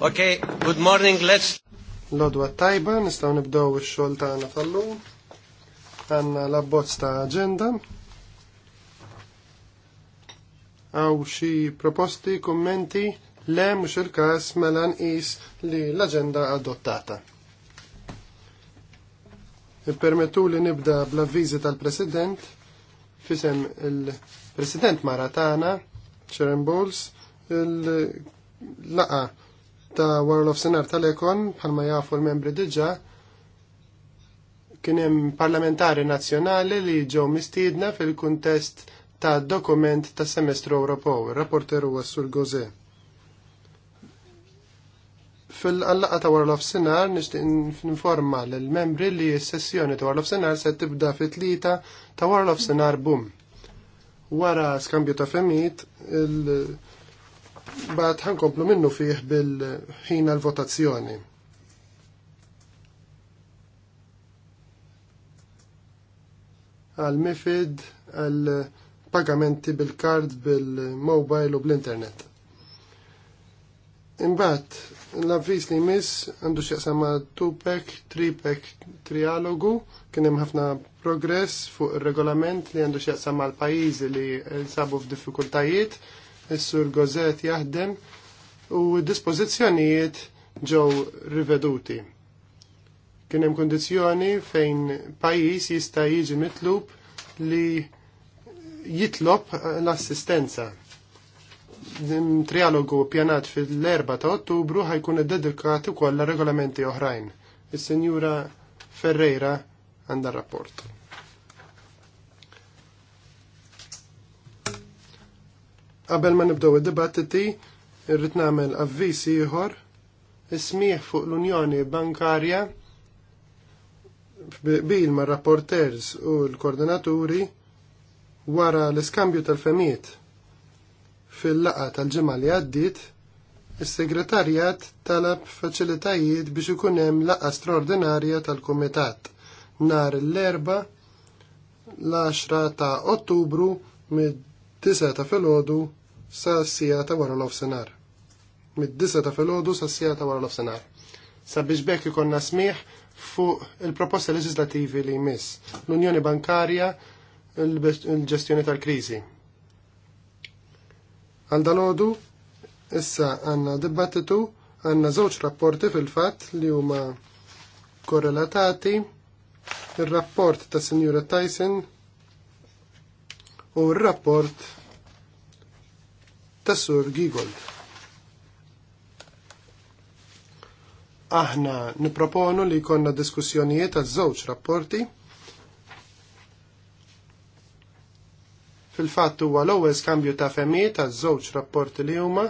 Okay, good morning, let's... Lodwa tajba, nistaw nibdow il-xol tagħna tal-lum. Għanna la bozz ta' agenda. Għaw xi proposti, kommenti, le mux il-każ melan is li l-aġenda adottata. Ippermettu li nibda bla avviżi tal-President fisem il-President Maratana, Sharon Bowles, il-laqa ta' World of Senar tal-Ekon, bħalma jafu l-membri diġa, kien hemm parlamentari nazzjonali li ġew mistiedna fil-kuntest ta' dokument ta' semestru Ewropew, rapporter huwa Sur Gozè. Fil-qallaqa ta' World of Senar nixtieq informa l membri li s-sessjoni ta' World of Senar se tibda fit-tlieta ta' World of Senar Boom. Wara skambju ta' femit, il- Bad ħankomplu minnu fih bil ħin l-votazzjoni. Għal-mifid, għal-pagamenti bil-kard, bil-mobile u bl-internet. Imbat, l-avvis li mis, għandu xieqsama 2-pack, 3-pack trialogu, kienem ħafna progress fuq il-regolament li għandu xieqsama l-pajizi li sabu f'diffikultajiet. diffikultajiet is-sur Gozet jaħdem u dispożizzjonijiet ġew riveduti. Kien hemm kundizzjoni fejn pajjiż jista' jiġi mitlub li jitlob l-assistenza. Trialogu pjanat fil-4 ta' Ottubru ħajkun iddedikat dedikat ukoll regolamenti oħrajn. Is-Sinjura Ferreira għandha rapport. Qabel ma nibdew id-dibattiti, irrid nagħmel avviż ieħor ismieħ fuq l-Unjoni Bankarja bil ma' rapporters u l-koordinaturi wara l-iskambju tal-femiet fil-laqa tal-ġimgħa li għaddiet Is-segretarjat talab faċilitajiet biex ikun hemm laqa straordinarja tal-Kumitat nhar l-erba l-10 ta' Ottubru mid-9 ta' filgħodu sa sija ta' wara l Mid-disa ta' filgħodu sa sija ta' wara l Sa Sabiex bekk ikonna smieħ fuq il-proposta legislativi li jmiss l-Unjoni Bankarja l-ġestjoni tal-kriżi. Għal dal-ħodu, issa għanna dibattitu, għanna żewġ rapporti fil-fatt li huma korrelatati, il-rapport ta' Sinjura Tyson u il-rapport tas Gigold. Aħna niproponu li jkollna diskussjonijiet għal żewġ rapporti. Fil-fatt huwa l-ewwel skambju ta' femijiet għal żewġ rapporti li huma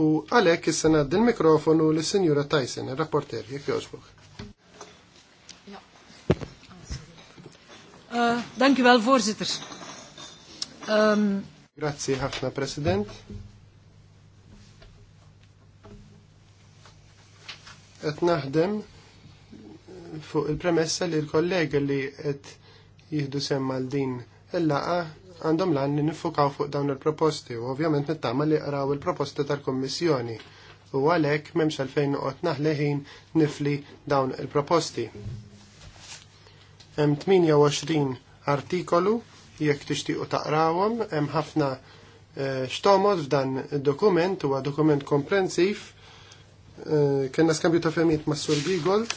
u għalhekk issa ngħaddi l-mikrofonu li sinjura Tyson, ir-rapporter, jekk jogħġbok. Eh, dank voorzitter. Ehm, Grazie, ħafna, president. qed naħdem fuq il-premessa li l-kollega li qed jihdu semma l din il-laqa għandhom lan li nifukaw fuq dawn il-proposti u ovvjament nittama li qraw il-proposti tal-Kommissjoni u għalhekk memx għalfejn noqgħod naħleħin nifli dawn il-proposti. Hemm 28 artikolu jekk tixtiequ taqrawhom, hemm ħafna eh, xtomod f'dan id-dokument huwa dokument komprensiv Eh, kena skambju ta' femit ma' Sur Bigold,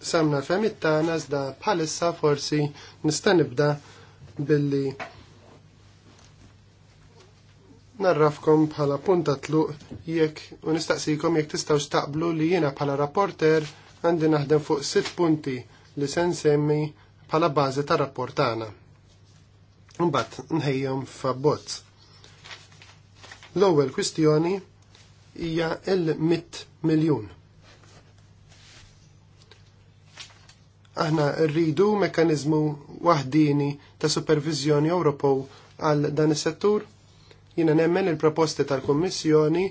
samna femit ta' nazda bħalissa forsi nista' nibda billi narrafkom bħala punta tluq jekk u nistaqsikom jekk tistaw staqblu li jiena bħala rapporter għandi naħdem fuq sitt punti li se nsemmi bħala bażi ta' rapportana. nħejjom fa' bot. L-ewwel kwistjoni hija il-100 miljun. Aħna rridu mekkaniżmu waħdini ta' supervizjoni Ewropew għal dan is-settur? Jiena nemmen il-proposti tal-Kummissjoni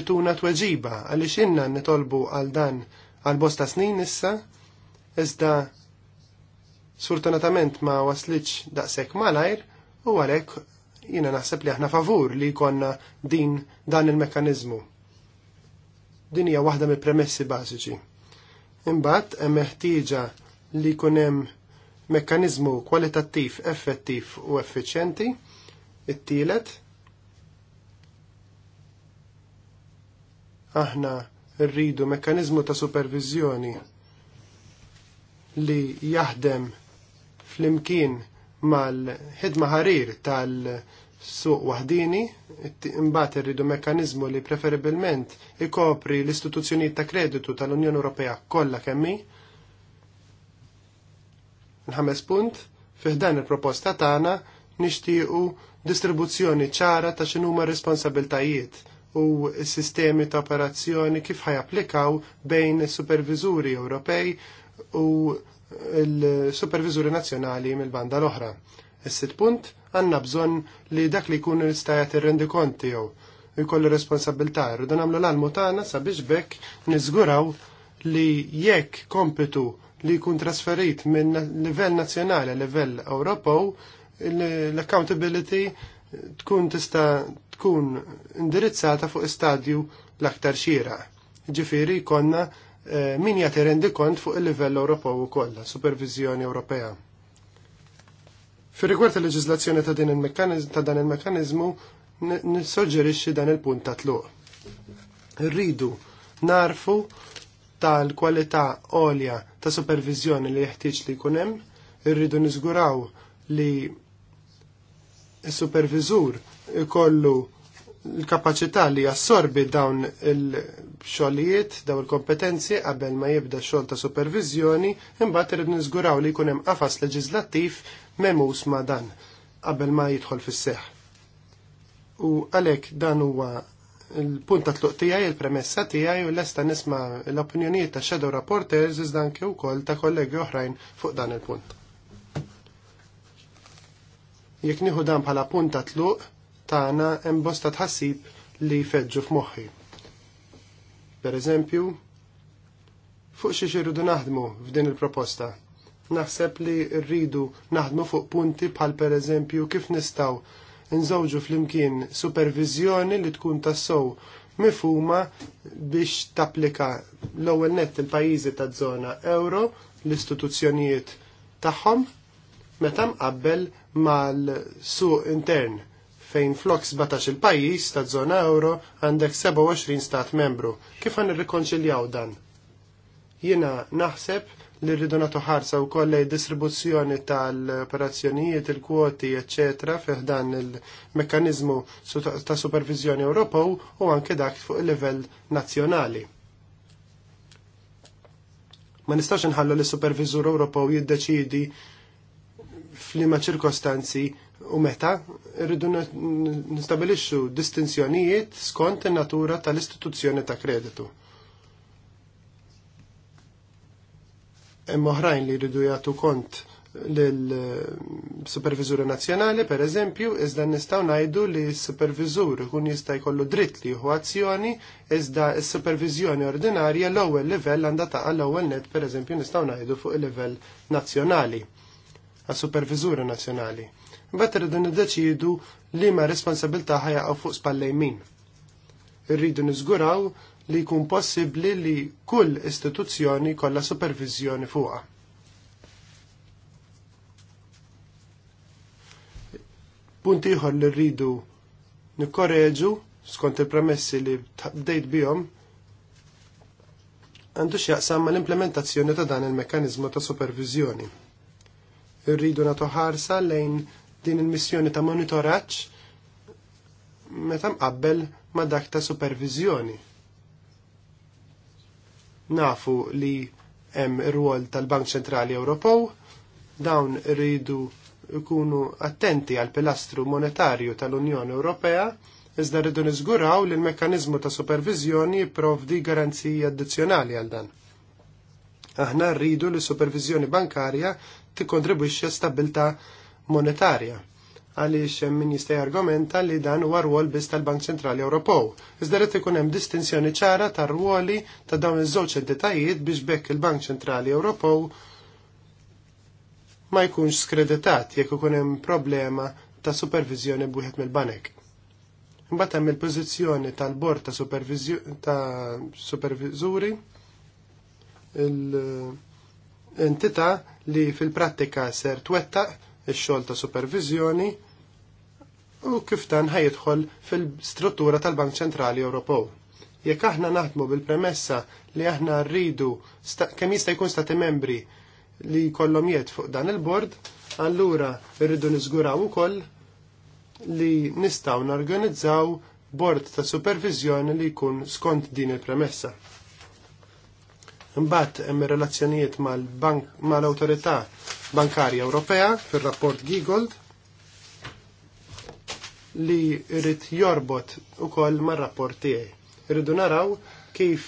ituna tweġiba għaliex inna nitolbu għal dan għal bosta snin issa, iżda sfortunatament ma waslitx daqshekk malajr u għalhekk jiena naħseb li aħna favur li jkollna din dan il-mekkaniżmu. Din hija waħda mill-premessi bażiċi. Imbagħad hemm meħtieġa li jkun hemm mekkaniżmu kwalitattiv, effettiv u effiċjenti. It-tielet aħna rridu mekkaniżmu ta' supervizjoni li jaħdem flimkien mal-ħidma ħarir tal- suq wahdini, imbat irridu mekkaniżmu li preferibilment ikopri l-istituzzjonijiet ta' kreditu tal-Unjoni Ewropea kollha kemm Il-ħames punt, fih dan il-proposta tagħna nixtiequ distribuzzjoni ċara ta' x'inhuma responsabiltajiet u s-sistemi ta' operazzjoni kif ħajapplikaw bejn is-superviżuri Ewropej u l-superviżuri nazzjonali mill-banda l-oħra. Is-sitt punt għandna bżonn li dak li jkun jista' rendi kont tiegħu jkollu responsabilità, rridu nagħmlu l-almu tagħna sabiex bekk niżguraw li jekk kompitu li jkun trasferit minn livell nazzjonali livell Ewropew l-accountability tkun tista tkun indirizzata fuq istadju l-aktar xira. Ġifiri konna eh, min jagħti rendi kont fuq il-livell Ewropew ukoll, supervizjoni Ewropea. Fi rigward il-leġizlazzjoni ta' din il-mekkanizmu ta' dan il mekkaniżmu nissuġġerixxi dan il-punt ta' tluq. Rridu narfu tal-kwalità għolja ta' supervizjoni li jeħtieġ li jkun hemm, irridu niżguraw li s-supervizur ikollu l-kapacità li jassorbi dawn il-xogħlijiet, dawn il-kompetenzi qabel ma jibda xogħol ta' supervizjoni, imbagħad irid niżguraw li jkun hemm qafas leġislattiv memus ma' dan qabel ma jidħol fis-seħ. U għalhekk dan huwa il punta ta' tluq tiegħi, il-premessa tiegħi u lesta nisma' l-opinjonijiet ta' shadow rapporters iżda anke wkoll ta' kollegi oħrajn fuq dan il-punt. Jekk nieħu dan bħala punt ta' tluq, Tana hemm bosta tħassib li jfeġġu f'moħħi. Pereżempju, fuq xi xirridu naħdmu f'din il-proposta. Naħseb li rridu naħdmu fuq punti bħal pereżempju kif nistgħu nżawġu flimkien supervizjoni li tkun tassow mifhuma biex tapplika l-ewwel nett il-pajjiżi taż-żona euro l-istituzzjonijiet tagħhom meta mqabbel mal-suq intern fejn flok 17 il-pajjiż ta' żona euro għandek 27 stat membru. Kif għan irrikonċiljaw dan? Jiena naħseb li rridu nagħtu ħarsa wkoll lej distribuzzjoni tal-operazzjonijiet, il-kwoti, eċetera, fih dan il-mekkaniżmu ta' supervizjoni Ewropew u anke dak fuq il-livell nazzjonali. Ma nistax nħallu li supervizur Ewropew jiddeċidi f'liema ċirkostanzi u meta rridu nistabilixxu distinzjonijiet skont in-natura tal-istituzzjoni ta' kreditu. Hemm oħrajn li jridu jagħtu kont lill-Supervizuri eh, Nazzjonali, per eżempju, iżda nistgħu ngħidu li s-Supervizur ikun jista' jkollu dritt li jieħu azzjoni iżda s-Supervizjoni ordinarja l-ewwel livell għandha taqa' l-ewwel net pereżempju nistgħu ngħidu fuq il-livell nazzjonali għas-Supervizuri Nazzjonali Mbagħad irridu niddeċiedu li ma responsabilità għaw fuq spallej min. Irridu niżguraw li jkun possibbli li kull istituzzjoni kollha supervizjoni fuqha. Punt ieħor li rridu nikkoreġu skont il-premessi li bdejt bihom għandu x'jaqsam l implementazzjoni ta' dan il-mekkaniżmu ta' supervizjoni. Irridu nagħtu ħarsa lejn din il-missjoni ta' monitoraġġ meta mqabbel ma' dak ta' supervizjoni. Nafu li hemm ir-rwol tal-Bank Ċentrali Ewropew, dawn rridu ikunu attenti għal pilastru monetarju tal-Unjoni Ewropea, iżda rridu niżguraw li l-mekkanizmu ta' supervizjoni jipprovdi garanziji addizzjonali għal dan. Aħna rridu li supervizjoni bankarja tikkontribwixxi stabilta' monetarja għaliex min jista' jargumenta li dan huwa rwol biss tal-Bank Ċentrali Ewropew. Iżda rid ikun hemm distinzjoni ċara tar-rwoli ta' dawn iż-żewġ entitajiet biex bekk il-Bank Ċentrali Ewropew ma jkunx skreditat jekk ikun hemm problema ta' supervizjoni b'wieħed mill-banek. Imbagħad hemm il-pożizzjoni tal-bord ta' ta' supervizuri l-entità li fil-prattika ser twettaq ix-xogħol ta' supervizjoni u kif dan ħajidħol fil-struttura tal-Bank Ċentrali Ewropew. Jekk aħna naħdmu bil-premessa li aħna rridu kemm jista' jkun stati membri li jkollhom jed fuq dan il-bord, allura rridu niżguraw ukoll li nistgħu norganizzaw bord ta' supervizjoni li jkun skont din il-premessa. Imbagħad hemm relazzjonijiet mal-Awtorità mal Bankarja Ewropea fir-rapport Giegold li rrit jorbot ukoll mar-rapport tiegħi. Irridu naraw kif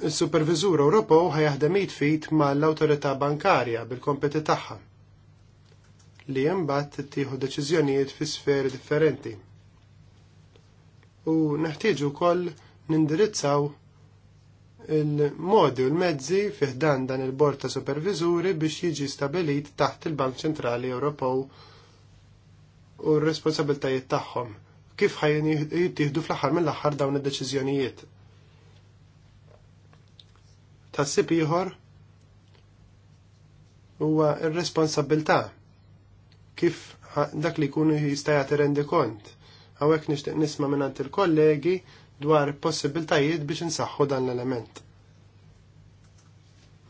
il-Supervizur Ewropew ħajaħdem jitfit mal-Awtorità Bankarja bil-kompeti tagħha li jembat tiħu deċiżjonijiet fi sferi differenti. U neħtieġu koll nindirizzaw il-modi u l-mezzi fiħdan dan il-bord ta' supervizuri biex jiġi stabilit taħt il-Bank Ċentrali Ewropew u r-responsabiltajiet tagħhom. Kif ħajjin jittieħdu fl-aħħar mill-aħħar dawn id-deċiżjonijiet. Tassib ieħor huwa r-responsabilità kif dak li jkunu jista' jagħti rendi kont. Hawnhekk nixtieq nisma' minn il-kollegi dwar possibiltajiet biex insaħħu dan l-element.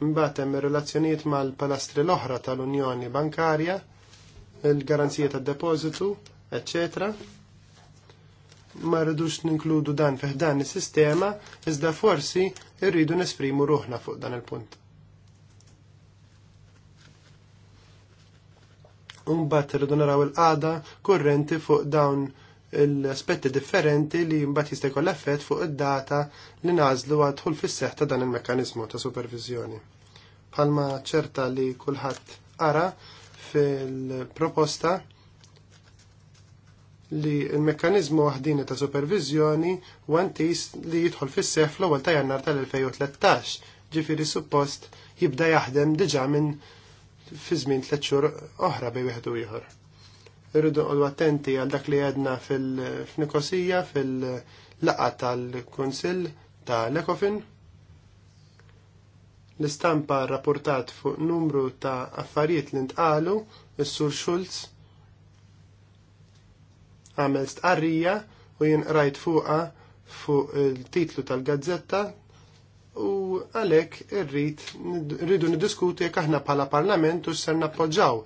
Mbagħad hemm ir-relazzjonijiet mal-palastri l-oħra tal-Unjoni Bankarja, il-garanzija tad-depożitu, eċċetera. Ma rridux ninkludu dan fih dan is-sistema, iżda forsi rridu nesprimu ruħna fuq dan il-punt. Mbagħad irridu naraw il-qagħda kurrenti fuq dawn l-aspetti differenti li mbagħad jista' jkollha effett fuq id-data li nażlu għadħul fis-seħħ ta' dan il-mekkaniżmu ta' supervizjoni. Palma ċerta li kulħadd ara fil-proposta li l mekkaniżmu waħdini ta' supervizjoni wantis li jidħol fis-seħħ fl-ewwel ta' jannar tal-2013, ġifieri suppost jibda jaħdem diġà minn fi żmien tliet xhur oħra bejn wieħed u ieħor irridu għodu attenti għal dak li għedna fil-Nikosija, fil laqgħa tal-Konsil tal-Ekofin. L-istampa rapportat fuq numru ta' affarijiet li ntqalu, s-sur Schulz għamel stqarrija u jien rajt fuqa fuq il-titlu tal-gazzetta u għalek irrit rridu niddiskuti jekk aħna bħala parlament u ser nappoġġaw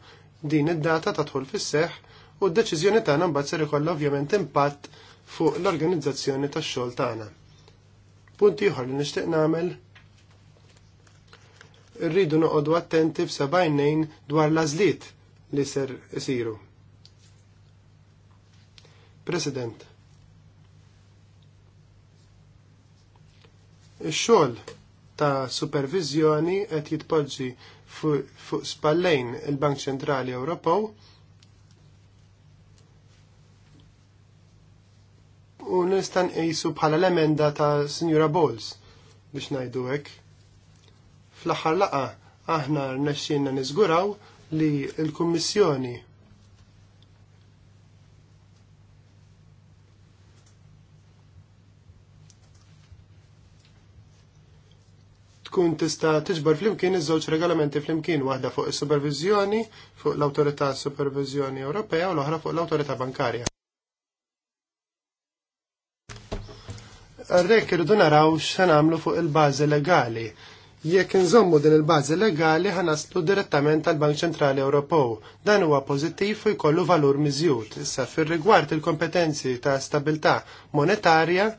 din id-data tadħol fis-seħ u d-deċiżjoni tagħna mbagħad ser ikollha ovvjament impatt fuq l-organizzazzjoni tax-xogħol tagħna. Punti ieħor li nixtieq nagħmel rridu noqogħdu attenti f'sab'ajnejn dwar l-għażliet li ser isiru. President. Ix-xogħol ta' supervizjoni qed jitpoġġi fuq spallejn il-Bank Ċentrali Ewropew u nistan qisu bħala l-emenda ta' Sinjura Bowles biex ngħidu hekk. Fl-aħħar laqa aħna rnexxinna niżguraw li l-Kummissjoni tkun tista' tiġbor flimkien iż-żewġ regolamenti flimkien waħda fuq is-supervizjoni fuq l-Awtorità Supervizjoni Ewropea u l-oħra fuq l-Awtorità Bankarja. Rek irridu naraw x'għamlu fuq il-bażi legali. Jekk nżommu din il-bażi legali ħanaslu direttament tal-Bank Ċentrali Ewropew. Dan huwa pożittiv u jkollu valur miżjud. Issa fir-rigward il-kompetenzi ta' stabilità monetarja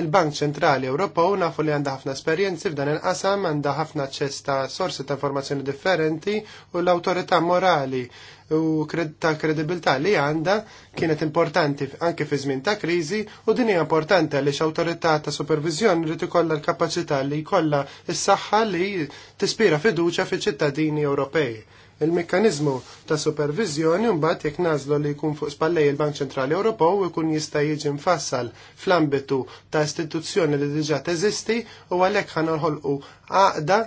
Il-Bank Ċentrali Ewropew nafu li għandha ħafna esperjenzi f'dan il-qasam, għandha ħafna aċċess ta' sorsi ta' informazzjoni differenti u l-awtorità morali u ta' kredibilità li għandha kienet importanti anke fi żmien ta' kriżi u din hija importanti għaliex awtorità ta' supervizjoni li ikollha l-kapaċità li jkollha s-saħħa li tispira fiduċja fiċ-ċittadini Ewropej Il-mekkanizmu ta' supervizjoni mbagħad jekk nażlu li jkun fuq spallej il-Bank Ċentrali Ewropew ikun jista' jiġi mfassal fl-ambitu ta' istituzzjoni li diġà teżisti u għalhekk ħanolħolqu għaqda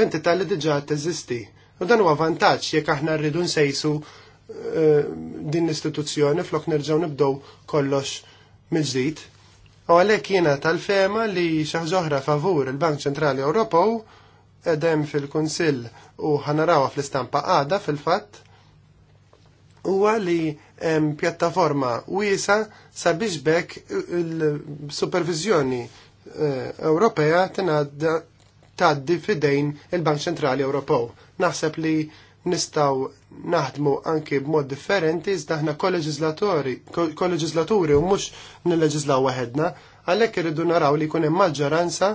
f'entità li diġà teżisti. U dan huwa vantaġġ jekk aħna rridu nsejsu eh, din l-istituzzjoni flok nerġgħu nibdew kollox mill-ġdid. U għalhekk jiena tal-fema li xi ħaġa favur il-Bank Ċentrali Ewropew edem fil-Kunsill u ħanarawa fl-istampa għada fil-fatt huwa li hemm pjattaforma wiesa sabiex bekk il-supervizjoni eh, Ewropea tgħaddi fidejn il-Bank Ċentrali Ewropew. Naħseb li nistaw naħdmu anki b'mod differenti zdaħna aħna kolleġislaturi kol u mhux nilleġislaw waħedna, għalhekk irridu naraw li jkun hemm maġġoranza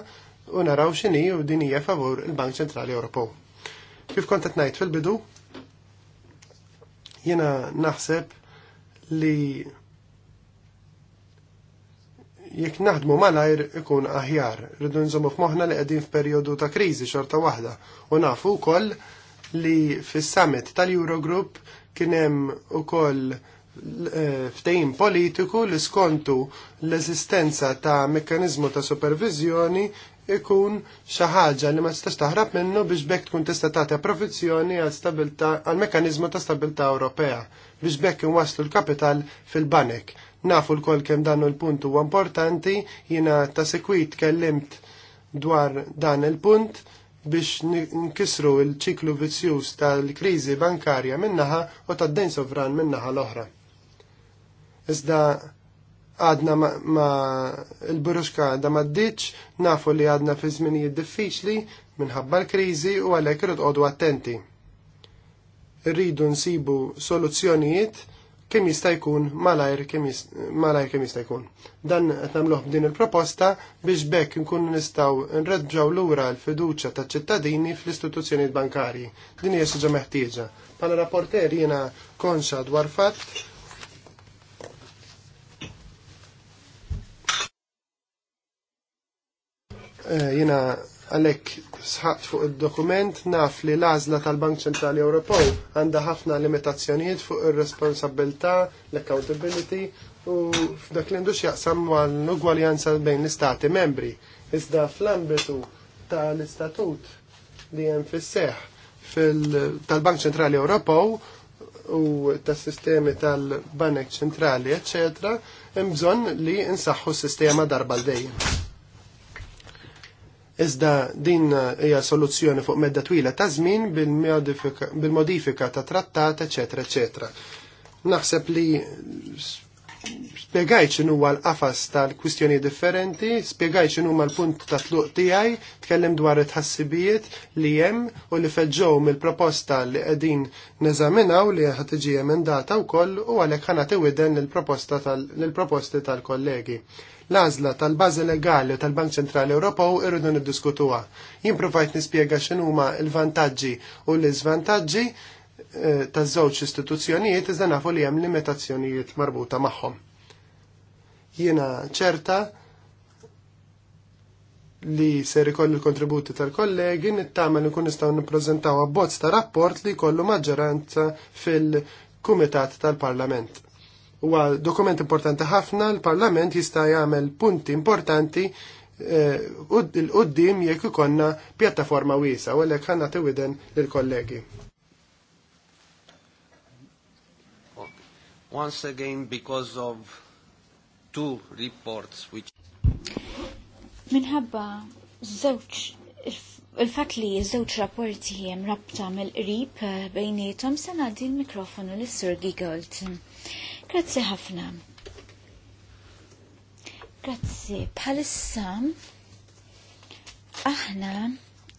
u naraw x'inhi u din hija favur il-Bank Ċentrali Ewropew. Kif kont qed ngħid fil-bidu, jiena naħseb li jekk naħdmu malajr ikun aħjar. Rridu nżomu f'moħna li qegħdin f'perjodu ta' kriżi xorta waħda u nafu wkoll li fis-summit tal-Eurogroup kien hemm ukoll eh, ftehim politiku li skontu l-eżistenza ta' mekkanizmu ta' supervizjoni ikun xi ħaġa li ma tistax taħrab minnu biex bekk tkun tista' tagħti profizzjoni għal stabilta għal mekkaniżmu ta' stabilta Ewropea biex bekk inwaslu l-kapital fil-banek. Nafu l koll kemm dan il-punt huwa importanti, jiena ta' sekwit kellimt dwar dan il-punt biex nkisru il-ċiklu vizzjuż tal-kriżi bankarja minnaħa u tad-dejn sovran minnaħa l-oħra. Iżda għadna ma, ma il-buruxka għadna ma d-ditx, nafu li għadna fi żminijiet diffiċli minħabba l-krizi u għalhekk irid għodu attenti. Rridu nsibu soluzzjonijiet kemm jista' jkun malajr kemm jista' jkun. Dan qed nagħmluh b'din il-proposta biex bekk nkun nistgħu nreġġaw lura l-fiduċja taċ-ċittadini fl-istituzzjonijiet bankarji. Din hija xi ġa meħtieġa. Bħala rapporter jiena konxa dwar fatt Eh, jina għalek sħat fuq il-dokument naf li l tal-Bank Ċentrali Ewropew għandha ħafna limitazzjonijiet fuq ir-responsabilità, l-accountability u f'dak li ndux jaqsam l-ugwaljanza bejn l-istati membri. Iżda fl-ambitu tal-istatut li hemm fis-seħ tal-Bank Ċentrali Ewropew u tas sistemi tal-Banek Ċentrali, eccetera, hemm bżonn li nsaħħu s-sistema darba l-dejjem. Iżda din hija soluzzjoni fuq medda twila ta' żmien bil-modifika ta' trattat, eċetera, eċetera. Naħseb li spiegajt x'inhu huwa l-qafas tal-kwistjoni differenti, spiegajt x'inhu l-punt ta' tluq tiegħi, tkellem dwar it-ħassibijiet li hemm u li feġġew mill-proposta li qegħdin neżaminaw li ħad tiġi emendata wkoll u għalhekk ħanagħti widen lill-proposta tal-kollegi. tal lill proposti tal kollegi L-għażla tal-bażi legali u tal-Bank Ċentrali Ewropew irridu niddiskutuha. Jien provajt nispjega x'inhuma l-vantaġġi u l-iżvantaġġi eh, taż-żewġ istituzzjonijiet iżda nafu li hemm limitazzjonijiet marbuta magħhom. Jiena ċerta li ser ikollu l-kontributi tal-kollegi nittama li kun nistgħu nippreżentaw abbozz ta' rapport li jkollu maġġoranza fil-Kumitat tal-Parlament huwa dokument importanti ħafna, l-Parlament jista' jagħmel punti importanti il-qoddim eh, jekk ikonna pjattaforma wiesa, u għalhekk ħanna tiwiden lill-kollegi. Once again, because of two reports which... Minħabba żewġ il fatt li żewġ rapporti hemm rabta mill-qrib eh, bejniethom se ngħaddi l-mikrofonu lis-Sur Gigolt. Grazzi ħafna. Grazzi, Palissa, aħna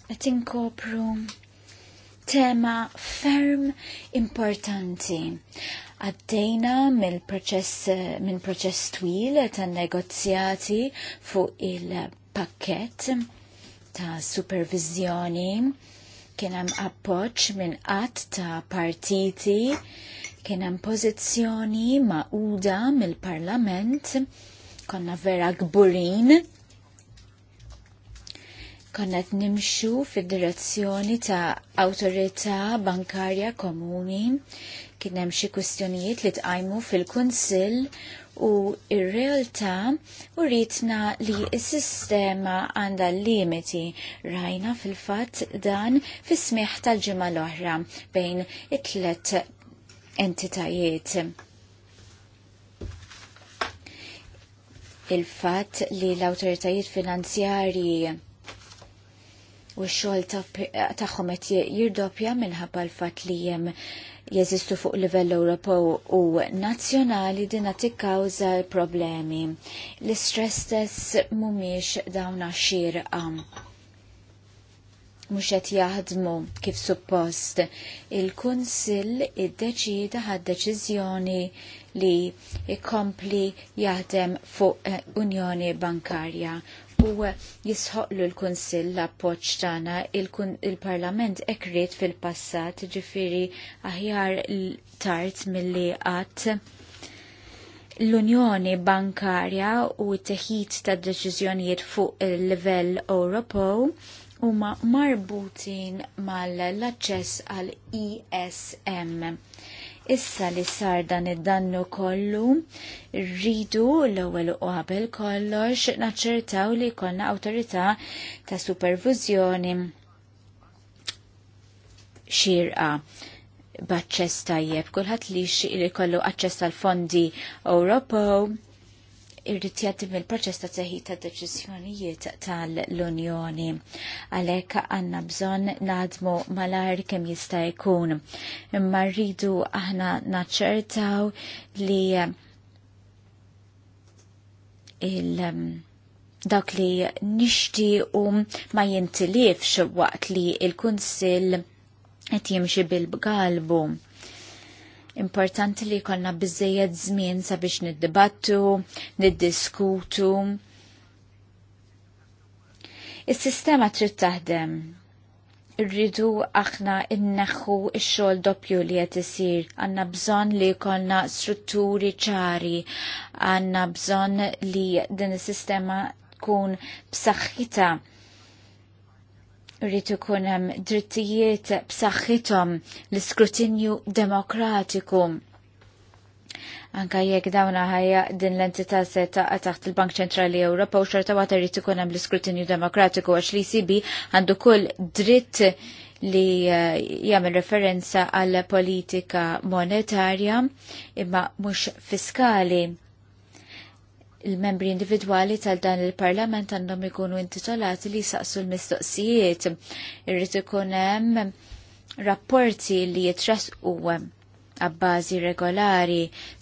qed inkopru tema ferm importanti għaddejna mill proċess minn proċess twil ta' negozjati fuq il-pakket ta' supervizjoni kien hemm appoġġ minn qatt ta' partiti Kien hemm pożizzjoni maquda mill-Parlament, konna vera gburin, konna qed nimxu fid-direzzjoni ta' awtorità bankarja komuni, kien hemm xi kwistjonijiet li tqajmu fil-Kunsill u ir-realtà uritna li s-sistema għandha limiti rajna fil-fatt dan fis-smieħ tal-ġimgħa l-oħra bejn it-tlet entitajiet. Il-fat li l-autoritajiet finanzjarji u x-xogħol tagħhom ta qed jirdoppja minħabba l-fatt li jem jeżistu fuq livell Ewropew u nazzjonali dina tikkawża problemi. L-istress tess mhumiex dawn għax-xirqa mhux qed jaħdmu kif suppost. Il-Kunsill iddeċida ħad-deċiżjoni li jkompli jaħdem fuq eh, Unjoni Bankarja u jisħoqlu l-Kunsill l-appoġġ tagħna il-Parlament hekk ekrit fil-passat ġifiri aħjar tard milli qatt l-Unjoni Bankarja u t-teħid ta' deċiżjonijiet fuq il-livell Ewropew huma marbutin mal-aċċess għal ISM. E Issa li sar dan id-dannu kollu, rridu l-ewwel u qabel kollox naċċertaw li jkollna awtorità ta' supervizjoni xirqa b'aċċess tajjeb kulħadd li xi li kollu aċċess tal-fondi Ewropew irrid jaddim il-proċess ta' teħi ta' deċiżjonijiet tal-Unjoni. Għalhekk għandna bżonn nadmu malar kemm jista' jkun. Imma rridu aħna naċċertaw li il- um, dak li nixtiequ ma jintilifx waqt li il-Kunsill qed jimxi bil-galbu Importanti li jkollna biżejjed żmien sabiex niddibattu, niddiskutu. Is-sistema trid taħdem rridu aħna inneħħu x-xogħol doppju li qed isir. Għandna bżonn li jkollna strutturi ċari, għandna bżonn li din is-sistema tkun b'saħħitha Rritu kunem drittijiet b'saħħithom l-iskrutinju demokratiku. Anka jekk dawna ħajja din l-entità se taqa' taħt il-Bank Ċentrali Ewropa u xorta waħda rrid ikun hemm l-iskrutinju demokratiku għax li sibi għandu kull dritt li eh, jagħmel referenza għal politika monetarja imma mhux fiskali il-membri individuali tal dan il-parlament għandhom ikunu intitolati li saqsu l-mistoqsijiet. Irrid ikun hemm rapporti li jitrasqu għabbażi regolari,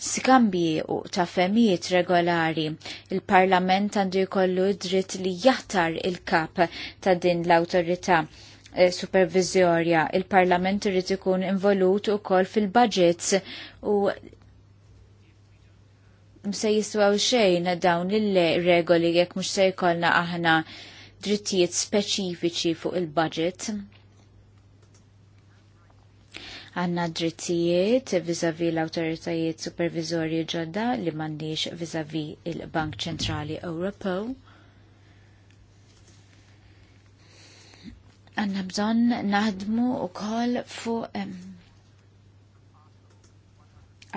skambji u tafemijiet regolari. Il-parlament għandu jkollu dritt li jattar il-kap ta' din l autorita eh, supervizjorja. Il-Parlament rrit ikun involut ukoll fil-budgets u mse jiswaw xejn dawn il-regoli jekk mhux se jkollna aħna drittijiet speċifiċi fuq il-budget. Għanna drittijiet vizavi l-autoritajiet supervizorju ġodda li mandiġ vizavi il-Bank Ċentrali Ewropew. Għanna bżon naħdmu u koll fuq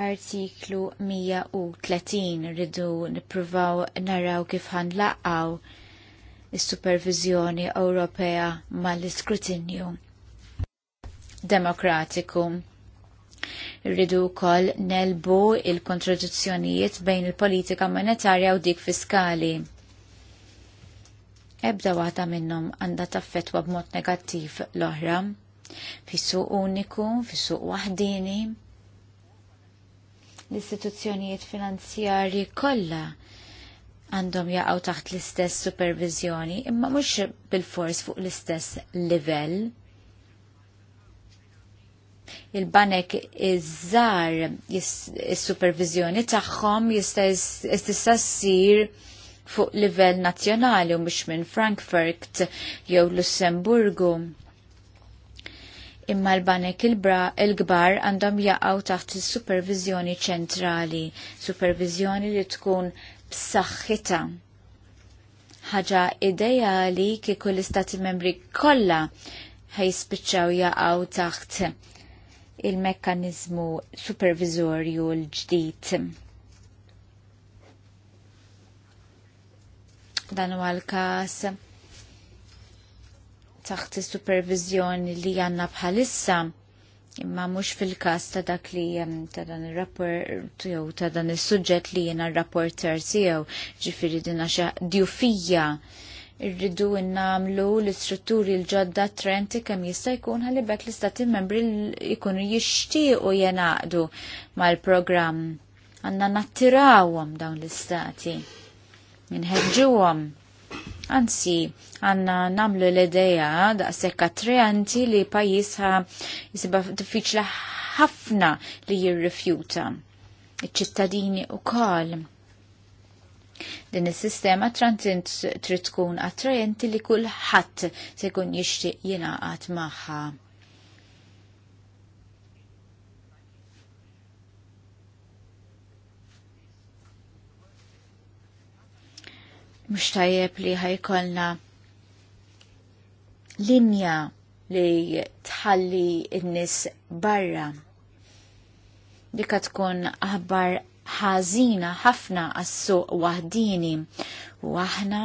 Artiklu 130 rridu nippruvaw naraw kif ħanlaqgħu is-supervizjoni Ewropea mal-iskrutinju demokratiku rridu wkoll nelbu il-kontradizzjonijiet bejn il-politika monetarja u dik fiskali. Ebda waħda minnhom għandha taffetwa b'mod negattiv l-oħra, fissu uniku, fissu wahdini, waħdini, l-istituzzjonijiet finanzjarji kollha għandhom jaqgħu taħt l-istess supervizjoni imma mhux bil-fors fuq l-istess livell. Il-banek iż-żar is-supervizjoni tagħhom jista' ssir fuq livell nazzjonali u mhux minn Frankfurt jew Lussemburgu imma l-banek il-gbar għandhom jaqgħu taħt is-supervizjoni ċentrali, supervizjoni li tkun b'saħħitha. Ħaġa ideali kieku l-istati membri kollha ħajspiċċaw jaqgħu taħt il-mekkanizmu supervizorju l-ġdid. Dan huwa l-każ taħt supervizjoni li għanna bħalissa imma mhux fil-każ ta' dak li ta' dan ir-rapport jew ta' dan is-suġġett li jena r-rapporter tiegħu ġifiri dina xi djufija irridu innamlu l-istrutturi l-ġodda trenti kemm jista' jkun ħalli l-istati membri jkunu jixtiequ jenaqdu mal-programm għanna nattirawom dawn l-istati, minħedġuwom Anzi, għanna namlu l-ideja daqsek attrianti li pajisha jisiba diffiċla ħafna li jirrifjuta. Iċ-ċittadini u kol. Din is-sistema trantint trid tkun attrajenti li kulħadd se jkun jixtieq jingħaqad magħha. mux tajjeb li ħajkolna linja li tħalli n-nis barra. Dika tkun aħbar ħażina ħafna għas-suq waħdini u aħna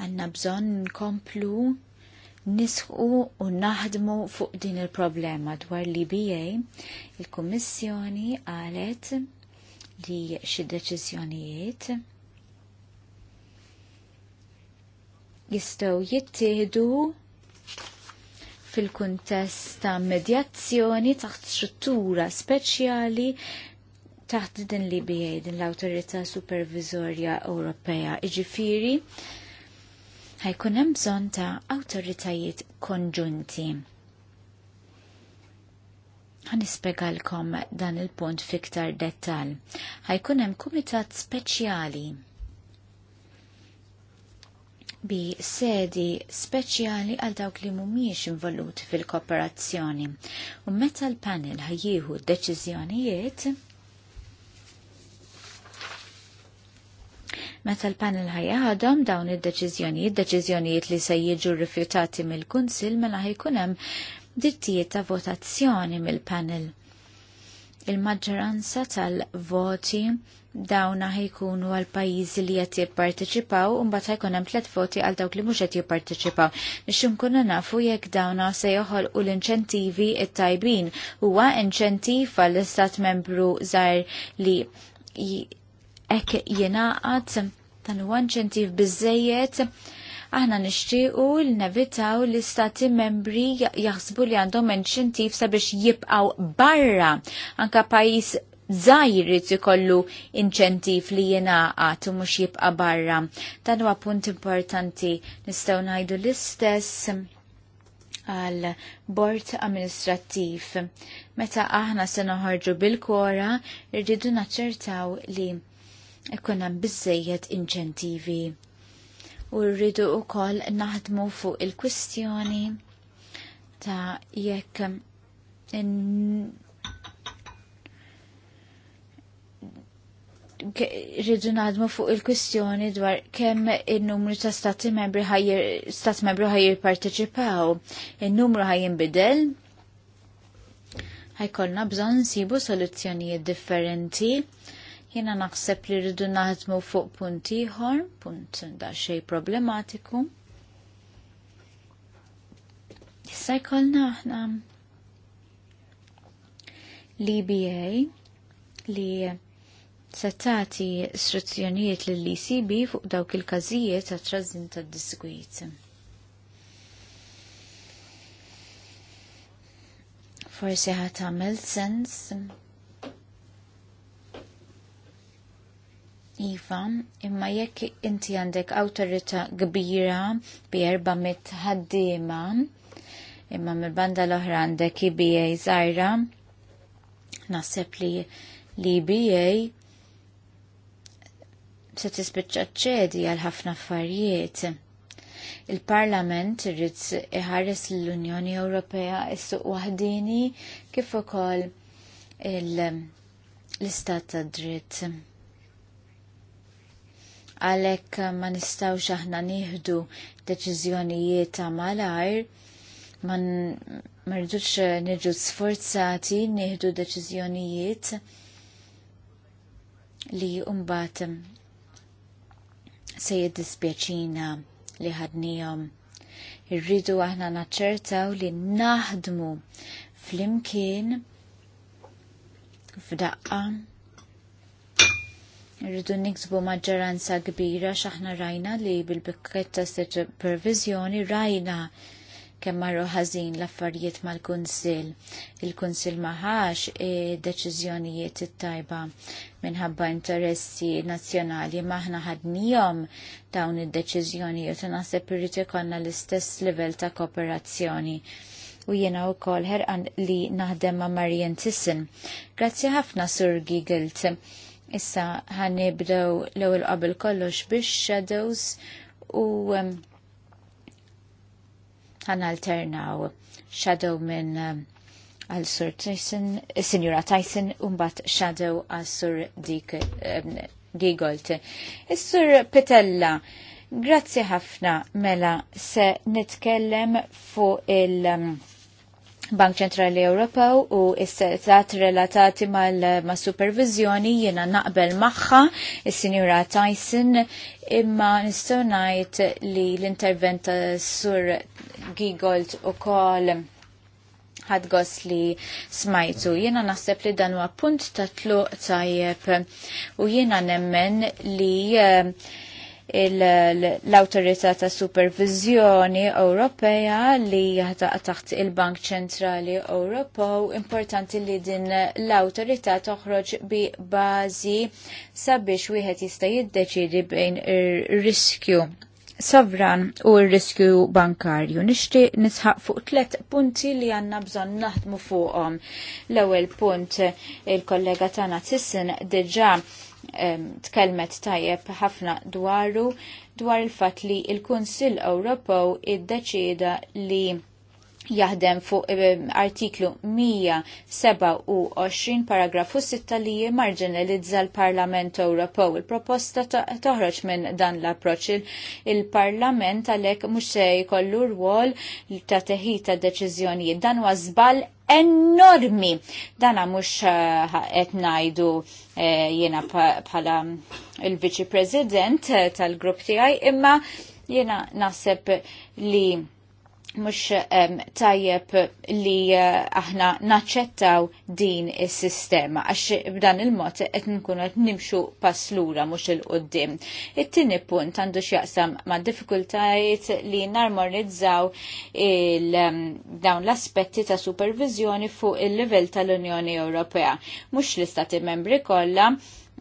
għanna bżon nkomplu nisħu u naħdmu fuq din il-problema dwar li BA il-Kummissjoni għalet li xi deċiżjonijiet jistgħu jittieħdu fil-kuntest ta' medjazzjoni taħt struttura speċjali taħt din li bijaj din l autorita Supervizorja Ewropea. Iġifiri, ħajkun hemm bżonn ta' awtoritajiet konġunti. Ħanispjegalkom dan il-punt fiktar dettal. Ħajkun hemm kumitat speċjali bi sedi speċjali għal dawk li mumiex involuti fil-kooperazzjoni. U meta l-panel ħajjieħu deċiżjonijiet, Meta l-panel ħajjaħadhom dawn id-deċiżjonijiet, deċiżjonijiet li se jiġu rifjutati mill-Kunsill mela ħajkun hemm dittijiet ta' votazzjoni mill-panel il-maġġoranza tal-voti dawna ħajkunu għal pajjiżi li qed jipparteċipaw u mbagħad ħajkun hemm tliet voti għal dawk li mhux qed jipparteċipaw. Nix nkunu nafu jekk dawna se joħolqu l-inċentivi t-tajbin huwa inċentiv għall istat membru żgħar li hekk jingħaqad dan huwa inċentiv biżejjed Aħna nixtiequ l nevitaw l-istati membri jaħsbu li għandhom inċentiv sabiex jibqaw barra anka pajis zaħir jrid ikollu inċentiv li jenaqat u mhux jibqa' barra. Dan huwa punt importanti nistgħu ngħidu l-istess għal bord amministrattiv. Meta aħna se noħorġu bil-kora, rridu naċċertaw li ikun hemm biżejjed inċentivi u rridu u koll naħdmu fuq il-kwistjoni ta' jekk rridu naħdmu fuq il-kwistjoni dwar kemm il-numru ta' stati membri ħajjir stat membri ħajjir parteċipaw. Il-numru bidel ħajkollna bżon sibu soluzzjonijiet differenti Jena naħseb li rridu naħdmu fuq punt ieħor, punt da xej problematiku. Issa jkollna aħna l-EBA li settati istruzzjonijiet lill-ECB fuq dawk il-każijiet ta' trażin tad diskwit Forsi ħat għamel sens Iva, imma jekk inti għandek awtorita kbira bi mit ħaddiema, imma mill-banda l-oħra għandek IBA żgħira, naħseb li l-IBA se tispiċċa ċedi għal ħafna affarijiet il-Parlament irrid iħares l-Unjoni Ewropea issuq waħdini kif ukoll l-istat ta' dritt għalek ma nistawx aħna nieħdu deċiżjonijiet ta' malajr, ma rridux eh, nirġu sforzati nieħdu deċiżjonijiet li umbat mm, se jiddispjaċina li ħadnijom. Irridu aħna naċċertaw li naħdmu fl-imkien f'daqqa rridu niksbu maġġoranza kbira x'aħna rajna li bil-bikket ta' supervizjoni rajna kemm marru ħażin l-affarijiet mal-Kunsill. Il-Kunsill maħax e deċiżjonijiet it-tajba minħabba interessi nazzjonali maħna ħadnijom dawn id-deċiżjonijiet u naħseb irrid ikollna l-istess livell ta' kooperazzjoni u jiena u kol li naħdem ma' Marian Tissin. Grazzi ħafna Sur Gigelt Issa ħanibdew l-ewwel qabel kollox biex shadows u um, alternaw shadow minn um, għal Sir Tyson, eh, Sinjura Tyson, u mbagħad shadow għal Sur Dik um, Gigolt. Is-Sur Pitella, grazzi ħafna mela se nitkellem fuq il- Bank Ċentrali Ewropew u s-setat relatati mal supervizjoni jiena naqbel magħha il sinjura Tyson imma nistgħu ngħid li l-intervent ta' Sur Gigold ukoll ħadgos li smajtu. Jiena naħseb li dan huwa punt ta' tluq tajjeb u jiena nemmen li uh, l-autorità ta' supervizjoni Ewropea li jaħdaq taħt il-Bank Ċentrali Ewropew importanti li din l-autorità toħroġ bi bażi sabiex wieħed jista' jiddeċidi bejn ir-riskju sovran u r-riskju bankarju. Nishti nisħaq fuq tlet punti li għanna bżon naħdmu fuqom. L-ewel punt il-kollega tana Tissin diġa tkellmet tajjeb ħafna dwaru dwar il-fatt li il-Kunsill Ewropew iddeċida li jaħdem fuq artiklu 127 paragrafu 6 li jimarġinalizza l-Parlament Ewropew. Il-proposta toħroġ minn dan l-approċ. Il-Parlament għalek mux se jkollu rwol ta' teħita deċiżjonijiet Dan huwa żball enormi. Dana mux eh, qed ngħidu eh, jiena bħala il-Viċi President eh, tal-grupp tiegħi imma jiena naħseb li mux tajjeb li eh, aħna naċċettaw din is sistema għax b'dan il-mod qed nkunu qed nimxu pass lura mhux il qudiem It-tieni punt għandu x'jaqsam ma' diffikultajiet li narmonizzaw dawn l-aspetti ta' supervizjoni fuq il-livell tal-Unjoni Ewropea. Mhux l-Istati membri kollha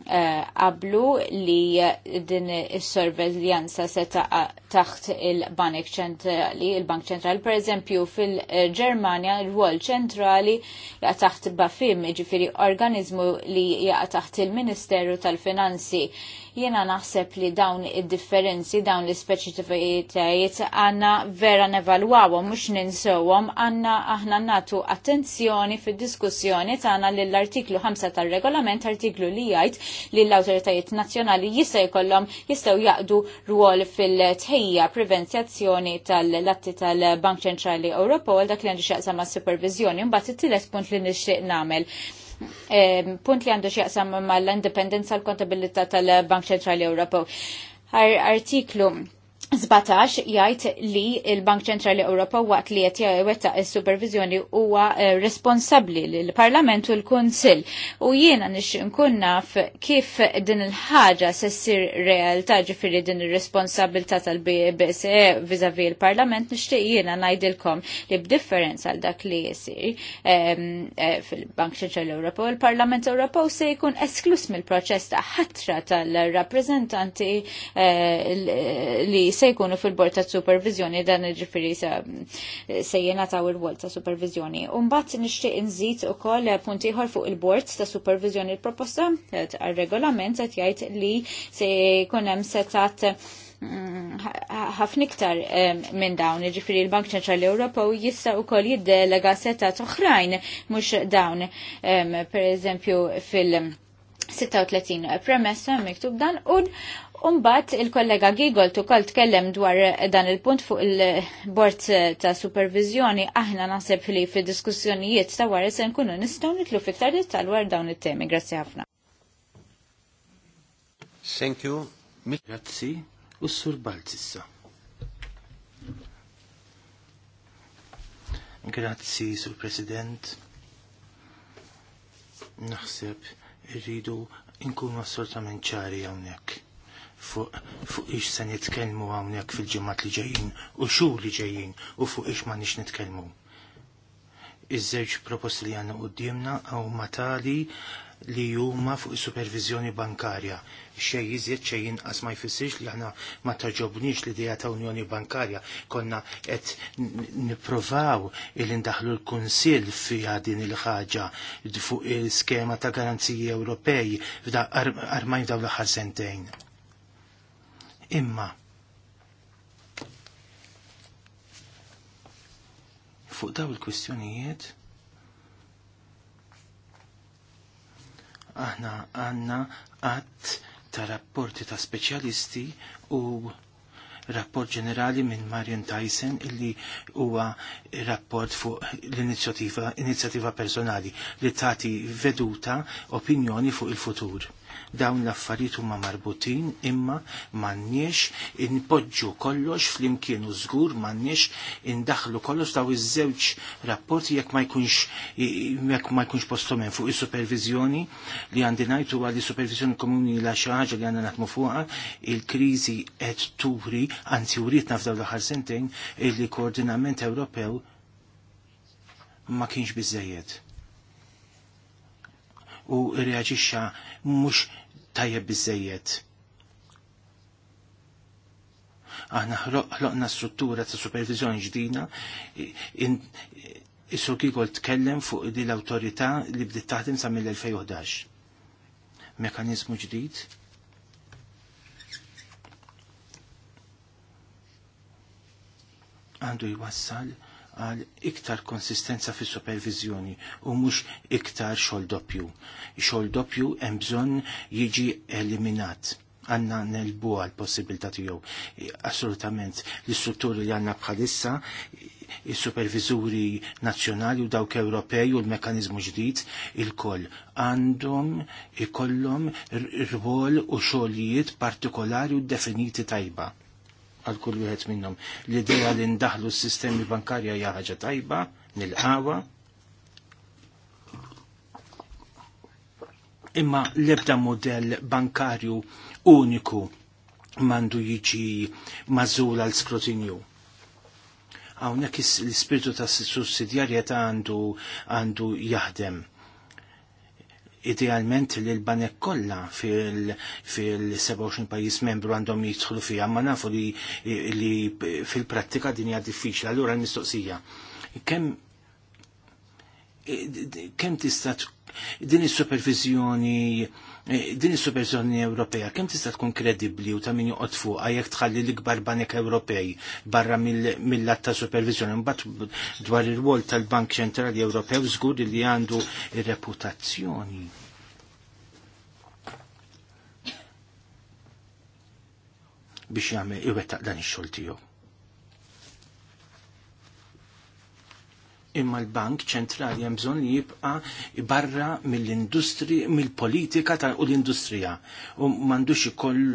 Eh, qablu li din is-sorveljanza se taħt il-Banek Ċentrali, il-Bank Ċentrali, per eżempju fil-Ġermanja, il-Wol Ċentrali jaqa' taħt Bafim, ġifiri organizmu li jaqa' taħt il-Ministeru tal-Finanzi Jiena naħseb li dawn id-differenzi, dawn l-ispeċifitajiet għanna vera nevalwawhom mhux ninsewhom, għanna aħna natu attenzjoni fid-diskussjoni tagħna lill artiklu 5 tar-regolament artiklu li jgħid li l-awtoritajiet nazzjonali jista' jkollhom jistgħu jaqdu rwol fil-tħejja prevenzjazzjoni tal-latti tal-Bank Centrali Europol, dak li għandix xaqsa ma' supervizjoni. Mbagħad it tillet punt li nixtieq nagħmel punt li għandu xieqsam mal l-indipendenza l-kontabilità tal-Bank Ċentrali Ewropew. Artiklu Zbatax jgħid li il-Bank Ċentrali Ewropa waqt li qed jwettaq is-supervizjoni huwa eh, responsabbli lill-Parlament u l-Kunsill. U jiena nix nkun naf kif din il-ħaġa se ssir realtà ġifieri din ir-responsabilità tal-BSE viżavi l-Parlament nixtieq jiena ngħidilkom li b'differenza għal dak li jsir ehm, eh, fil-Bank Ċentrali Ewropa u l-Parlament Ewropew se jkun esklus mill-proċess ta' ħatra tal-rappreżentanti eh, li se jkunu fil-bord ta' supervizjoni dan ġifiri se u il-bord ta' supervizjoni. Umbat nishtiq nżid u koll punti ħor fuq il-bord ta' supervizjoni il-proposta għal-regolament għet jgħid li se jkunem setat mm, ħafna iktar minn dawn, ġifiri l-Bank ċentrali Ewropew jista' ukoll jiddelega setat oħrajn mhux dawn, per eżempju fil- 36 premessa miktub dan un Umbat il-kollega Gigol kol tkellem dwar dan il-punt fuq il-bord ta' supervizjoni aħna naħseb li fi diskussjonijiet ta' għar se nkunu nistgħu nitlu fiktar dettal għar dawn it-temi. Grazzi ħafna. Thank you. Grazzi ussur Balzissa. Grazzi, Sur President. Naħseb rridu nkunu assortament ċari hawnhekk fuq fuq ix se nitkellmu hawnhekk fil-ġimgħat li ġejjin u xhur li ġejjin u fuq ix ma nix nitkellmu. Iż-żewġ proposti li għandna qudiemna huma tali li huma fuq supervizjoni bankarja. Xejn iżjed xejn inqas ma jfissirx li aħna ma taġobniex l-idea ta' Unjoni Bankarja. Konna qed nipprovaw il indaħlu l-Kunsill fiha din il-ħaġa fuq il-skema ta' garanziji Ewropej f'da armajn dawn l-aħħar sentejn imma fuq daw il-kwistjonijiet aħna għanna għatt ta' rapporti ta' speċjalisti u rapport ġenerali minn Marion Tyson illi huwa rapport fuq l-inizjattiva personali li tagħti veduta opinjoni fuq il-futur dawn l-affarijiet huma marbutin imma m'għandniex inpoġġu kollox flimkien u żgur m'għandniex indaħlu kollox daw iż-żewġ rapporti jekk ma jkunx jekk ma jkunx postom hemm fuq is-supervizjoni li għandi ngħid huwa li supervizjoni komuni la xi ħaġa li għandna naħdmu fuqha il-kriżi qed turi anzi uritna f'dawn l-aħħar sentejn il-koordinament Ewropew ma kienx biżejjed u reaġixxa mhux tajjeb biżejjed. Aħna ħloqna struttura ta' supervizjoni ġdina, Issu kikol tkellem fuq di l-autorità li bdiet taħdem sa' mill-2011. Mekanizmu ġdid, għandu jwassal għal iktar konsistenza fis supervizjoni u mhux iktar xogħol doppju. Xogħol doppju hemm bżonn jiġi eliminat għanna nelbu għal possibilità tiegħu. Assolutament l-istrutturi li għanna bħalissa il-supervizuri nazjonali u dawk Ewropej u l-mekanizmu ġdid il-koll għandhom ikollhom rwol u xogħlijiet partikolari u definiti tajba għal kull wieħed minnhom. L-idea li ndaħlu s-sistemi bankarja hija ħaġa tajba, nilqawa. Imma l-ebda modell bankarju uniku mandu jiġi mażul għal skrutinju Hawnhekk l ispirtu tas-sussidjarjetà għandu għandu jaħdem idealment li l-banek kollha fil-27 pajjiż membru għandhom jidħlu fiha, ma nafu li, li fil-prattika din hija diffiċli. Allura l-mistoqsija. Kemm tista' din is-supervizjoni Eh, din is-superżjoni Ewropea kemm tista' tkun kredibbli u ta' min joqgħod fuqha jekk tħalli l-ikbar banek Ewropej barra mill-att ta' supervizjoni mbagħad dwar ir wol tal-Bank Ċentrali Ewropew żgur li għandu reputazzjoni. biex jagħmel iwettaq dan ix-xogħol tiegħu. imma l-Bank ċentrali hemm bżonn li jibqa' barra mill-industri mill-politika u l-industrija u m'għandux ikoll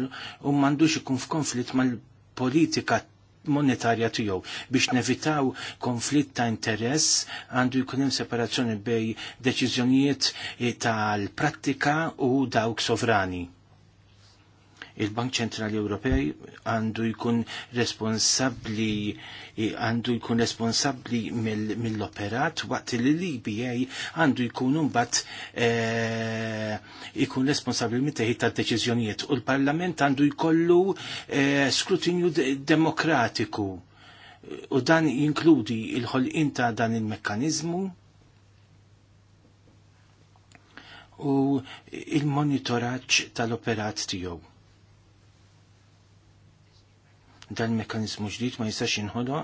u m'għandux ikun f'konflitt mal-politika monetarja tiegħu biex nevitaw konflitt ta' interess għandu jkun hemm separazzjoni bej deċiżjonijiet eh, tal-prattika u dawk sovrani il-Bank Ċentrali Ewropej għandu jkun responsabbli għandu jkun responsabli mill-operat mil waqt li l-IBA għandu jkun mbagħad e, jkun responsabbli mit-teħid tad-deċiżjonijiet u l-Parlament għandu jkollu e, skrutinju demokratiku u dan jinkludi il-ħolqin ta' dan il-mekkanizmu u il-monitoraċ tal-operat tiegħu dal-mekanizmu ġdid ma jistax jinħodu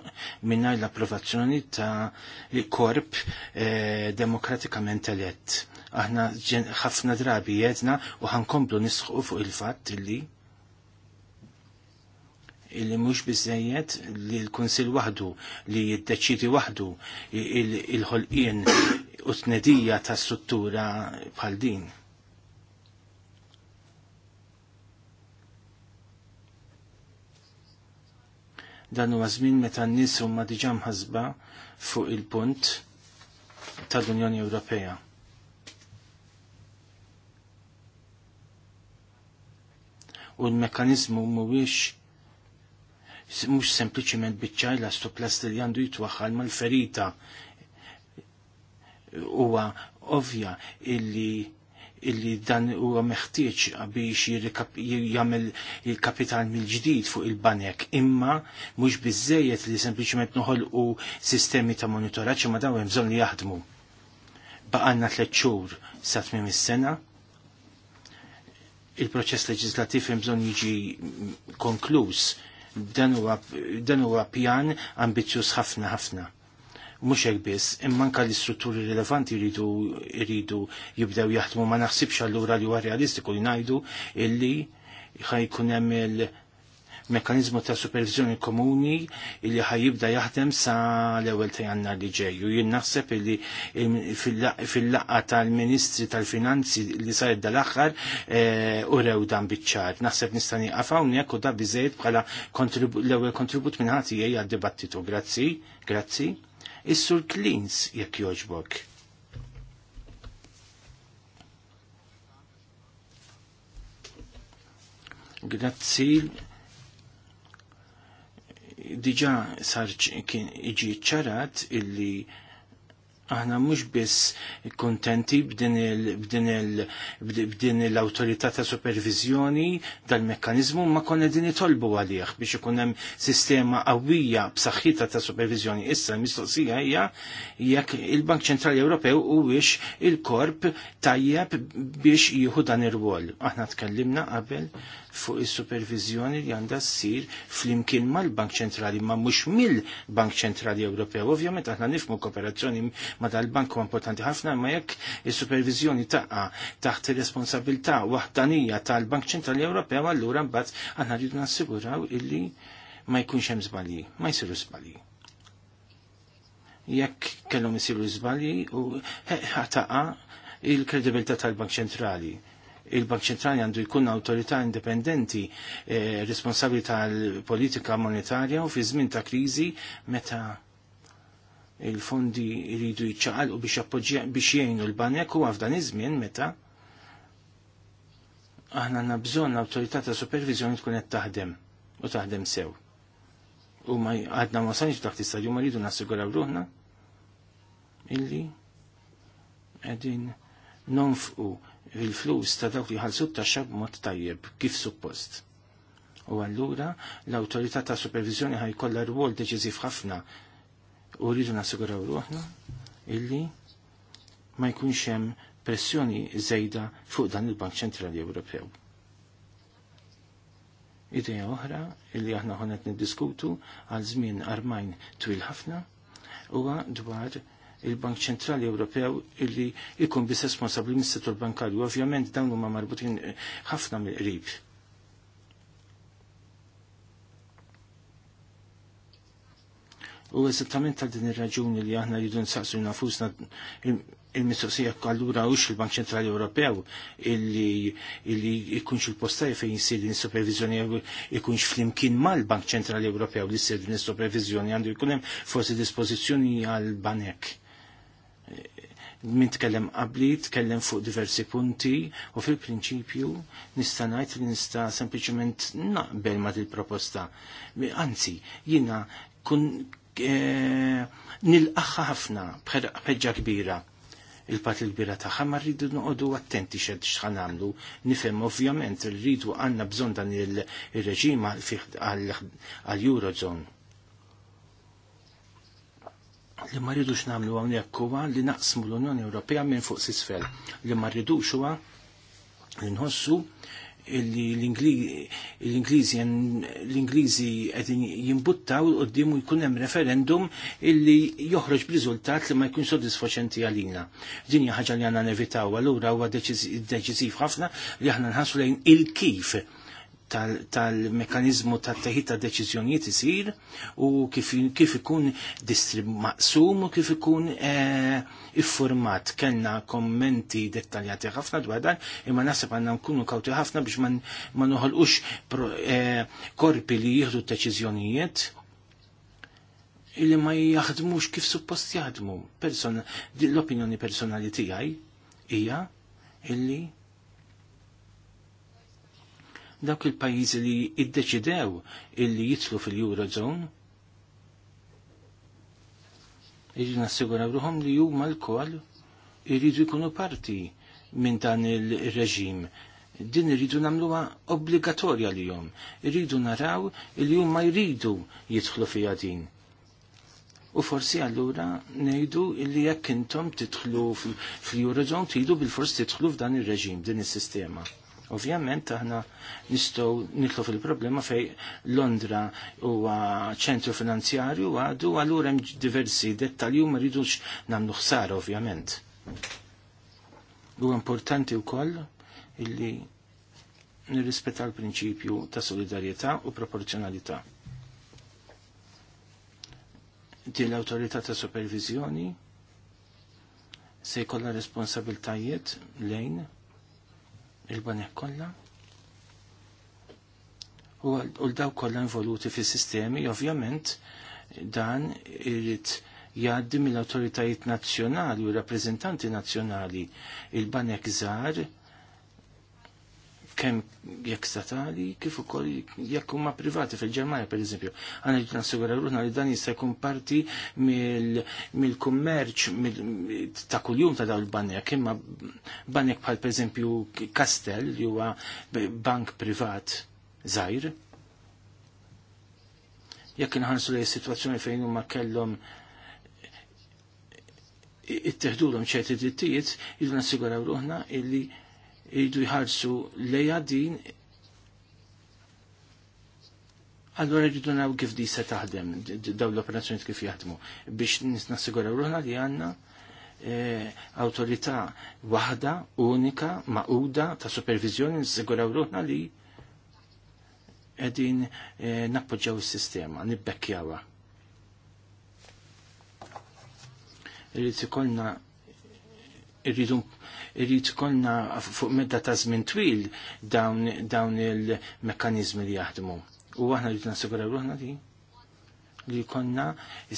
minnaj l-approvazzjoni ta' korp eh, demokratikament elett. Aħna ħafna drabi jedna u ħankomplu nisħu fuq il-fatt li illi mhux biżejjed li l-Kunsill waħdu li jiddeċidi waħdu il-ħolqien u t tnedija ta' struttura bħal din Dan huwa żmien meta n-nies huma diġà mħasba fuq il-punt tal-Unjoni Ewropea. U l mekkaniżmu mhuwiex mhux sempliċiment biċċajla plast li għandu jitwaħħal mal-ferita huwa ovvja illi illi dan huwa meħtieġ biex jagħmel il-kapital mill-ġdid fuq il-banek, imma mhux biżejjed li sempliċement noħolqu sistemi ta' monitoraġġ ma dawn hemm bżonn li jaħdmu. Baqanna tliet xhur sa tmiem is-sena, il-proċess leġislattiv hemm bżonn jiġi konkluż. Dan huwa pjan ambizzjuż ħafna ħafna mhux hekk biss, imma anke l-istrutturi rilevanti jridu jridu jibdew jaħdmu ma naħsibx allura li huwa realistiku li najdu illi ħajkun hemm il mekanizmu ta' supervizjoni komuni illi jibda jaħdem sa l-ewwel ta' jannar li ġeju. jien naħseb illi fil-laqqa tal-Ministri tal-Finanzi li jedda l aħħar eh, u rew dan biċ-ċar. Naħseb nista' nieqaf hawnhekk u da bizzejt bħala l-ewwel kontribut minn ħati għad-dibattitu. Grazzi, grazzi. Is-sur Klins jekk joġbok. Grazzi diġa sarċ kien iġi ċarat illi aħna mhux biss kontenti b'din l-awtorità ta' supervizjoni tal mekkaniżmu ma konna din itolbu għalih biex ikun hemm sistema qawwija b'saħħitha ta' supervizjoni. Issa l-mistoqsija hija jekk il-Bank Ċentrali Ewropew huwiex il-korp tajjeb biex jieħu dan ir wol Aħna tkellimna qabel fuq is-supervizjoni li għandha ssir flimkien mal-Bank Ċentrali ma mhux mill-Bank Ċentrali Ewropew. Ovvjament aħna nifmu kooperazzjoni ma dal-bank huwa importanti ħafna ma jekk is-supervizjoni taqqa taħt ir-responsabilità waħdanija tal-Bank Ċentrali Ewropew allura mbagħad aħna rridu nassiguraw illi ma jkunx hemm żbalji, ma jsiru żbalji jekk kellhom isiru żbalji u ħataqa il-kredibilità tal-Bank Ċentrali il-Bank Ċentrali għandu jkun autorità indipendenti eh, responsabbli tal-politika monetarja u fi żmien ta' kriżi meta il-fondi jridu jiċċaqalqu biex biex jgħinu l-banek u għafdan iż-żmien meta aħna għandna bżonn l-awtorità ta' supervizjoni tkun qed taħdem u taħdem sew. U ma għadna ma sanġu taħt tistadju ma rridu nassiguraw ruħna illi qegħdin nonfqu il-flus ta' dawk li ħalsu ta' xab mod tajjeb, kif suppost. U allura l-autorità ta' supervizjoni ħajkollha rwol deċiżiv ħafna u rridu nasiguraw ruħna illi ma jkunx hemm pressjoni żejda fuq dan il-Bank Ċentrali Ewropew. Ideja oħra illi aħna ħonet niddiskutu għal żmien armajn twil ħafna huwa dwar il-Bank Ċentrali Ewropew illi ikun bis responsabbli mis-settur bankarju. Ovvjament dawn huma marbutin eh, ħafna mill-qrib. U eżattament għal din ir-raġuni li aħna rridu nsaqsu nafusna il-mistoqsija allura hux il-Bank Ċentrali Ewropew illi jkunx il-postaj fejn jsir din supervizjoni jkunx flimkien mal-Bank Ċentrali Ewropew li jsir din supervizjoni għandu jkun hemm forsi dispożizzjoni għal banek min tkellem qabli, tkellem fuq diversi punti u fil-prinċipju nista' ngħid li nista' sempliċement naqbel ma' il-proposta. Anzi, jiena kun e, eh, nil-axħa ħafna bħedġa kbira il-pat il-bira taħħa ma rridu noqodu attenti xed xħan għamlu. Nifem ovvjament rridu għanna bżon dan il-reġim għal-Eurozone li ma rridux namlu għawnek huwa li naqsmu l-Unjoni Ewropea minn fuq sisfel. Li ma rridux huwa li nħossu li l-Ingliżi l-Ingliżi qegħdin jimbuttaw qudiem jkun hemm referendum illi joħroġ b'riżultat li ma jkun sodisfaċenti għalina. Din ħaġa li għandna nevitaw allura huwa deċiżiv ħafna li aħna nħassu lejn il-kif tal-mekanizmu tal teħid ta' deċiżjonijiet isir u kif ikun distrib maqsum u kif ikun eh, iffurmat. Kellna kommenti dettaljati ħafna dwar dan, imma nasib għandna nkunu kawti ħafna biex ma noħolqux eh, korpi li jieħdu deċiżjonijiet illi ma jaħdmux kif suppost jaħdmu. l-opinjoni personali tiegħi hija illi dawk il-pajjiżi li iddeċidew illi jitlu fil-Eurozone Iġi nassiguraw ruħom li huma l-koll irridu jkunu parti minn dan il-reġim. Din irridu namluwa obbligatorja li jom. Irridu naraw li huma jridu jidħlu fija din. U forsi allura nejdu li jekk intom titħlu fil-Eurozone tridu bil-fors titħlu f'dan ir-reġim, din is-sistema. Ovvjament aħna nistgħu nitlu fil-problema fej Londra huwa ċentru finanzjarju għadu għalur hemm diversi dettalji u ma rridux nagħmlu ħsara ovvjament. Huwa importanti wkoll illi nirrispetta l-prinċipju ta' solidarjetà u proporzjonalità. Din l-autorità ta' supervizjoni se jkollha responsabiltajiet lejn il-banek kollha u l-daw kollha involuti fis-sistemi, ovvjament dan irrit jgħaddi mill-autoritajiet nazzjonali u rappresentanti nazzjonali il-banek zar, kemm jekk statali kif ukoll jekk huma privati fil-Ġermanja pereżempju. Għandna ġid nassiguraw ruhna li dan jista' jkun parti mill-kummerċ mil ta' kuljum ta' dawn il-banjak, imma banjak bħal pereżempju Kastell li huwa bank privat żgħir. Jekk inħarsu lej situazzjoni fejn huma kellhom itteħdulhom ċerti drittijiet, jidu nassiguraw ruħna illi jidu jħarsu leja din Allora rridu naw kif di se taħdem, daw l-operazzjoni kif jaħdmu, biex nassiguraw ruħna li għanna eh, autorita wahda, unika, maquda ta' supervizjoni nsiguraw ruħna li edin eh, nappoġġaw is-sistema, nibbekjawa. Irrid ikollna irridu irrid konna fuq medda ta' żmien twil dawn, il-mekkaniżmi li jaħdmu. U aħna rrid nassiguraw ruħna di li konna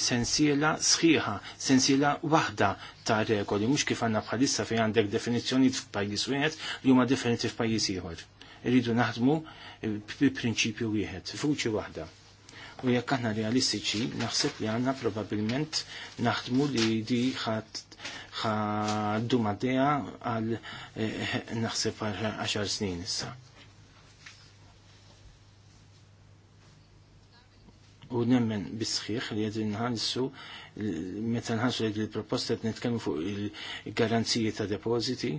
sensiela sħiħa, sensiela wahda ta' regoli, mux kif għanna bħalissa fej għandek definizjoni f'pajis wieħed li huma differenti f'pajis ieħor. Irridu naħdmu bi prinċipju wieħed, fuċi waħda. U jekk aħna realistiċi, naħseb li għandna probabilment naħdmu li di ħadd ħaddu maddeja għal eh, naħseb għal snin issa. U nemmen bisħiħ li għedin nħalsu meta nħalsu li l-proposta nitkellmu fuq il-garanziji ta' depositi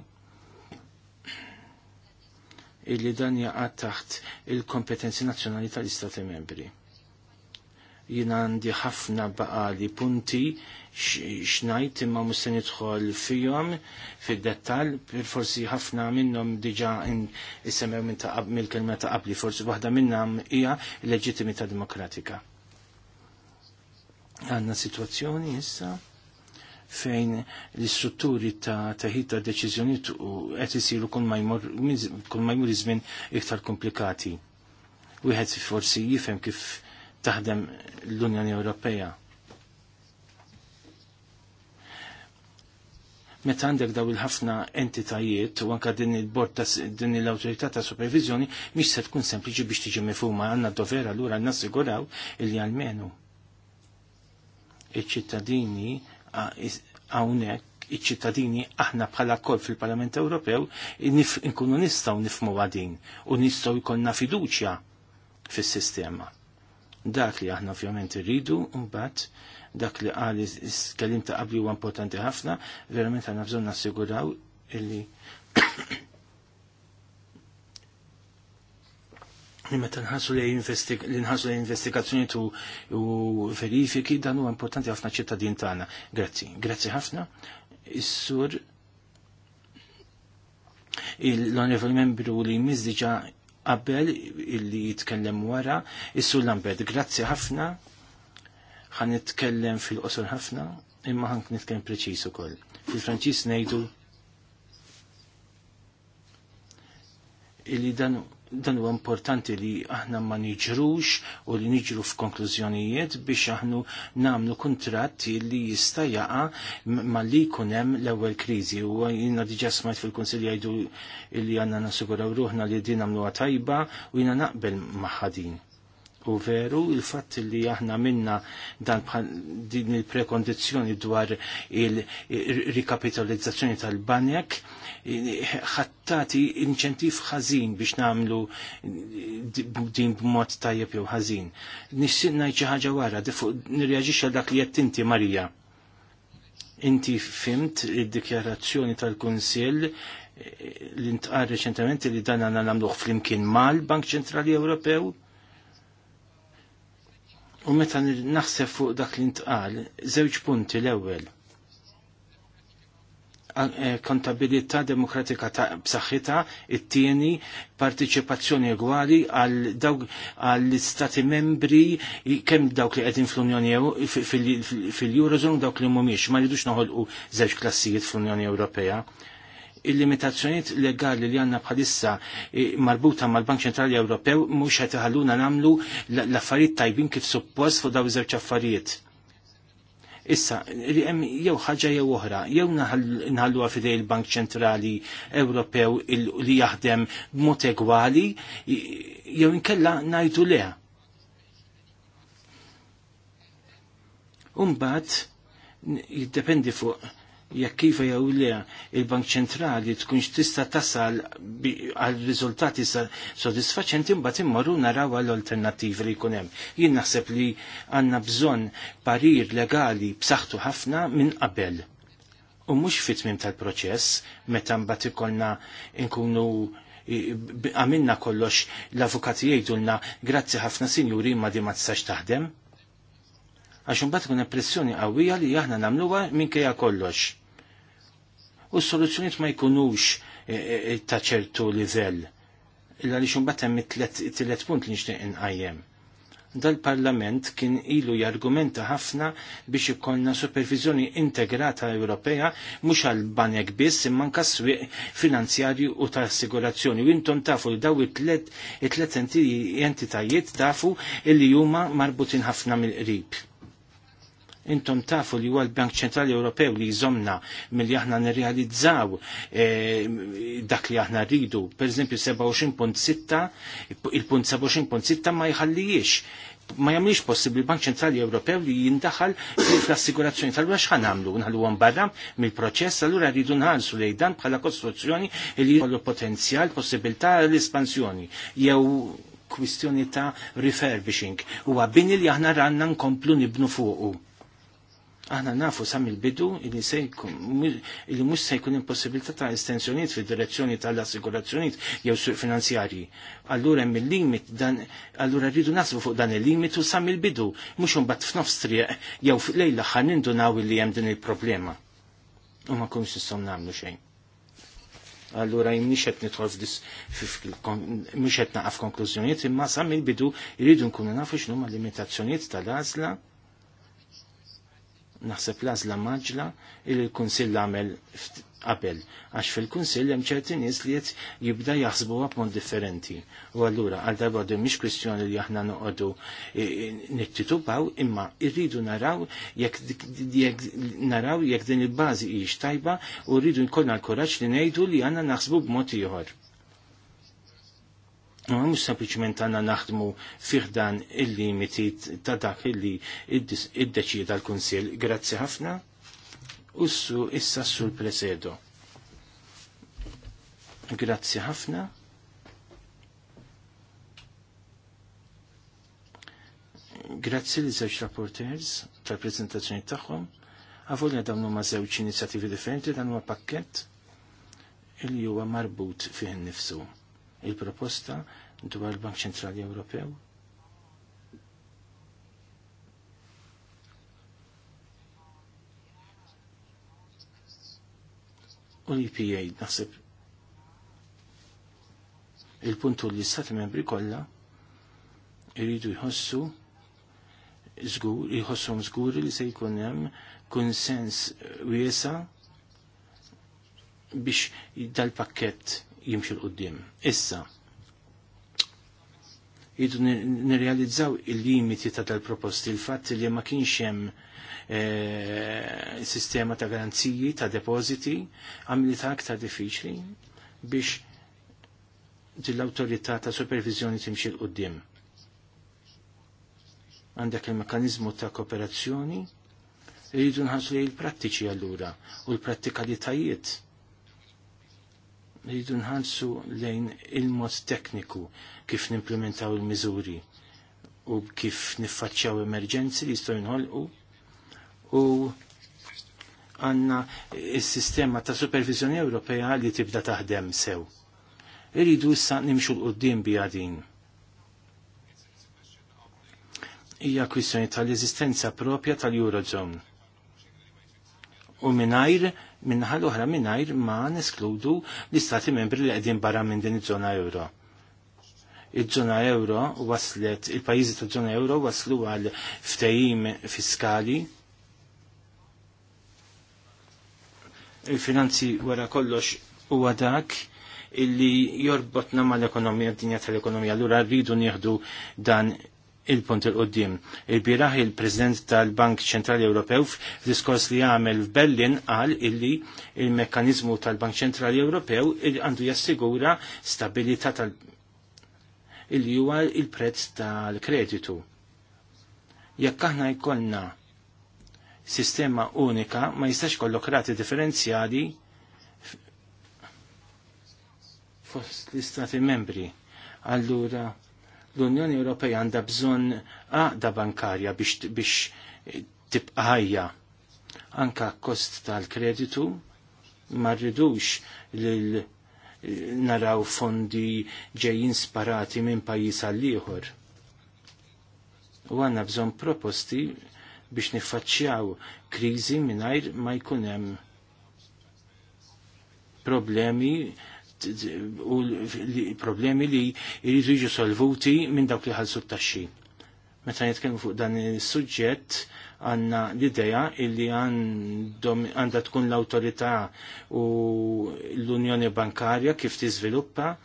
illi dan jaqgħad taħt il-kompetenzi nazzjonali tal-Istati membri jina għandi ħafna baqali punti xnajt imma musta nidħol fihom fid-dettall, forsi ħafna minnhom diġà issemmew minn taqab mill-kelma ta' qabli, forsi waħda minnhom hija leġitimità demokratika. Għandna sitwazzjoni issa fejn l-istrutturi ta' taħid ta' deċiżjonijiet u qed isiru kull ma jmur iżmien iktar komplikati. Wieħed forsi jifhem kif taħdem l-Unjoni Ewropea meta għandek daw il-ħafna entitajiet u anka din il-bord ta' din l-autorità ta' supervizjoni mhix se tkun sempliċi biex tiġi mifhuma għandna dovera allura nassiguraw li għalmenu iċ-ċittadini hawnhekk iċ-ċittadini aħna bħala kol fil-Parlament Ewropew nkunu nistgħu nifmu għadin u nistgħu jkollna fiduċja fis-sistema. Dak li aħna ovvjament irridu mbagħad dak li għali kellim ta' qabli huwa importanti ħafna, verament għandna bżonn nassiguraw illi li meta nħassu li nħassu li investigazzjoni u verifiki dan huwa importanti ħafna ċittadin tagħna. Grazzi, grazzi ħafna. Is-sur l-onorevoli membru li mizdiġa qabel illi jitkellem wara, is-sur Lambert, grazzi ħafna ħan nitkellem fil-qosor ħafna, imma ħan nitkellem preċis ukoll. Fil-Franċis ngħidu illi dan dan huwa importanti li aħna ma niġrux u li niġru f'konklużjonijiet biex aħna namlu kuntratt li jista' jaqa' ma li jkun hemm l-ewwel kriżi. U jiena diġà smajt fil-Kunsilli jgħidu li għandna nassiguraw ruħna li din għamluha tajba u jiena naqbel magħha din. U veru, il-fatt li aħna minna dan din il-prekondizjoni dwar il-rikapitalizzazzjoni tal-banjak, ħattati inċentif ħażin biex namlu din b'mod tajjeb jew ħażin. Nissin ngħid xi ħaġa wara, nirreaġix għal dak li qed inti Marija. Inti fimt id-dikjarazzjoni tal-Kunsill eh, li ntqar reċentement li dan għandna nagħmluh flimkien mal-Bank Ċentrali Ewropew U meta naħseb fuq dak li ntqal, żewġ punti l-ewwel. E, kontabilità demokratika ta' b'saħħitha, it-tieni partiċipazzjoni egwali għal dawk għall istati membri kemm dawk li qegħdin fl-Unjoni fil-Eurozone dawk li mhumiex ma rridux noħolqu żewġ klassijiet fl-Unjoni Ewropea il-limitazzjoniet legali li għanna bħalissa e, marbuta mal-Bank Ċentrali Ewropew mhux qed namlu nagħmlu l-affarijiet tajbin kif suppost fuq daw iż-żewġ affarijiet. Issa, li hemm jew ħaġa jew oħra, jew nħalluha fidej il-Bank Ċentrali Ewropew li jaħdem b'mod egwali, jew inkella ngħidu leha. Umbat, jiddependi fuq jekk kifa jew le il-Bank Ċentrali tkunx tista' tasal għal riżultati sodisfaċenti mbagħad immorru naraw għal alternattivi li jkun hemm. Jien naħseb li għandna bżonn parir legali b'saħħtu ħafna minn qabel. U mhux fit tal-proċess meta mbagħad ikollna nkunu għamilna kollox l-avukati jgħidulna grazzi ħafna sinjuri ma di ma tistax taħdem. Għax imbagħad tkun pressjoni qawwija li aħna nagħmluha minkejja kollox u s-soluzzjoniet ma jkunux eh, eh, eh, ta' ċertu livell. Illa li xumbat hemm it-tielet punt li nixtieq inqajjem. Dal-Parlament kien ilu jargumenta ħafna biex ikollna supervizjoni integrata Ewropea mhux għal banek biss imma swieq finanzjarju u ta' assigurazzjoni. U intom tafu li daw it-tlet entitajiet tafu illi huma marbutin ħafna mill-qrib intom tafu li huwa l-Bank Ċentrali Ewropew li jżomna milli aħna nirrealizzaw eh, dak li aħna rridu. Per eżempju 27.6, il-punt 27.6 ma jħallijiex. Ma jagħmlix possibli l-Bank Ċentrali Ewropew li jindaħal fl-assigurazzjoni tal-għura xħan għamlu, nħallu għan barra mill-proċess, allura rridu nħarsu lejdan bħala kostruzzjoni li jkollu potenzjal, possibilità l-espansjoni. Jew kwistjoni ta' refurbishing. Huwa bini li aħna ranna nkomplu nibnu fuqu Aħna nafu sam il-bidu li mhux se jkun impossibilità ta' estensjoniet fid-direzzjoni tal-assigurazzjoniet jew suq finanzjarji. Allura hemm il-limit dan allura rridu nasbu fuq dan il-limit u sam il-bidu mhux imbagħad f'nofs triq jew aħħar nindu naw li hemm din il-problema. U ma kunx nistgħu nagħmlu xejn. Allura jim nixet nitħol mux qed naqaf konklużjonijiet imma sam il-bidu jridu nkunu nafu x'numa limitazzjonijiet tal-għażla naħseb lażla maġla il l-Kunsill għamel qabel, għax fil-Kunsill hemm ċerti nies li qed jibda jaħsbuha b'mod differenti. U allura għal darba mhix kwistjoni li aħna noqogħdu eh, eh, nittitubaw, imma rridu naraw jekk naraw jekk din il-bażi hijiex tajba u rridu nkollna l-kuraġġ li ngħidu li għandna naħsbu b'mod ieħor Ma mux sempliciment għanna naħdmu fiħdan il-limiti ta' dak illi id-deċida l-Kunsil. Grazzi ħafna. Ussu issa sul presedo. Grazzi ħafna. Grazzi li żewġ rapporters tal-prezentazzjoni tagħhom. Għavolja dawn huma żewġ inizjattivi differenti dan huwa pakkett il-li huwa marbut fih nifsu il-proposta dwar il-Bank Ċentrali Ewropew. U l-IPA nasib il-puntu li stati membri kollha jridu jħossu żgur jħossuhom li se jkun hemm konsens wiesa' biex dal-pakket Jimxil qoddim Issa, jidu nirrealizzaw il-limiti ta' tal-proposti, il fat li ma kienx hemm eh, sistema ta' garanziji, ta' depositi, ta' aktar diffiċli biex l-autorità ta' supervizjoni timxil qoddim Għandek il-mekanizmu ta' kooperazzjoni, jridu nħasli il-prattiċi allura u l-prattikalitajiet rridu nħansu lejn il-mod tekniku kif nimplementaw il-miżuri u kif niffaċċjaw emerġenzi li jistgħu jinħolqu u għanna il-sistema ta' supervizjoni Ewropea li tibda taħdem sew. Irridu issa nimxu l-qoddim bija din. Hija kwistjoni tal-eżistenza propja tal-Eurozone. U minajr minnaħa l-oħra minnajr ma neskludu l-istati membri li qegħdin barra minn din il żona euro. il żona euro waslet, il-pajjiżi ta' żona euro waslu għal ftehim fiskali il-finanzi wara kollox huwa dak illi jorbotna mal-ekonomija, d-dinja tal-ekonomija, l-ura rridu nieħdu dan il-punt il-qoddim. Il-biraħ il-President tal-Bank Ċentrali Ewropew f'diskors li għamel f'Bellin qal illi il mekanizmu tal-Bank Ċentrali Ewropew għandu jassigura stabilità tal- illi huwa il-prezz tal-kreditu. Jekk aħna jkollna sistema unika ma jistax kollok rati differenzjali fost l-istati membri. Allura, L-Unjoni Ewropea għandha bżonn għaqda bankarja biex, biex tibqa' ħajja anka kost tal-kreditu ma rridux li naraw fondi ġejjin sparati minn pajjiż għal ieħor. U għandna bżonn proposti biex niffaċċjaw kriżi mingħajr ma jkun hemm problemi u problemi li jridu jiġu solvuti minn dawk li ħalsu t-taxxi. Meta nitkellmu fuq dan is-suġġett għandna l-idea illi għandha tkun l-awtorità u l-Unjoni Bankarja kif tiżviluppa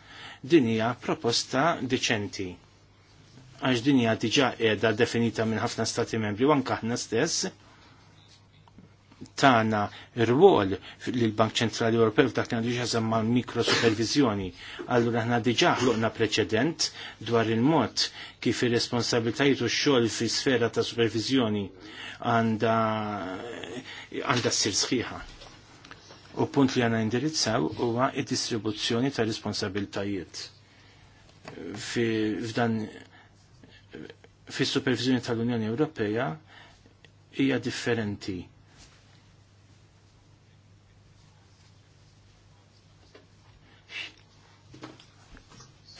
din hija proposta deċenti. Għax din hija diġà qiegħda definita minn ħafna stati membri u anke aħna stess tana rwol l-Bank Ċentrali Ewropew f'dak li għandu ma' mikrosupervizjoni. Allura aħna diġà ħloqna preċedent dwar il-mod kif ir-responsabiltajiet u x-xogħol fis sfera ta' supervizjoni għandha għandha ssir sħiħa. U punt li għana indirizzaw huwa id-distribuzzjoni ta' responsabiltajiet f'dan fis supervizjoni tal-Unjoni Ewropea hija differenti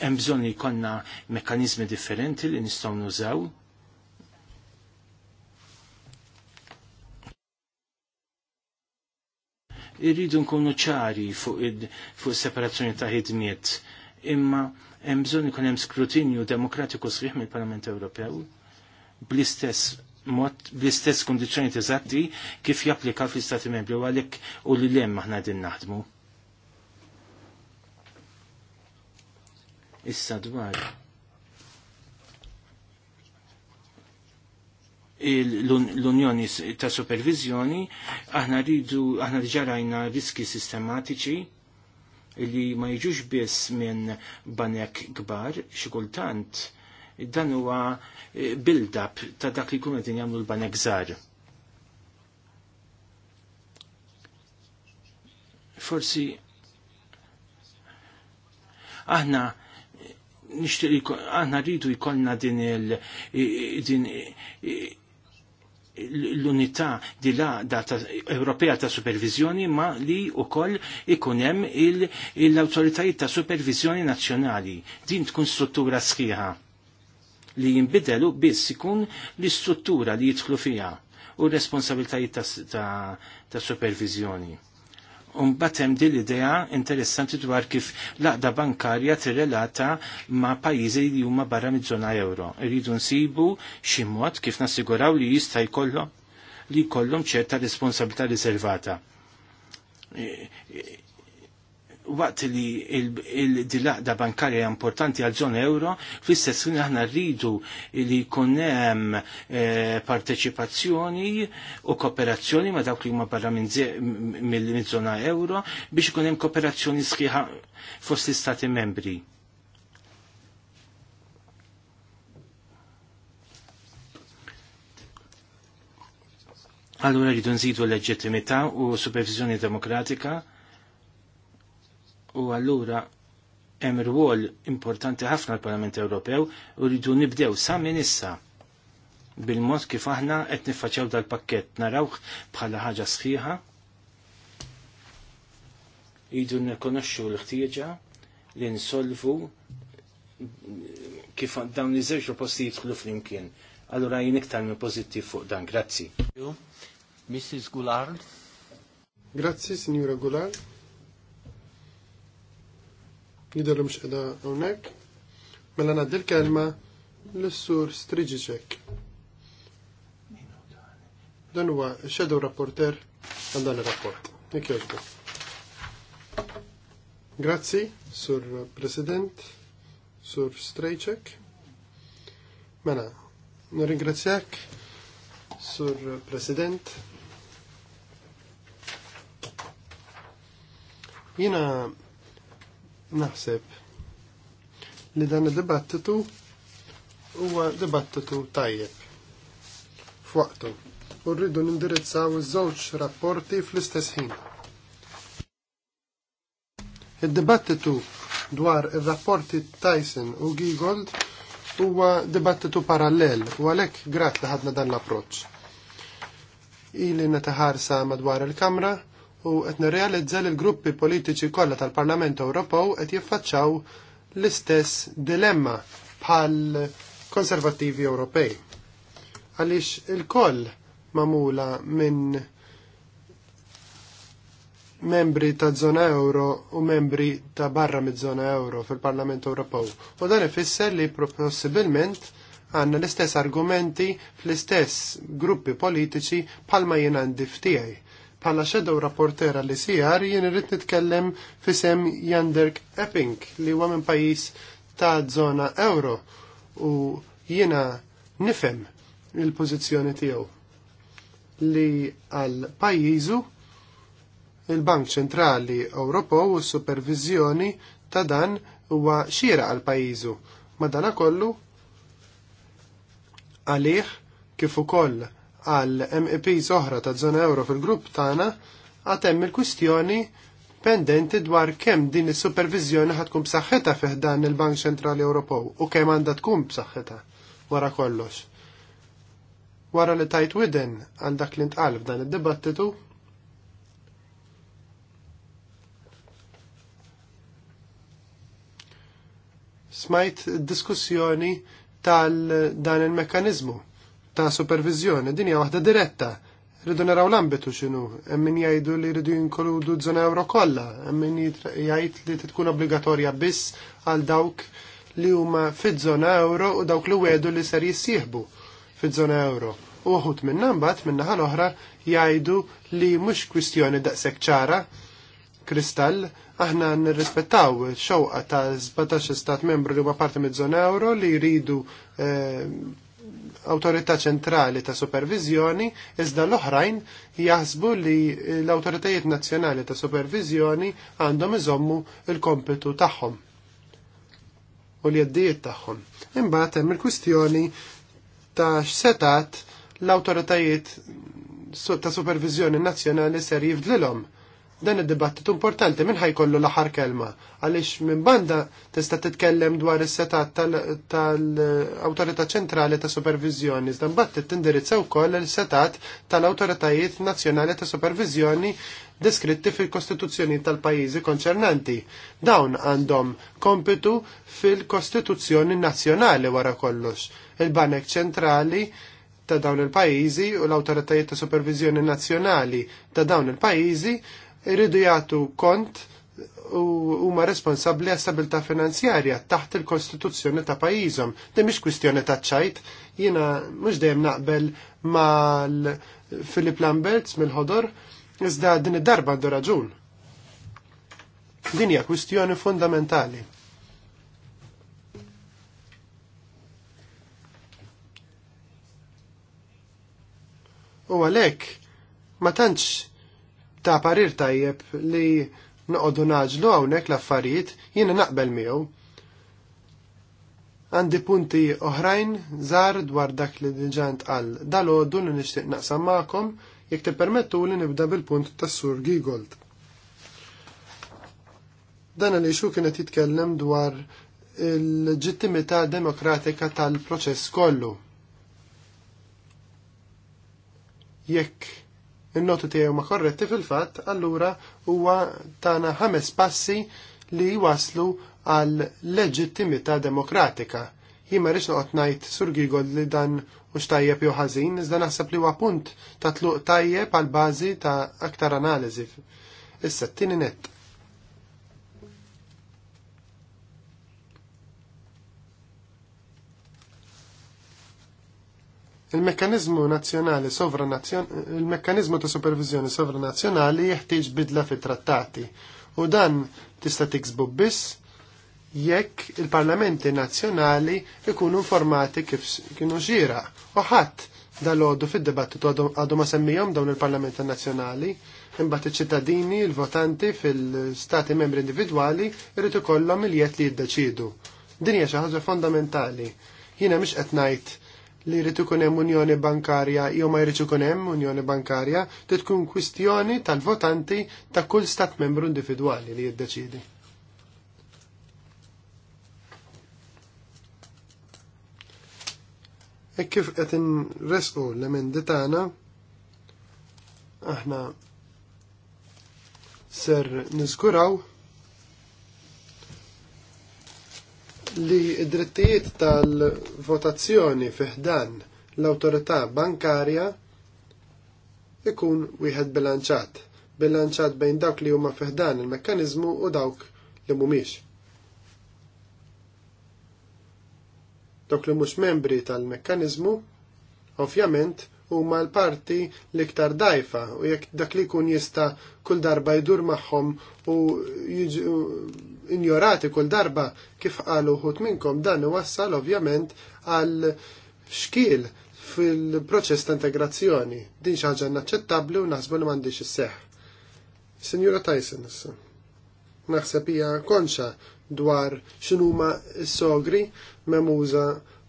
hemm bżonn li jkollna mekkaniżmi differenti li nistgħu nużaw. Irridu nkunu ċari fuq fuq separazzjoni ta' ħidmiet, imma hemm bżonn ikun hemm skrutinju demokratiku sħiħ mill-Parlament Ewropew bl-istess mod bl-istess kondizzjoni eżatti kif japplika fl-Istati Membri u għalhekk u li hemm aħna din naħdmu. issa dwar l-Unjoni ta' Supervizjoni, aħna rridu, aħna rajna riski sistematiċi li ma jiġux biss minn banek kbar, xikultant, dan huwa e, build-up ta' dak li kunet jagħmlu l-banek żgħar. Forsi aħna nixtieq aħna rridu jkollna din il din l-unità di data Ewropea ta' supervizjoni ma li u koll ikunem l-autoritajiet ta' supervizjoni nazzjonali. Din tkun struttura sħiħa li jimbidelu biss ikun l-istruttura li jidħlu fija u r responsabiltajiet ta', ta, ta supervizjoni un hemm din l-idea interessanti dwar kif laqda bankarja tirrelata ma' pajjiżi li huma barra mid-zona euro. Rridu nsibu xi mod kif nassiguraw li jista' jkollhom li jkollhom ċerta responsabilità riservata e, e, waqt li il-dilaqda bankarja importanti għal żona euro, fl-istess ħin aħna rridu li hemm eh, parteċipazzjoni u kooperazzjoni ma dawk li huma barra minn żona euro biex ikun hemm kooperazzjoni sħiħa fost l-istati membri. Allura rridu nżidu l-leġittimità u supervizjoni demokratika U allura hemm rwol importanti ħafna l-Parlament Ewropew u rridu nibdew sa minn issa bil-mod kif aħna qed niffaċċew dal-pakkett narawh bħala ħaġa sħiħa. Idu nirkonoxxu l-ħtieġa li nsolvu kif dawn iż-żewġ proposti jidħlu flimkien. Allura jien iktar minn pożittiv fuq dan, grazzi. Mrs. Goulard. Grazzi, Signora Gulard jidur mxqda għonek, mela naddi il kelma l-sur Striġiċek. Dan huwa shadow reporter għal dan il-rapport. Nik jożbu. Grazzi, sur President, sur Strejċek. Mela, nirringrazzjak, sur President. Jina naħseb li dan id-dibattitu huwa dibattitu tajjeb f'waqtu u rridu nindirizzaw iż-żewġ rapporti fl-istess ħin. Id-dibattitu dwar ir-rapporti Tyson u Giegold huwa dibattitu parallel u għalhekk grat li ħadna dan l-approċċ. Ili netaħarsa madwar il-kamra u qed nirrealizza li l-gruppi politiċi kollha tal-Parlament Ewropew qed jiffaċċaw l-istess dilemma bħal konservattivi Ewropej. Għaliex il-koll mamula minn membri ta' zona euro u membri ta' barra mid zona euro fil-Parlament Ewropew. U dan ifisser li possibilment għanna l-istess argumenti fl-istess gruppi politiċi palma jien għandi Pala xedow rapportera li sijar jien rrit nitkellem fisem Janderk Epping li huwa minn pajjiż ta' zona euro u jiena nifhem il-pożizzjoni tiegħu li għal pajjiżu il-Bank Ċentrali Ewropew u s-supervizjoni ta' dan huwa xira għal pajizu. Madana kollu għalih kif ukoll għal MEPs oħra ta' zona euro fil-grupp tagħna għad hemm il-kwistjoni pendenti dwar kemm din is-supervizjoni ħad tkun b'saħħetha fih dan il-Bank Ċentrali Ewropew u kemm għandha tkun b'saħħetha wara kollox. Wara li tajt widen għal dak li ntqal f'dan id-dibattitu smajt diskussjoni tal dan il-mekkanizmu ta' supervizjoni, din hija waħda diretta. Rridu naraw l-ambitu x'inhu, hemm min jgħidu li rridu jinkoludu żona euro kollha, emmin jajt jgħid li tkun obbligatorja biss għal dawk li huma fiż-żona euro u dawk li wedu li ser jissieħbu fiż-żona euro. U uħut minna mbagħad minna l-oħra jgħidu li mhux kwistjoni daqshekk ċara kristall, aħna nirrispettaw xewqa ta' 17 stat membru li huma parti mid-żona euro li jridu eh, autorità ċentrali ta' supervizjoni, iżda l-oħrajn jaħsbu li l-awtoritajiet nazzjonali ta' supervizjoni għandhom iżommu il-kompetu tagħhom u l-jeddijiet tagħhom. Imbagħad hemm il-kwistjoni ta' x'setat l-awtoritajiet ta' supervizjoni nazzjonali ser jifdlilhom Dan id-dibattitu importanti minn ħajkollu l-aħħar kelma għaliex minn banda tista' titkellem dwar is-setat tal autorita Ċentrali ta' Supervizjoni, iżda mbagħad tindirizza wkoll il-setat tal-Awtoritajiet Nazzjonali ta' Supervizjoni deskritti fil-kostituzzjoni tal-pajjiżi konċernanti. Dawn għandhom kompitu fil-kostituzzjoni nazzjonali wara kollox. Il-Banek ċentrali ta' dawn il-pajjiżi u l-awtoritajiet ta' supervizjoni nazzjonali ta' dawn il-pajjiżi irridu jagħtu kont u huma responsabbli għas stabilta finanzjarja taħt il-Kostituzzjoni ta' pajjiżhom. Din mhix kwistjoni ta' ċajt, jiena mhux dejjem naqbel mal Philip Lamberts mill-ħodor, iżda din id-darba għandu raġun. Din hija kwistjoni fundamentali. U għalhekk ma tantx ta' parir tajjeb li noqogħdu naġlu hawnhekk l-affarijiet jiena naqbel miegħu. Għandi punti oħrajn żar dwar dak li diġant għal dal-għoddu li nixtieq naqsam magħkom jekk tippermettu li nibda bil-punt tas-sur Gigold. Dan għaliex hu kienet jitkellem dwar il leġittimità demokratika tal-proċess kollu. Jekk il notu tiegħu ma korretti fil-fatt, allura huwa tana ħames passi li waslu għal leġittimità demokratika. Jien ma rix noqgħod ngħid sur li dan u xtajjeb jew ħażin, iżda naħseb li huwa punt ta' tluq tajjeb għal bażi ta' aktar analiżi. Issa t-tieni nett Il-mekkanizmu nazzjonali il-mekkanizmu ta' supervizjoni sovranazzjonali jeħtieġ bidla fit-trattati u dan tista' tiksbu biss jekk il-parlamenti nazzjonali ikunu informati kif kienu xira u ħadd dal-għodu fid-dibattitu għadu ma semmijom dawn il-parlamenti nazzjonali imbagħad iċ-ċittadini, il-votanti fil-stati membri individwali jrid ikollhom il-jiet li jiddeċidu. Din hija xi ħaġa fondamentali. Jiena mhix qed ngħid li jrid ikun hemm Unjoni Bankarja jew ma jrid ikun hemm Unjoni Bankarja tkun kwistjoni tal-votanti ta' kull stat membru individwali li jiddeċidi. E kif qed inresqu l-emendi tagħna aħna ser niżguraw li d-drittijiet tal-votazzjoni fiħdan l-autorità bankarja ikun wieħed bilanċat. Bilanċat bejn dawk li huma fiħdan il-mekkanizmu u dawk li mhumiex. Dawk li mhux membri tal-mekkanizmu ovvjament huma l-parti l-iktar dajfa u jekk dak li kun jista kull darba jdur magħhom u jiġu injorati kull darba kif qalu ħut minnkom dan iwassal ovvjament għal xkiel fil-proċess ta' integrazzjoni. Din xi ħaġa naċċettabbli u naħsbu li m'għandix isseħħ. Sinjura Tyson Naħseb hija konxa dwar x'inhuma s-sogri memuża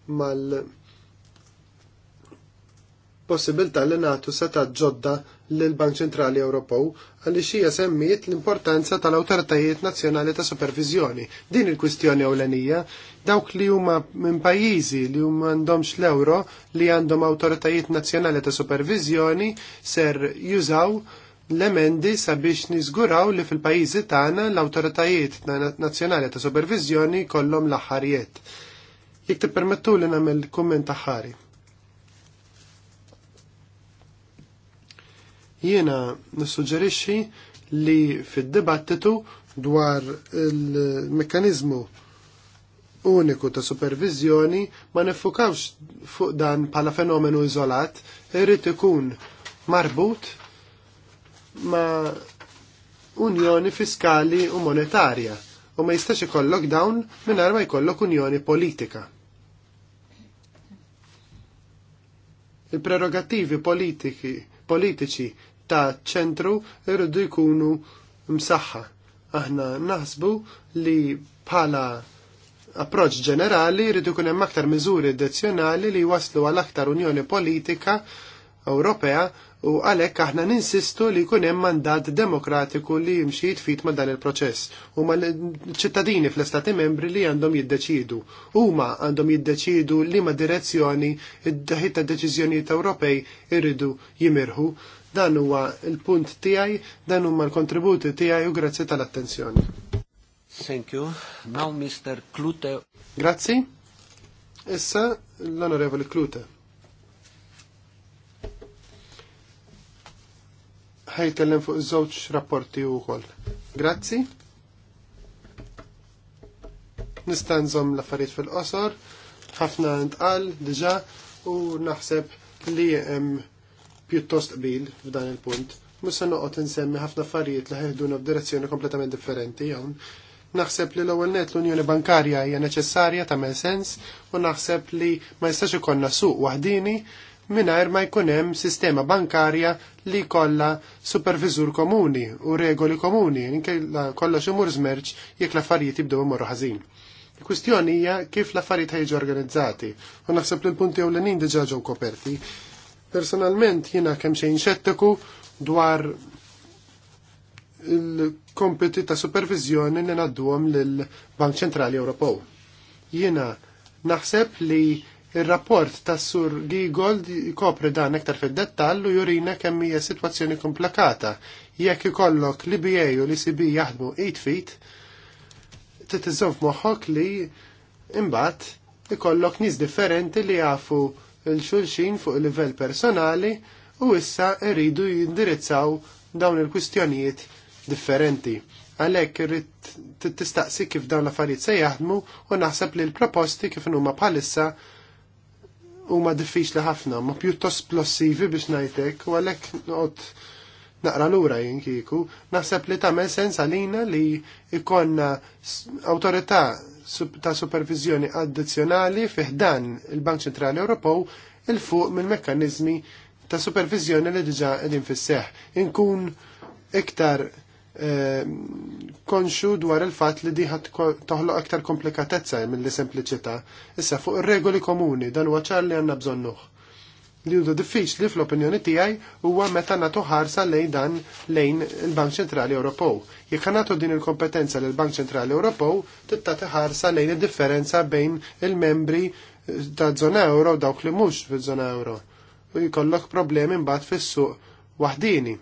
mal- possibilità li nagħtu seta' ġodda lill bank Ċentrali Ewropew għaliex hija semmiet l-importanza tal-awtoritajiet nazzjonali ta' supervizjoni. Din il-kwistjoni ewlenija dawk li huma minn pajjiżi li huma għandhomx l-euro li għandhom awtoritajiet nazzjonali ta' supervizjoni ser jużaw l-emendi sabiex nizguraw li fil pajjiżi tagħna l-awtoritajiet nazzjonali ta' supervizjoni kollhom l-aħħarijiet. Jekk tippermettuli li nagħmel kumment aħħari. Jiena nissuġġerixxi li fid-dibattitu dwar il-mekkanizmu uniku ta' supervizjoni ma nifukawx fuq dan pala fenomenu iżolat, irrid ikun marbut ma' unjoni fiskali u monetarja u ma jistax ikollok dawn mingħajr ma jkollok unjoni politika. Il-prerogativi politiki, politiċi ta' ċentru irridu jkunu msaħħa. Aħna naħsbu li bħala approċ ġenerali irridu jkun hemm aktar miżuri addizzjonali li waslu għal aktar Unjoni Politika Ewropea u għalhekk aħna ninsistu li jkun hemm mandat demokratiku li jimxi jitfit ma' dan il-proċess u ma' ċittadini fl-Istati membri li għandhom jiddeċidu. Huma għandhom jiddeċidu li ma' direzzjoni id deċiżjonijiet Ewropej irridu jimirħu Dan huwa il-punt tiegħi, dan huma l-kontributi tiegħi u grazzi tal-attenzjoni. Thank you. Now Mr. Klute. Grazzi. Issa l-Onorevoli Klute. ħajtellem fuq żewġ rapporti wkoll. Grazzi. Nista' nżomm l-affarijiet fil-qosor, ħafna ntqal diġà u naħseb li hemm pjuttost qbil f'dan il-punt. se noqgħod insemmi ħafna affarijiet li ħeħduna f'direzzjoni kompletament differenti hawn. Naħseb li l-ewwel net l-Unjoni Bankarja hija neċessarja tagħmel sens u naħseb li ma jistax ikollna suq waħdini mingħajr ma jkun hemm sistema bankarja li jkollha supervizur komuni u regoli komuni, inke xi mur żmerġ jekk l-affarijiet jibdew imorru ħażin. Il-kwistjoni hija kif l-affarijiet ħejġu organizzati, u naħseb li l-punti ewlenin diġà ġew koperti, Personalment jiena kemm xejn xettiku dwar il-kompeti ta' supervizjoni li nadduhom lill-Bank Ċentrali Ewropew. Jiena naħseb li il-rapport ta' Sur Gigold kopri dan aktar fid-dettall u jurina kemm hija sitwazzjoni komplikata. Jekk ikollok li BA u li CB jaħdmu 8 feet, titiżżomm f'moħħok li imbagħad ikollok nies differenti li jafu il-xulxin fuq il-livell personali u issa irridu jindirizzaw dawn il-kwistjonijiet differenti. Għalek irrid tistaqsi kif dawn l-affarijiet se jaħdmu u naħseb li l-proposti kif huma bħalissa huma diffiċli ħafna, ma pjuttost plossivi biex ngħidlek u għalhekk not naqra lura jinkiku, naħseb li tagħmel sens għalina li ikonna awtorità ta' supervizjoni addizzjonali fiħdan il-Bank Ċentrali Ewropew il-fuq mill mekkanizmi ta' supervizjoni li diġa qegħdin fisseħ. Inkun iktar eh, konxu dwar il-fat li diħat toħloq iktar komplikatezza mill-li sempliċità. Issa fuq ir-regoli komuni dan huwa ċar li għandna bżonnuh li huwa diffiċli fl-opinjoni tiegħi huwa meta nagħtu ħarsa lejn dan lejn il-Bank Ċentrali Ewropew. Jekk nagħtu din il-kompetenza lil bank Ċentrali Ewropew, tittati ħarsa lejn id-differenza bejn il-membri ta' żona euro dawk li mhux fiż-żona euro. U jkollok problemi mbagħad fis-suq waħdini.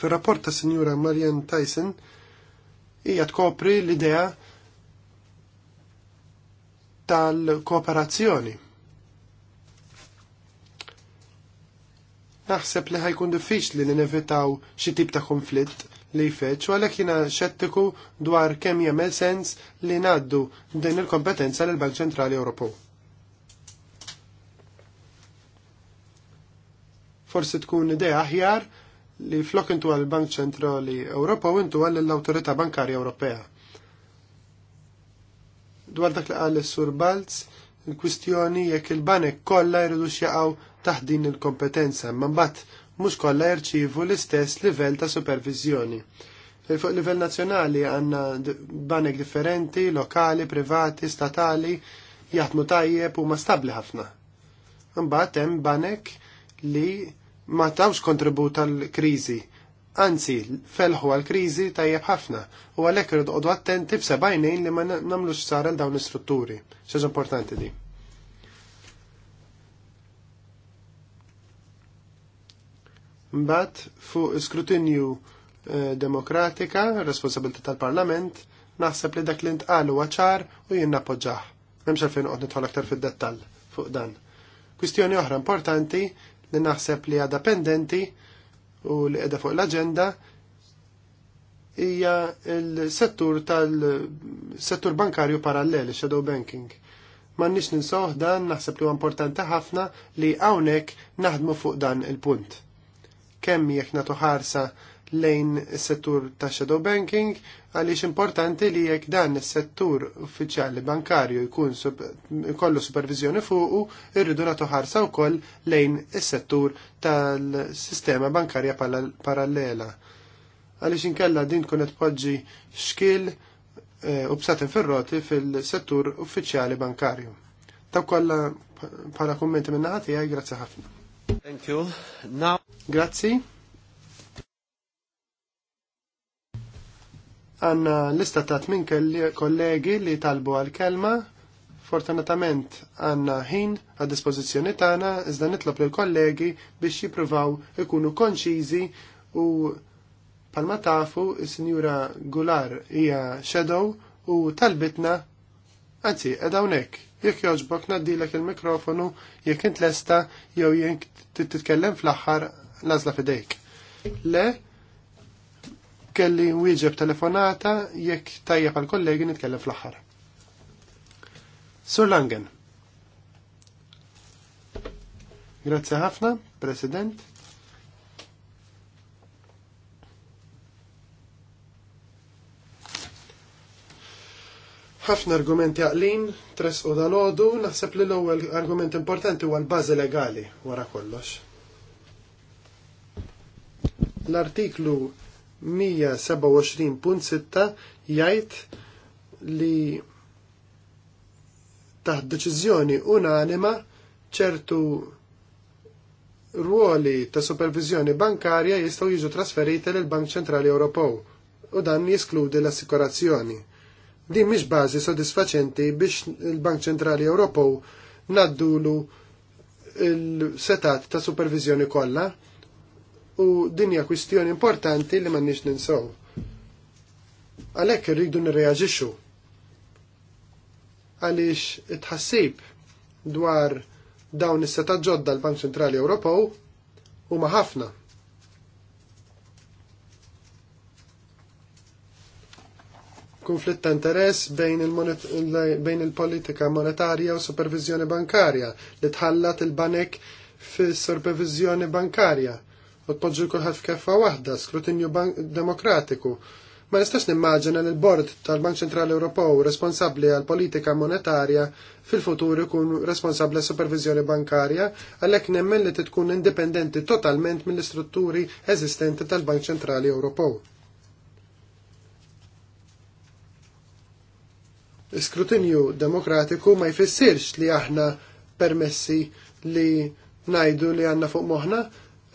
Fir-rapport ta' Sinjura Marian Tyson hija tkopri l-idea tal-kooperazzjoni naħseb li ħajkun diffiċli li ninevitaw xi tip ta' konflitt li jfeċ, u għalhekk jiena xettiku dwar kemm jagħmel sens li ngħaddu din il-kompetenza lill bank Ċentrali Ewropew. Forsi tkun idea aħjar li flok intu għal bank Ċentrali Ewropew intu għal l-Awtorità Bankarja Ewropea. Dwar dak li qal is-Sur Balz, il kwistjoni jekk il-banek kollha jridu xjaqgħu taħt din il-kompetenza, imma mbagħad mhux kollha jirċievu l-istess livell ta' supervizjoni. Fuq livell nazzjonali għandna banek differenti, lokali, privati, statali, jaħdmu tajjeb u ma stabli ħafna. Mbagħad hemm banek li ma tawx kontribut tal-kriżi Anzi, felħu għal-krizi tajjeb ħafna u għalek rridu għodu attenti b'sebajnejn li ma namlux sar għal dawn l-istrutturi. Xeġ importanti di. Mbagħad fuq skrutinju eh, demokratika, responsabilità tal-parlament, naħseb li dak li ntqalu ċar u jien nappoġġah. Memx għalfejn uqt nidħol aktar fid-dettall fuq dan. Kwistjoni oħra importanti li naħseb li għada pendenti u li qiegħda fuq l-aġenda hija l-settur tal-settur bankarju paralleli, shadow banking. M'għandniex ninsoħ dan naħseb li huwa importanti ħafna li hawnhekk naħdmu fuq dan il-punt. Kemm jekk nagħtu ħarsa lejn is-settur ta' shadow banking għaliex importanti li jekk dan is-settur uffiċjali bankarju jkun kollu supervizjoni fuqu irridu nagħtu ħarsa wkoll lejn is-settur tal-sistema bankarja parallela. Għaliex inkella din tkun qed poġġi e, u bsatin fir fil-settur uffiċjali bankarju. Ta' kollha bħala kummenti minna ħati grazzi ħafna. Thank you. Now... Grazzi. Għanna lista ta' minn kollegi li talbu għal-kelma. Fortunatament għanna ħin għad dispożizzjoni tagħna iżda nitlob lil kollegi biex jippruvaw ikunu konċiżi u palma tafu is-Sinjura Gular hija shadow u talbitna anzi qed hawnhekk jekk jogħġbok naddilek il-mikrofonu jekk int lesta jew jekk titkellem fl-aħħar lażla fidejk. Le, kelli wieġeb telefonata jekk tajjeb għal kollegi nitkellem fl-aħħar. Sur Langen. Grazie ħafna, President. ħafna argumenti għaqlin, tres u dal-ħodu, naħseb li l-ewwel argument importanti huwa l-bażi legali wara kollox. L-artiklu 127.6 jgħid li taħt deċiżjoni unanima ċertu ruoli ta' supervizjoni bankarja jistgħu jiġu trasferiti lill Bank Ċentrali Ewropew u dan jiskludi l-assikurazzjoni. Din mhix bażi sodisfaċenti biex il-Bank Ċentrali Ewropew naddulu il-setat ta' supervizjoni kollha u dinja kwistjoni importanti li m'għandniex ninsaw. Għalhekk irridu nirreagġiċu. Għaliex itħassib dwar dawn is-seta ġodda l-Bank Centrali Ewropew huma ħafna. Konflitt ta' interess bejn il-politika il monetarja u supervizjoni bankarja li tħallat il-banek fis supervizjoni bankarja u tpoġġu kulħadd f'keffa waħda, skrutinju demokratiku. Ma nistax nimmaġina li l-Bord tal-Bank Ċentral Ewropew responsabbli għal politika monetarja fil-futur ikun responsabbli għal supervizjoni bankarja għalhekk nemmen li tkun indipendenti totalment mill-istrutturi eżistenti tal-Bank Ċentrali Ewropew. Iskrutinju demokratiku ma jfissirx li aħna permessi li najdu li għanna fuq moħna,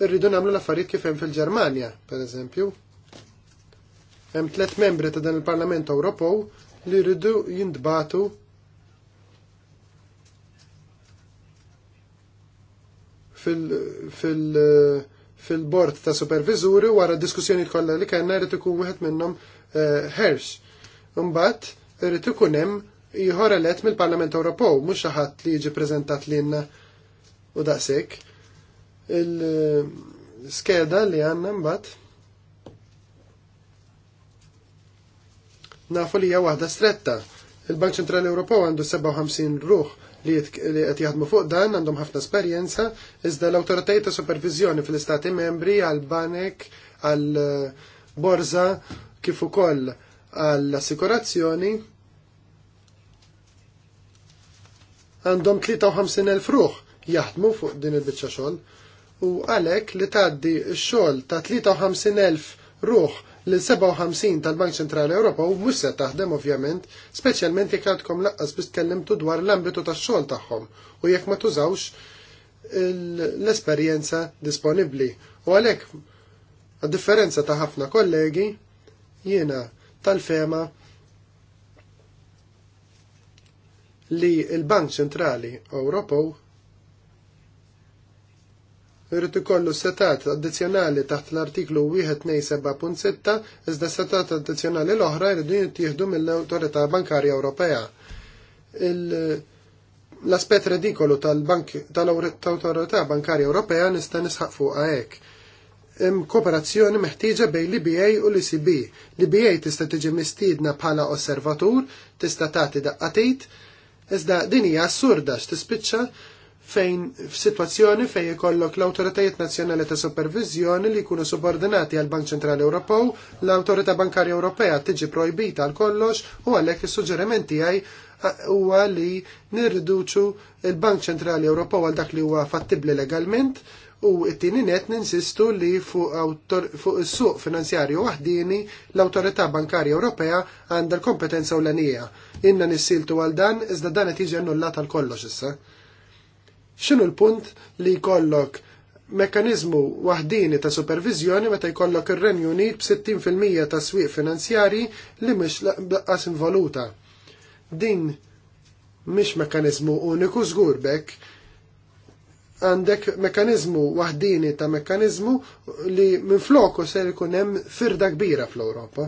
irridu nagħmlu l-affarijiet kif hemm fil-Ġermanja, pereżempju. Hemm tliet membri ta' dan il-Parlament Ewropew li rridu jintbatu fil-bord ta' supervizuri wara diskussjoni kollha li kellna rrid ikun wieħed minnhom Hersh. Eh, Imbagħad rrid ikun hemm ieħor elett mill-Parlament Ewropew mhux xi ħadd li jiġi preżentat lilna u daqshekk il-skeda li għanna mbagħad nafu li hija waħda stretta. Il-Bank Ċentrali Ewropew għandu 57 ruħ li qed jaħdmu fuq dan għandhom ħafna esperjenza, iżda l-awtoritajiet ta' supervizjoni fil-istati membri għal banek għal eh, borza kif ukoll għall assikurazzjoni għandhom 53,000 ruħ jaħdmu fuq din il-biċċa xogħol u għalek li taddi xol ta' 53.000 ruħ l-57 tal-Bank Ċentrali Ewropa u se taħdem ovvjament, speċjalment jekk għadkom laqqas biex tkellimtu dwar l-ambitu tax-xogħol tagħhom u jekk ma tużawx l-esperjenza disponibbli. U għalhekk a differenza ta' ħafna kollegi jiena tal-fema li l-Bank Ċentrali Ewropew irrid ikollu setat addizzjonali taħt l-artiklu 127.6 iżda setat addizzjonali l-oħra jridu jittieħdu mill-Awtorità Bankarja Ewropea. L-aspett redikolu tal-Awtorità Bankarja Ewropea nista' nisħaq fuq hekk hemm kooperazzjoni meħtieġa bejn l-IBA u l-ICB. L-IBA tista' tiġi mistiedna bħala osservatur, tista' tagħti daqqatit, iżda din hija assurda x'tispiċċa fejn f'sitwazzjoni fejn ikollok l-Awtoritajiet Nazzjonali ta' Supervizjoni li jkunu subordinati għal Bank Ċentrali Ewropew, l-Awtorità Bankarja Ewropea tiġi projbita għal kollox u għalhekk is-suġġerimenti għaj eh, huwa li nirriduċu il-Bank Ċentrali Ewropew għal dak li huwa fattibli legalment u t tieni net ninsistu li fuq is-suq finanzjarju waħdini l-Awtorità Bankarja Ewropea għandha l-kompetenza u l-għanija. Inna nissiltu għal dan iżda dan qed jiġi annullat għal kollox issa. X'inhu l-punt li jkollok mekanizmu waħdini ta' supervizjoni meta jkollok ir-Renju Unit b'60% ta' swieq finanzjari li mhix laqqas involuta. Din mhix mekanizmu uniku żgurbek għandek mekanizmu waħdini ta' mekanizmu li minn floku se jkun hemm firda kbira fl-Ewropa.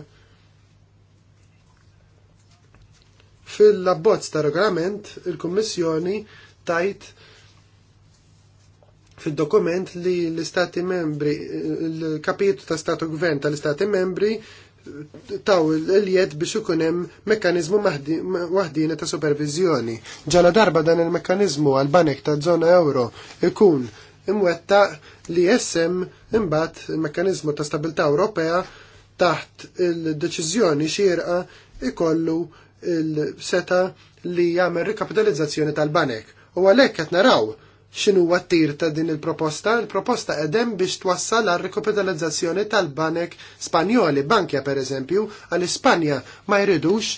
Fil-labbozz ta' regolament, il-Kummissjoni tajt fil-dokument li l-istati membri, l-kapitu ta' statu gvern tal-istati membri taw l-jed biex ikun hemm mekkaniżmu waħdina ta' supervizjoni. Ġala darba dan il-mekkaniżmu għal banek ta' żona euro ikun imwetta li jessem imbagħad il mekkanizmu ta' stabilta' Ewropea taħt il-deċiżjoni xirqa ikollu il-seta li jagħmel rikapitalizzazzjoni tal-banek. U għalhekk qed naraw xinu għattir ta' din il-proposta? Il-proposta edem biex twassal għal rekapitalizzazzjoni tal-banek spanjoli, bankja per eżempju, għal-Ispanja ma jridux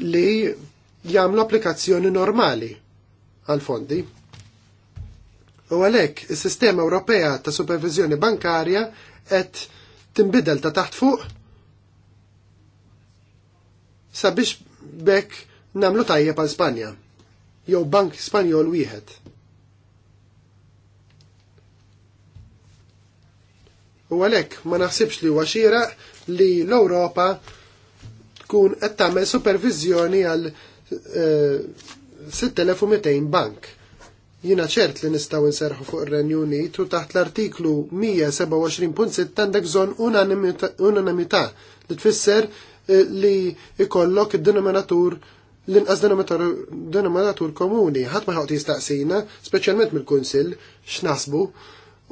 li jamlu applikazzjoni normali għal-fondi. U għalek, il-sistema Ewropea ta' supervizjoni bankarja et timbidel ta' taħt fuq sabiex bekk namlu tajjeb għal Spanja jew bank Spanjol wieħed. U għalhekk ma naħsibx li huwa xieraq li l-Ewropa tkun qed tagħmel supervizjoni għal 6200 e, bank. Jina ċert li nistaw inserħu fuq ir-Renju Unit u taħt l-artiklu 127.6 għandek bżonn unanimità li tfisser e, li ikollok id-denominatur l-inqas denominatur komuni, ħadd ma ħawt jistaqsina, speċjalment mill-Kunsill, x'naħsbu,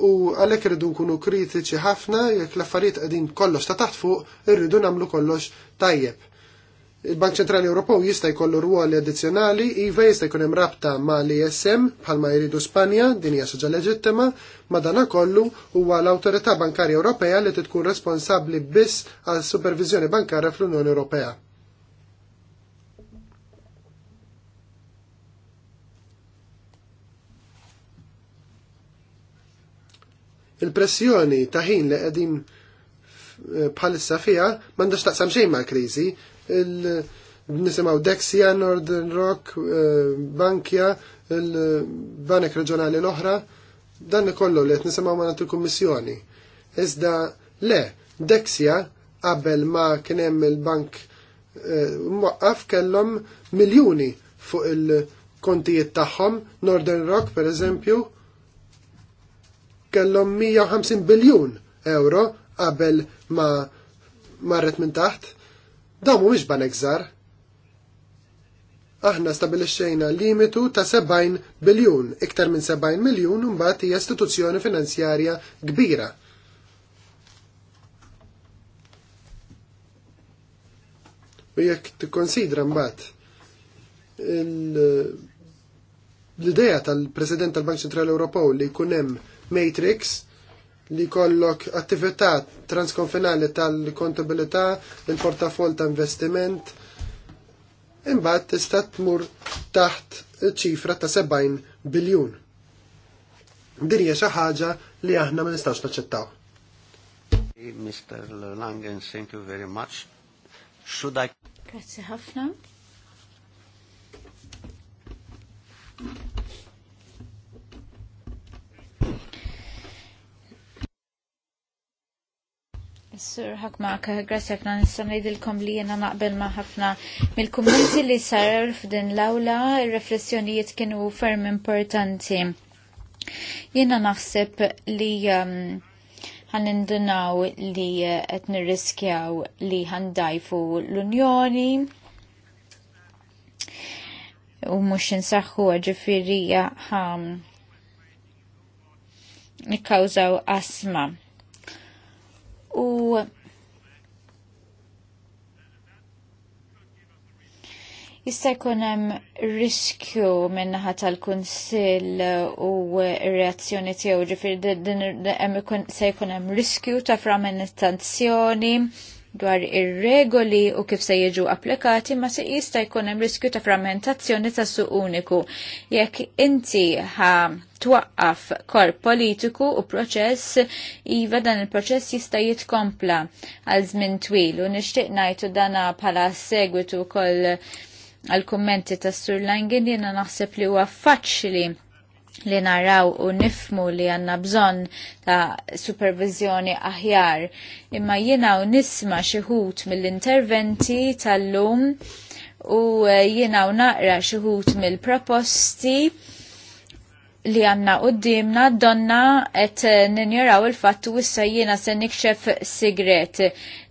u għalhekk irridu nkunu kritiċi ħafna jekk l-affarijiet qegħdin kollox ta' taħt fuq irridu nagħmlu kollox tajjeb. Il-Bank Ċentrali Ewropew jista' jkollu rwoli addizzjonali, iva jista' jkun hemm rabta ma' l-ISM bħalma jridu Spanja, din hija suġġa leġittima, ma dana kollu huwa l-Awtorità Bankarja Ewropea li tkun responsabbli biss għal supervizjoni bankarja fl-Unjoni Ewropea. Il-pressjoni ta' ħin li qegħdin eh, bħalissa fiha m'għandux taqsam xejn mal-kriżi. Nisimgħu Dexia, Northern Rock, eh, Bankja, il-Banek Reġjonali l-oħra, dan kollu li qed nisimgħu ma il-Kummissjoni. Iżda le, Dexia qabel ma kien hemm il-bank eh, mwaqqaf kellhom miljuni fuq il-kontijiet tagħhom, Northern Rock per eżempju, kellhom 150 biljun euro qabel ma marret minn taħt. Dawn mhumiex banek żgħar. Aħna stabilixxejna limitu ta' 70 biljun, iktar minn 70 miljun mbagħad hija istituzzjoni finanzjarja kbira. U jekk tikkonsidra mbagħad l-idea tal-President tal-Bank Ċentrali Ewropew li jkun hemm matrix li kollok attività transkonfinali tal-kontabilità, il-portafol ta' investiment, imbagħad tista' tmur taħt ċifra ta' 70 biljun. Din hija xi ħaġa li aħna ma nistax naċċettaw. Mr. Langen, thank you very much. Should I... Grazie ħafna. Sur ħakmak, grazzi għafna nissan idilkom li jena naqbel ma ħafna mill-kommenti li sar f'din l-awla, il-reflessjonijiet kienu ferm importanti. Jena naħseb li um, ħanindunaw li qed nirriskjaw li ħandajfu l-Unjoni u mhux insaħħu ġifieri ħam nikkawżaw asma' u jista' jkun hemm riskju min-naħa tal-kunsill u reazzjoni tiegħu ġifieri din se jkun hemm riskju ta' frammentazzjoni dwar ir-regoli u kif se jiġu applikati ma se jista' jkun hemm riskju ta' frammentazzjoni ta' suq uniku. Jekk inti ha twaqqaf korp politiku u proċess iva dan il-proċess jista' jitkompla għal żmien twil u nixtieq ngħidu dana bħala segwitu wkoll għal kummenti tas-Sur Langin jiena naħseb li huwa faċli li naraw u nifmu li għanna bżon ta' supervizjoni aħjar. Imma jiena u nisma xieħut mill-interventi tal-lum u eh, jiena u naqra xieħut mill-proposti li għanna eh, u d-dimna donna et ninjuraw il-fattu wissa jiena se nikxef sigret.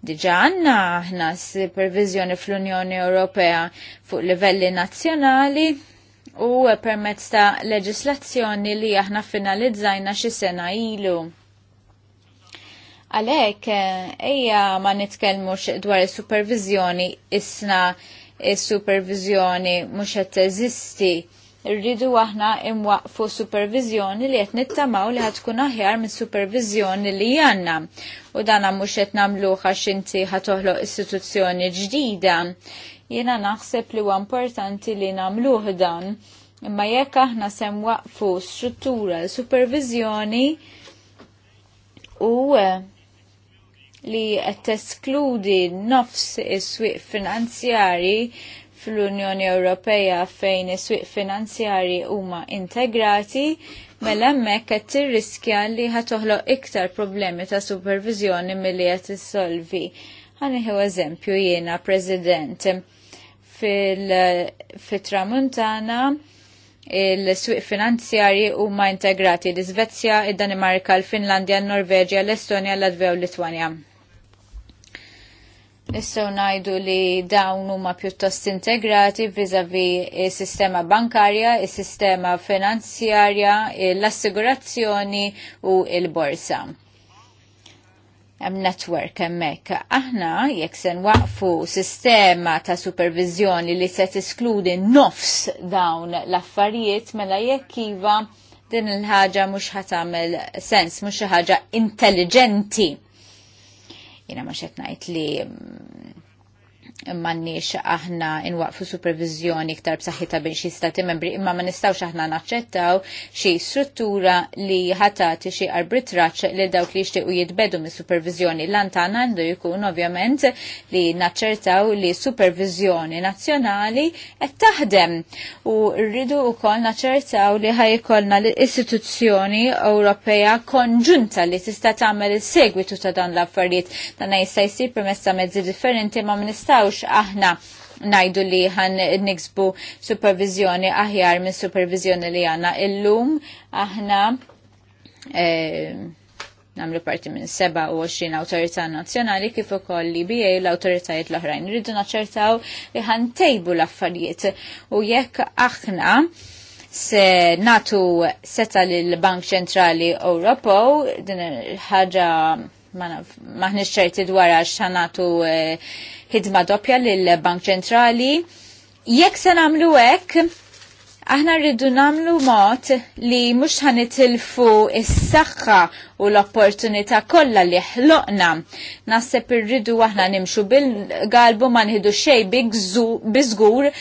Diġa għanna ħna supervizjoni fl-Unjoni Ewropea fuq livelli nazzjonali u permezz ta' leġislazzjoni li aħna finalizzajna xi sena ilu. Għalek, eja eh, ma nitkelmux dwar supervizjoni isna supervizjoni mux qed teżisti. Rridu aħna imwaqfu supervizjoni li qed nittamaw li ħatkun aħjar minn supervizjoni li għandna. U dana mhux qed namluħa xinti inti istituzjoni istituzzjoni ġdida Jiena naħseb li huwa importanti li nagħmluh dan. Imma jekk aħna sem waqfu struttura supervizjoni u eh, li qed teskludi nofs is-swieq finanzjari fl-Unjoni Ewropea fejn is-swieq finanzjari huma integrati, mela hemmhekk qed tirriskja li ħatoħloq iktar problemi ta' supervizjoni milli qed issolvi. Ħaniħu eżempju jiena President fil-tramuntana il-swiq finanzjarji huma integrati l-Iżvezja, id-Danimarka, l-Finlandja, l-Norveġja, l-Estonja, l-Latvja u l-Litwanja. Nistgħu ngħidu li dawn huma pjuttost integrati vizavi il sistema bankarja, il sistema finanzjarja, l-assigurazzjoni u l-borsa hemm network hemmhekk. Aħna jekk se nwaqfu sistema ta' supervizjoni li se tiskludi nofs dawn l-affarijiet mela jekk iva din il-ħaġa mhux ħatamel sens, mhux xi ħaġa intelligenti. Jiena ma xed ngħid li mm, mannix aħna inwaqfu supervizjoni iktar b'saħħitha bejn xi stati membri, imma ma nistgħux aħna naċċettaw xi struttura li ħatati xi arbitraġġ li dawk li jixtiequ jitbedu mis supervizjoni L-antan għandu jkun ovvjament li naċċertaw li supervizjoni nazzjonali qed taħdem u rridu wkoll naċċertaw li ħajkolna l-istituzzjoni Ewropea konġunta li tista' tagħmel is-segwitu ta' dan l-affarijiet. Dan jista' jsir permezz ta' mezzi differenti ma nistgħux mhux aħna najdu li ħan niksbu supervizjoni aħjar minn supervizjoni li għanna illum aħna e, namlu parti minn 27 autorità nazzjonali kif ukoll li BA l-autoritajiet l-oħrajn. Rridu naċċertaw li ħan tejbu l-affarijiet u jekk aħna se natu seta l-Bank Ċentrali Ewropew din ħaġa M'aħnix ċerti dwar għax ħanatu eh, ħidma doppja lill-Bank Ċentrali. Jekk se nagħmlu hekk, aħna rridu namlu mod li mux ħanitilfu is-saxħa u l-opportunità kollha li ħloqna. Naħseb irridu aħna nimxu bil-galbu ma nħidu xej biżgur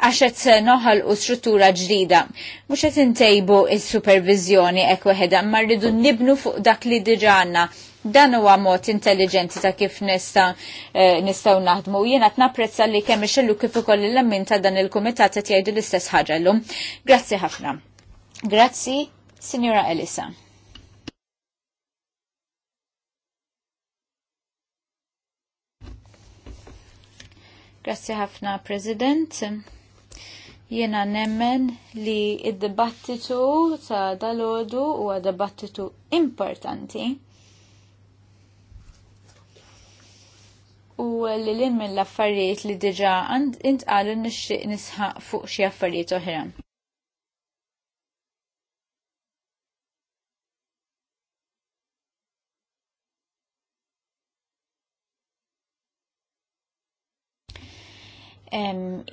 għaxet se noħal u struttura ġdida. Mux qed intejbu is-supervizjoni ek weħeda, ma rridu nibnu fuq dak li diġanna dan huwa mod intelligenti ta' kif nista' eh, nistgħu naħdmu. Jiena napprezza li kemm ixellu kif ukoll il-lemmin ta' dan il-kumitat qed jgħidu l-istess ħaġa llum. Grazzi ħafna. Grazzi, Signora Elisa. Grazzi ħafna, President. Jiena nemmen li id-dibattitu ta' dalodu huwa dibattitu importanti u li l-in mill affarijiet li diġa għand intqalu nixtieq nisħaq fuq xi affarijiet oħra.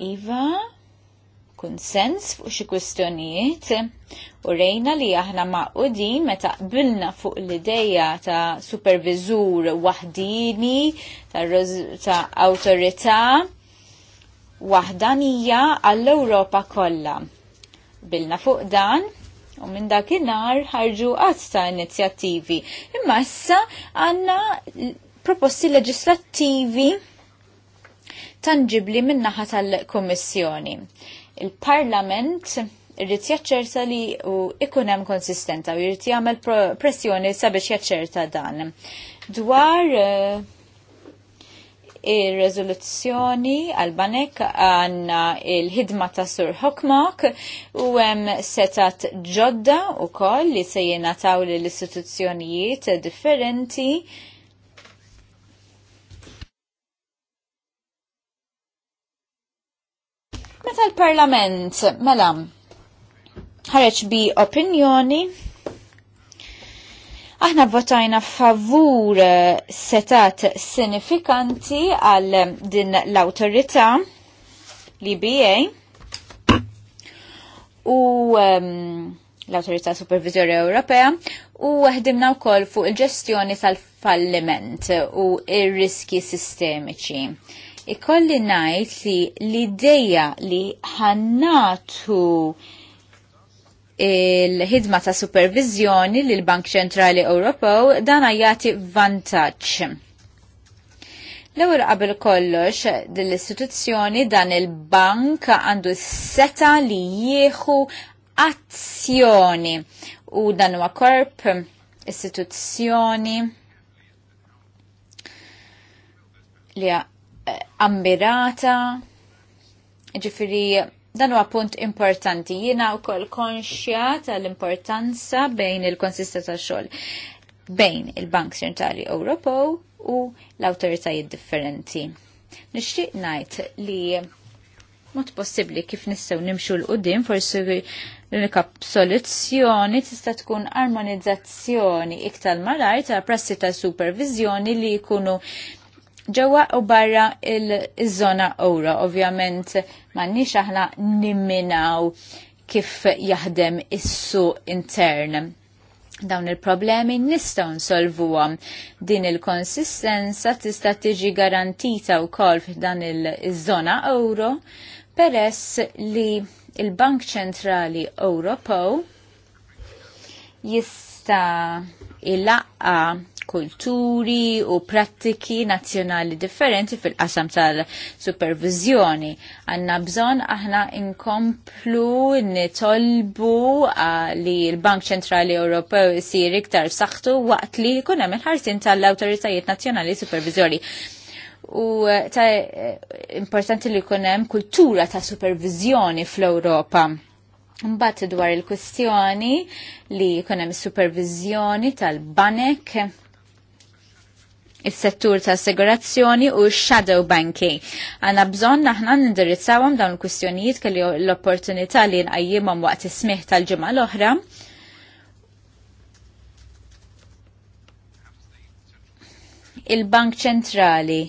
Iva, konsens fuq xi kwistjonijiet u rejna li aħna maqudin meta qbilna fuq l-ideja ta' supervizur waħdini ta', ta awtorità waħdanija għall-Ewropa kollha. Bilna fuq dan u minn dakinhar ħarġu qatt ta' inizjattivi. Imma issa għandna proposti leġislattivi tangibli minnaħa tal kummissjoni il-Parlament irrit jaċċerta li u ikun hemm konsistenta u jrid jagħmel pressjoni sabiex jaċċerta dan. Dwar eh, ir-rezoluzzjoni għal-banek għanna il-ħidma ta' Sur Hokmok u hemm setat ġodda u koll li se jenataw l-istituzzjonijiet differenti Meta l-Parlament, mela, ħareġ bi opinjoni, aħna votajna favur setat sinifikanti għal din l awtorità li bie u um, l awtorità Supervizorja Ewropea u ħdimna wkoll fuq il-ġestjoni tal-falliment u ir-riski sistemiċi. Ikolli najt li l-ideja li ħannatu il-ħidma ta' supervizjoni l bank Ċentrali Ewropew dan għajati vantaġġ. L-ewwel qabel kollox dell-istituzzjoni dan il-bank għandu s-seta li jieħu azzjoni u dan huwa korp istituzzjoni li ammirata, ġifiri dan huwa punt importanti. Jiena wkoll konxja tal-importanza bejn il-konsista tax-xogħol bejn il-Bank Centrali Ewropew u l-awtoritajiet differenti. Nixtieq ngħid li mod possibbli kif nistgħu nimxu l qudiem forsi l-unika soluzzjoni tista' tkun armonizzazzjoni iktar malajr ta' prassi ta' supervizjoni li jkunu ġewwa u barra il-żona ora, Ovvjament m'għandniex aħna nimminaw kif jaħdem is intern dawn il-problemi nistgħu nsolvuhom. Din il-konsistenza tista' tiġi garantita wkoll f'dan il-żona euro peress li il-Bank Ċentrali Ewropew jista' il-laqqa kulturi u prattiki nazzjonali differenti fil-qasam tal-supervizjoni. Għanna bżon aħna inkomplu nitolbu li l-Bank Ċentrali Ewropew isir iktar saħtu waqt li jkun hemm il-ħarsin tal-awtoritajiet nazzjonali supervizjoni. U e, ta' e, importanti li jkun hemm kultura ta' supervizjoni fl-Ewropa Mbatt dwar il-kwistjoni li jkun hemm supervizjoni tal-banek il-settur ta' assigurazzjoni u shadow banking. Għana bżon naħna nindirizzawam dawn il-kustjonijiet kelli l-opportunità li nqajjimhom waqt ismiħ tal-ġimgħa l-oħra. Il-Bank Ċentrali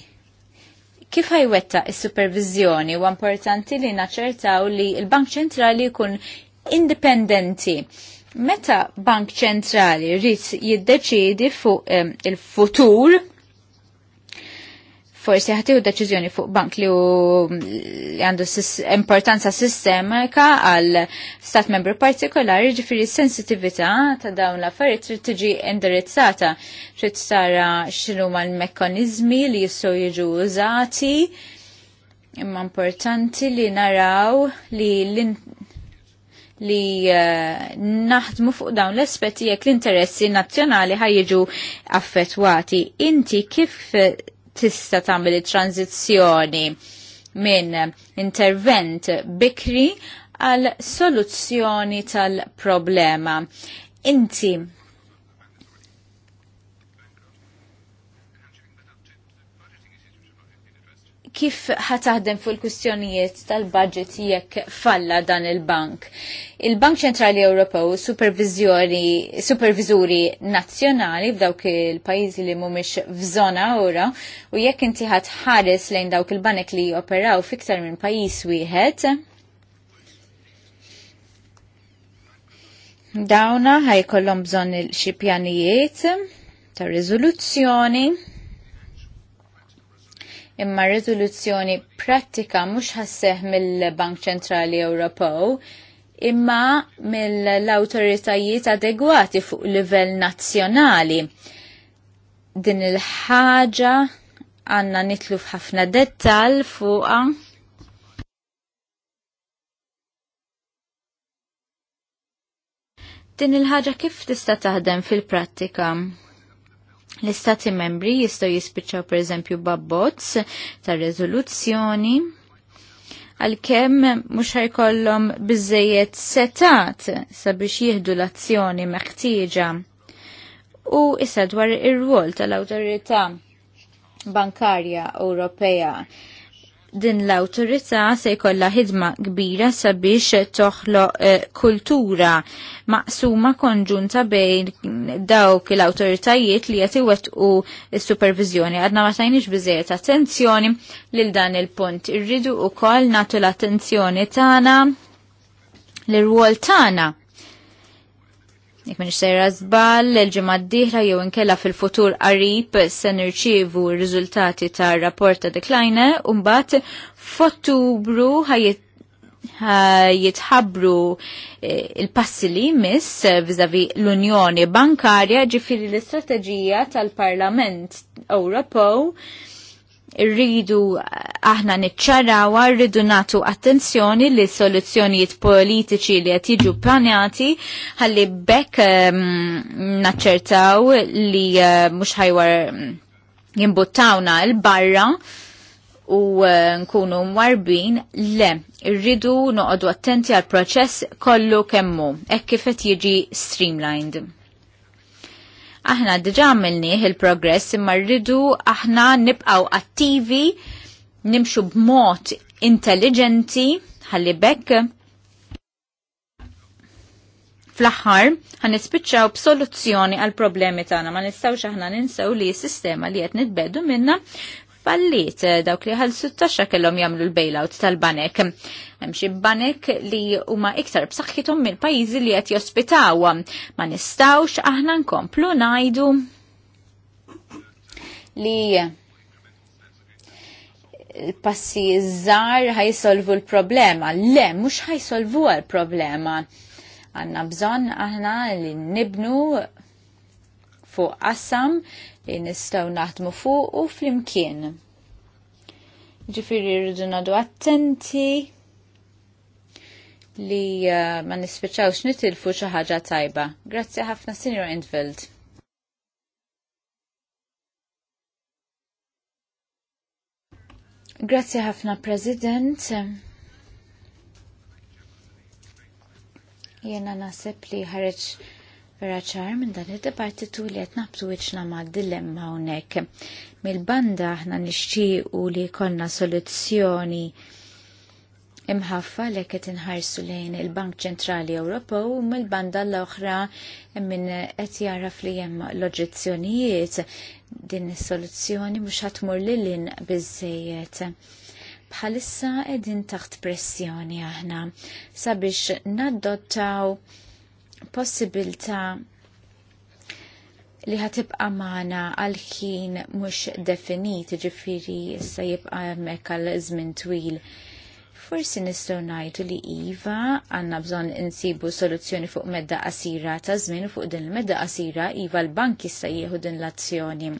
Kif ħajwetta is-supervizjoni u importanti li naċertaw li l-Bank Ċentrali jkun indipendenti. Meta Bank Ċentrali rrit jiddeċidi fuq il-futur forsi ħatiju deċiżjoni fuq bank li mm, għandu importanza sistemika għal stat membru partikolari ġifiri sensitivita ta' dawn l-affarijiet trid tiġi indirizzata trid tara xinu l mekkanizmi li jistgħu jiġu użati imma importanti li naraw li l li uh, naħdmu fuq dawn l-aspetti jekk l-interessi nazzjonali ħajġu affettwati. Inti kif tista' tagħmel it-tranzizzjoni minn intervent bikri għal soluzzjoni tal-problema. Inti kif ħataħdem fuq il-kustjonijiet tal-budget jekk falla dan il-bank. Il-Bank Ċentrali Ewropew supervizuri nazzjonali f'dawk il-pajjiżi li mhumiex f'żona ora u jekk inti ħares lejn dawk il-banek li operaw fiktar minn pajjiż wieħed, dawna ħajkollhom bżonn il-xi pjanijiet ta' riżoluzzjoni imma riżoluzzjoni prattika mhux ħasseħ mill-Bank Ċentrali Ewropew imma mill-awtoritajiet adegwati fuq livell nazzjonali. Din il-ħaġa għanna nitlu f'ħafna dettal fuqa. Din il-ħaġa kif tista' taħdem fil-prattika? L-istati membri jistgħu jispiċċaw pereżempju babbots ta' rezoluzzjoni għal-kem mux ħajkollom bizzejiet setat sabiex jihdu l-azzjoni meħtieġa. U issa dwar ir-rwol tal-Awtorità Bankarja Ewropea din l-autorità se jkollha ħidma kbira sabiex toħloq eh, kultura maqsuma konġunta bejn dawk l-autoritajiet li qed iwettqu s-supervizjoni. Għadna ma tajniex biżejjed attenzjoni lil dan il-punt. Irridu wkoll nagħtu l-attenzjoni tagħna l-rwol tagħna Jek minix sejra zbal, l-ġemma d-dihra jew inkella fil-futur qarib se nirċievu r-riżultati tar rapport ta' Deklajne, umbat f'Ottubru jitħabru eh, il-passi li jmiss vizavi l-Unjoni Bankarja ġifiri l-istrateġija tal-Parlament Ewropew rridu aħna niċċarawa, rridu natu attenzjoni li soluzzjonijiet politiċi li qed jiġu pjanati ħalli bekk ehm, naċċertaw li eh, mhux ħajwar mm, jimbuttawna l-barra u eh, nkunu mwarbin le rridu noqogħdu attenti għal proċess kollu kemmu, hekk kif qed jiġi streamlined. Aħna diġa għamilnieh il-progress imma rridu aħna nibqaw attivi, nimxu b'mod intelligenti, ħalli bekk fl-aħħar ħan nispiċċaw b'soluzzjoni għal problemi tagħna ma nistgħux aħna ninsew li s-sistema li qed nitbedu minna fallit eh, dawk li ħal 16 kellhom jagħmlu l-bailout tal-banek. Hemm xi banek li huma iktar b'saħħithom mill-pajjiżi li qed jospitaw. Ma nistgħux aħna nkomplu ngħidu li passi żgħar ħajsolvu l-problema. Le, mhux ħajsolvu l-problema. Għanna bżonn aħna li nibnu fuq qassam li nistgħu naħdmu fuq u flimkien. Ġifieri rridu nagħdu attenti li uh, ma nispiċċawx nitilfu xi ħaġa tajba. Grazzi ħafna Senior Endfield. Grazzi ħafna President. Jena nasib li ħareġ vera ċar minn dan id departitu li qed nabtu wiċċna ma' dilemma hawnhekk. Mill-banda aħna nixtiequ li jkollna soluzzjoni imħaffa li qed inħarsu lejn il-Bank Ċentrali Ewropew u mill-banda l-oħra minn qed jara li hemm l-oġġezzjonijiet din is-soluzzjoni mhux ħatmur l-in biżejjed. Bħalissa qegħdin taħt pressjoni aħna sabiex naddottaw possibilità li ħatibqa maħna għal-ħin mux definit, ġifiri issa jibqa mek għal żmien twil. Forsi nistaw najtu li Iva għanna bżon insibu soluzzjoni fuq medda qasira ta' żmien fuq din il-medda qasira Iva l-bank jista' jieħu din l-azzjoni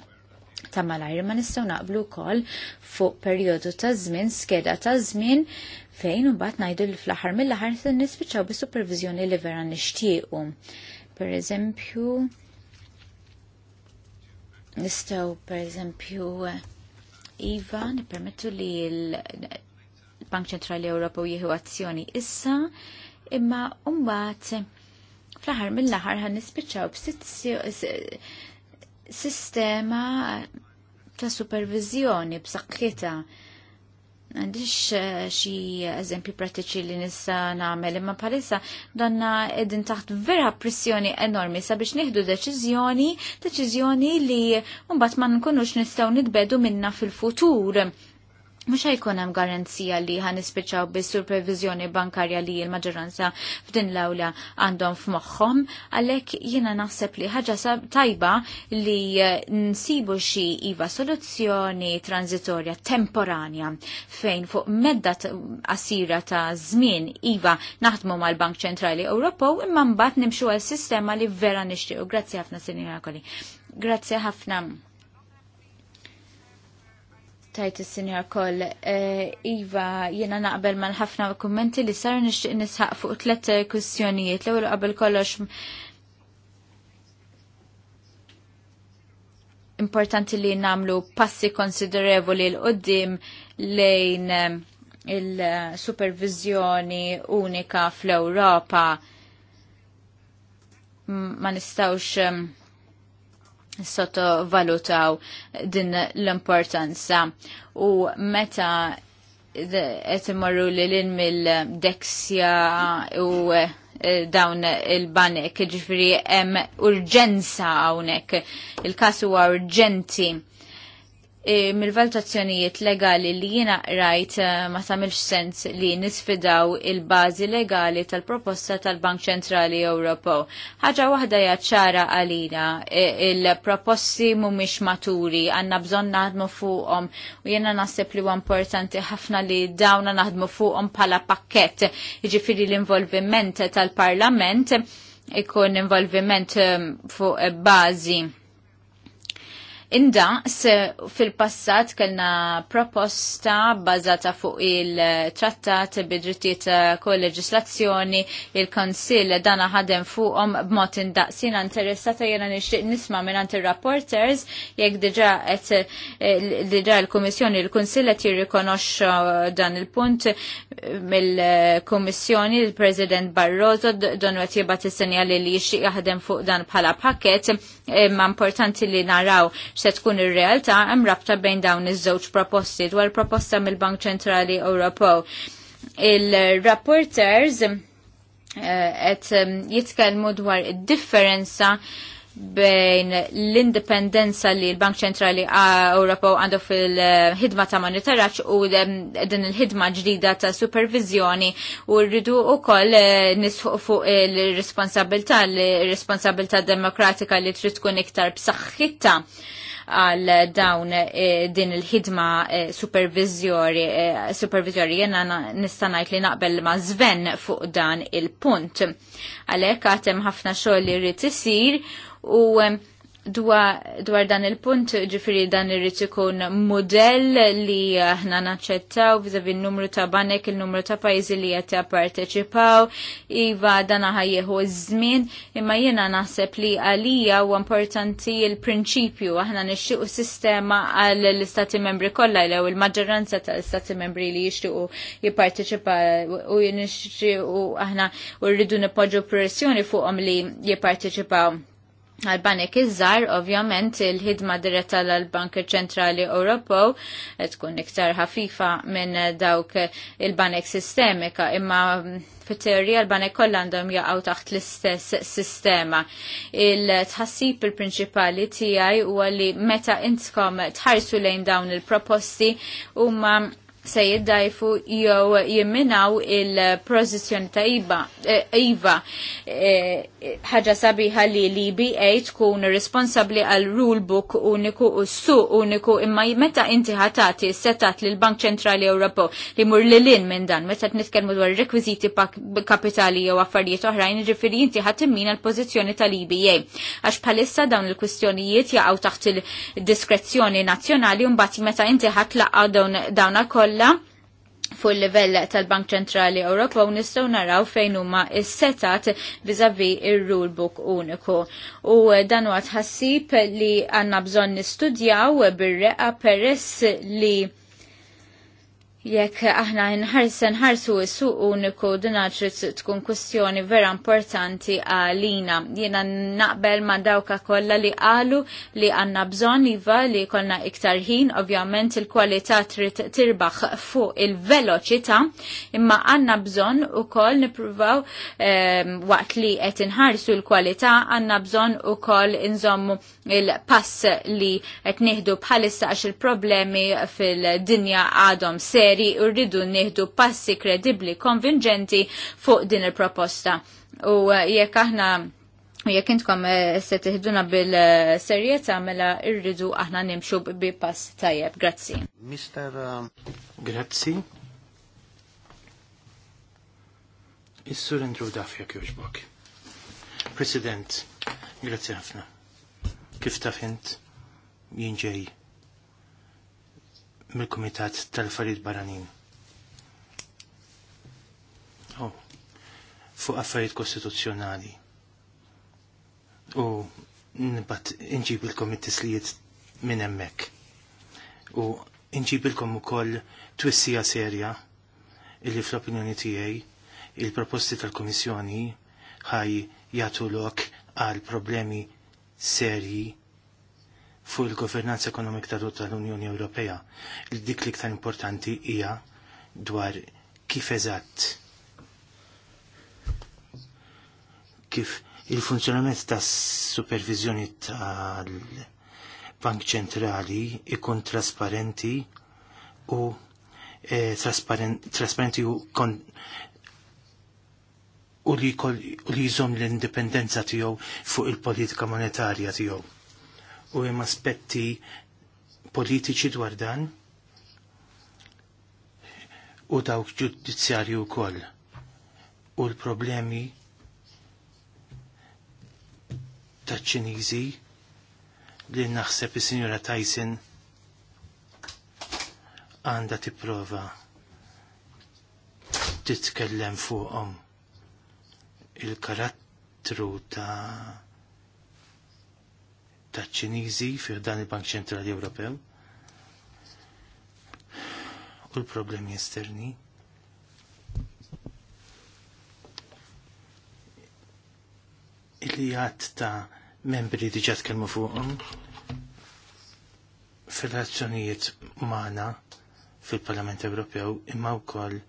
ta' malajr ma nistaw naqblu kol fuq periodu ta' żmien, skeda ta' żmien fejn mbagħad ngħidu li fl-aħħar mill-aħħar se nispiċċaw bis-supervizjoni li vera nixtiequ. Pereżempju nistgħu pereżempju iva nippermettu li l-Bank Ċentrali Ewropew jieħu azzjoni issa imma mbagħad fl-aħħar mill-aħħar ħan nispiċċaw b'sitt sistema ta' supervizjoni b'saqqita għandix eh, xi eżempju pratiċi li nissa nagħmel imma palissa donna edin taħt vera pressjoni enormi sabiex nieħdu deċiżjoni, deċiżjoni li mbagħad ma nkunux nistgħu nitbedu minna fil-futur. Mux ħajkun hemm garanzija li ħan ispiċaw bis-supervizjoni bankarja li l-maġġoranza f'din l-awla għandhom f'moħħhom, għalhekk jiena naħseb li ħaġa tajba li eh, nsibu xi iva soluzzjoni transitorja temporanja fejn fuq medda qasira ta' żmien iva naħdmu mal-Bank Ċentrali Ewropew imma mbagħad nimxu għal sistema li vera nixtiequ. Grazzi ħafna Sinjora Grazzi ħafna tajt il-senjor koll. Eh, iva, jena naqbel man ħafna kummenti li sar nixtieq nisħaq fuq tlet eh, kwistjonijiet. L-ewwel qabel kollox importanti li namlu passi konsiderevoli l-qoddim lejn eh, il-supervizjoni unika fl-Europa ma nistawx sottovalutaw din l-importanza u meta qed imorru lil in mill-deksja u eh, dawn il-banek, ġifiri hemm urġenza hawnhekk, il-każ huwa urġenti E, mil valutazzjonijiet legali li jiena rajt e, ma samilx sens li nisfidaw il-bazi legali tal-proposta tal-Bank Ċentrali Ewropew. Ħaġa waħda hija ċara għalina e, il-proposti mhumiex maturi għandna bżonn naħdmu fuqhom u jiena naħseb li huwa importanti ħafna li dawna naħdmu fuqhom bħala pakkett, jiġifieri l-involviment tal-Parlament ikun involviment fuq bażi Indaqs eh, fil-passat kellna proposta bazata fuq il-trattat bidrittiet eh, kol-leġislazzjoni il-Konsil dana ħadem fuqhom b'mod indaqsin interessata jena nixtieq nisma' minn ir-rapporters jekk diġà qed eh, diġà l-Kummissjoni il kunsill qed jirrikonoxxu dan il-punt mill-Kummissjoni il-President Barroso donu qed jibgħat is-sinjali li jixtieq jaħdem fuq dan bħala pakket imma importanti li naraw se tkun ir-realtà hemm rabta bejn dawn iż-żewġ proposti dwar proposta mill-Bank Ċentrali Ewropew. Il-rapporters eh, qed eh, jitkellmu dwar id-differenza bejn l-indipendenza li l-Bank ċentrali eh, Ewropew għandu fil-ħidma ta' monitoraġġ u din il-ħidma ġdida ta' supervizjoni u rridu wkoll nisħu fuq il-responsabilità l-responsabilità demokratika li trid tkun iktar b'saħħitha għal dawn e, din il-ħidma e, supervizjori, e, supervizjori jenna nistanajt li naqbel ma' zven fuq dan il-punt. Għalek għatem ħafna xogħol li rrit isir u dwar dan il-punt ġifiri dan irrid ikun modell li aħna naċċettaw viżavi n-numru ta' banek, il-numru ta' pajjiżi li qed japparteċipaw, iva dan ħajjeħu żmien, imma jiena naħseb li għalija huwa importanti l-prinċipju aħna nixtiequ sistema għal l-istati membri kollha jew il-maġġoranza tal-istati membri li jixtiequ jipparteċipaw u nixtiequ aħna u rridu nipoġġu pressjoni fuqhom li jipparteċipaw għal-banek iż-żar, ovvjament il-ħidma diretta l-Bank Ċentrali Ewropew tkun iktar ħafifa minn dawk il-banek sistemika, imma fit-teorija l-banek kollandom jaqgħu taħt l-istess sistema. Il-tħassib il-prinċipali tiegħi huwa li meta intkom tħarsu lejn dawn il-proposti huma se jiddajfu jew jimminaw il-prozizjoni ta' eh, IVA. Eh, ħaġa sabiħa li l-IBA e tkun responsabli għal rulebook uniku u suq uniku imma meta inti ħatati setat l bank Ċentrali Ewropew li mur li lin minn dan meta nitkellmu dwar rekwiżiti kapitali jew affarijiet oħrajn ġifiri inti ħatimmina l-pożizzjoni tal-IBA. E Għax bħalissa dawn il-kwistjonijiet jaqgħu taħt il-diskrezzjoni nazzjonali un mbagħad meta inti ħatlaqa dawn dawn kollha kollha fuq il-livell tal-Bank Ċentrali Ewropa u nistgħu naraw fejn huma s-setat viżavi ir-rulebook uniku. U dan huwa tħassib li għandna bżonn nistudjaw bir-reqa peress li Jekk aħna nħarsen ħarsu s-suq uniku dinaċri tkun kwestjoni vera importanti għalina. Jiena naqbel ma dawka kollha li qalu li għandna bżonn iva li kollna iktar ħin, ovvjament il-kwalità trid tirbaħ fuq il-veloċità, imma għandna bżonn ukoll nippruvaw ehm, waqt li qed inħarsu l-kwalità għandna bżonn ukoll inżommu il-pass li qed nieħdu bħalissa għax il-problemi fil-dinja għadhom seri li rridu neħdu passi kredibli konvinġenti fuq din il-proposta. U uh, jekk aħna jekk intkom uh, se tiħduna bil-serjetà mela rridu aħna nimxu bi pass tajjeb. Grazzi. Mr. Uh, grazzi. Is-sur Andrew Dafja jekk President, grazzi ħafna. Kif taf int jien ġej mill-Kumitat tal-Affarijiet Barranin. Oh, fuq affarijiet kostituzzjonali. U nibat inġibilkom it-tislijiet minn hemmhekk. U inġibilkom ukoll twissija serja illi fl-opinjoni tiegħi il-proposti tal-Komissjoni ħaj jagħtu lok għal problemi serji fuq il-governanza ekonomik tal-Unjoni Ewropea. Dik li ktar importanti hija dwar kif eżatt kif il-funzjonament tas supervizjoni tal-Bank Ċentrali ikun trasparenti u e, trasparent, trasparenti u kon, u li, kol, u li jizom l-indipendenza tijow fuq il-politika monetarja tijow u hemm aspetti politiċi dwar dan u dawk ġudizzjarju wkoll. U l-problemi taċ-Ċiniżi li naħseb is-Sinjura Tyson għandha tipprova titkellem fuqhom il-karattru ta' taċ-Ċiniżi fih dan il-Bank Ċentrali Ewropew u l-problemi esterni. Illi għat ta' membri diġat kelmu fuqhom fil-razzjonijiet magħna fil-Parlament Ewropew imma wkoll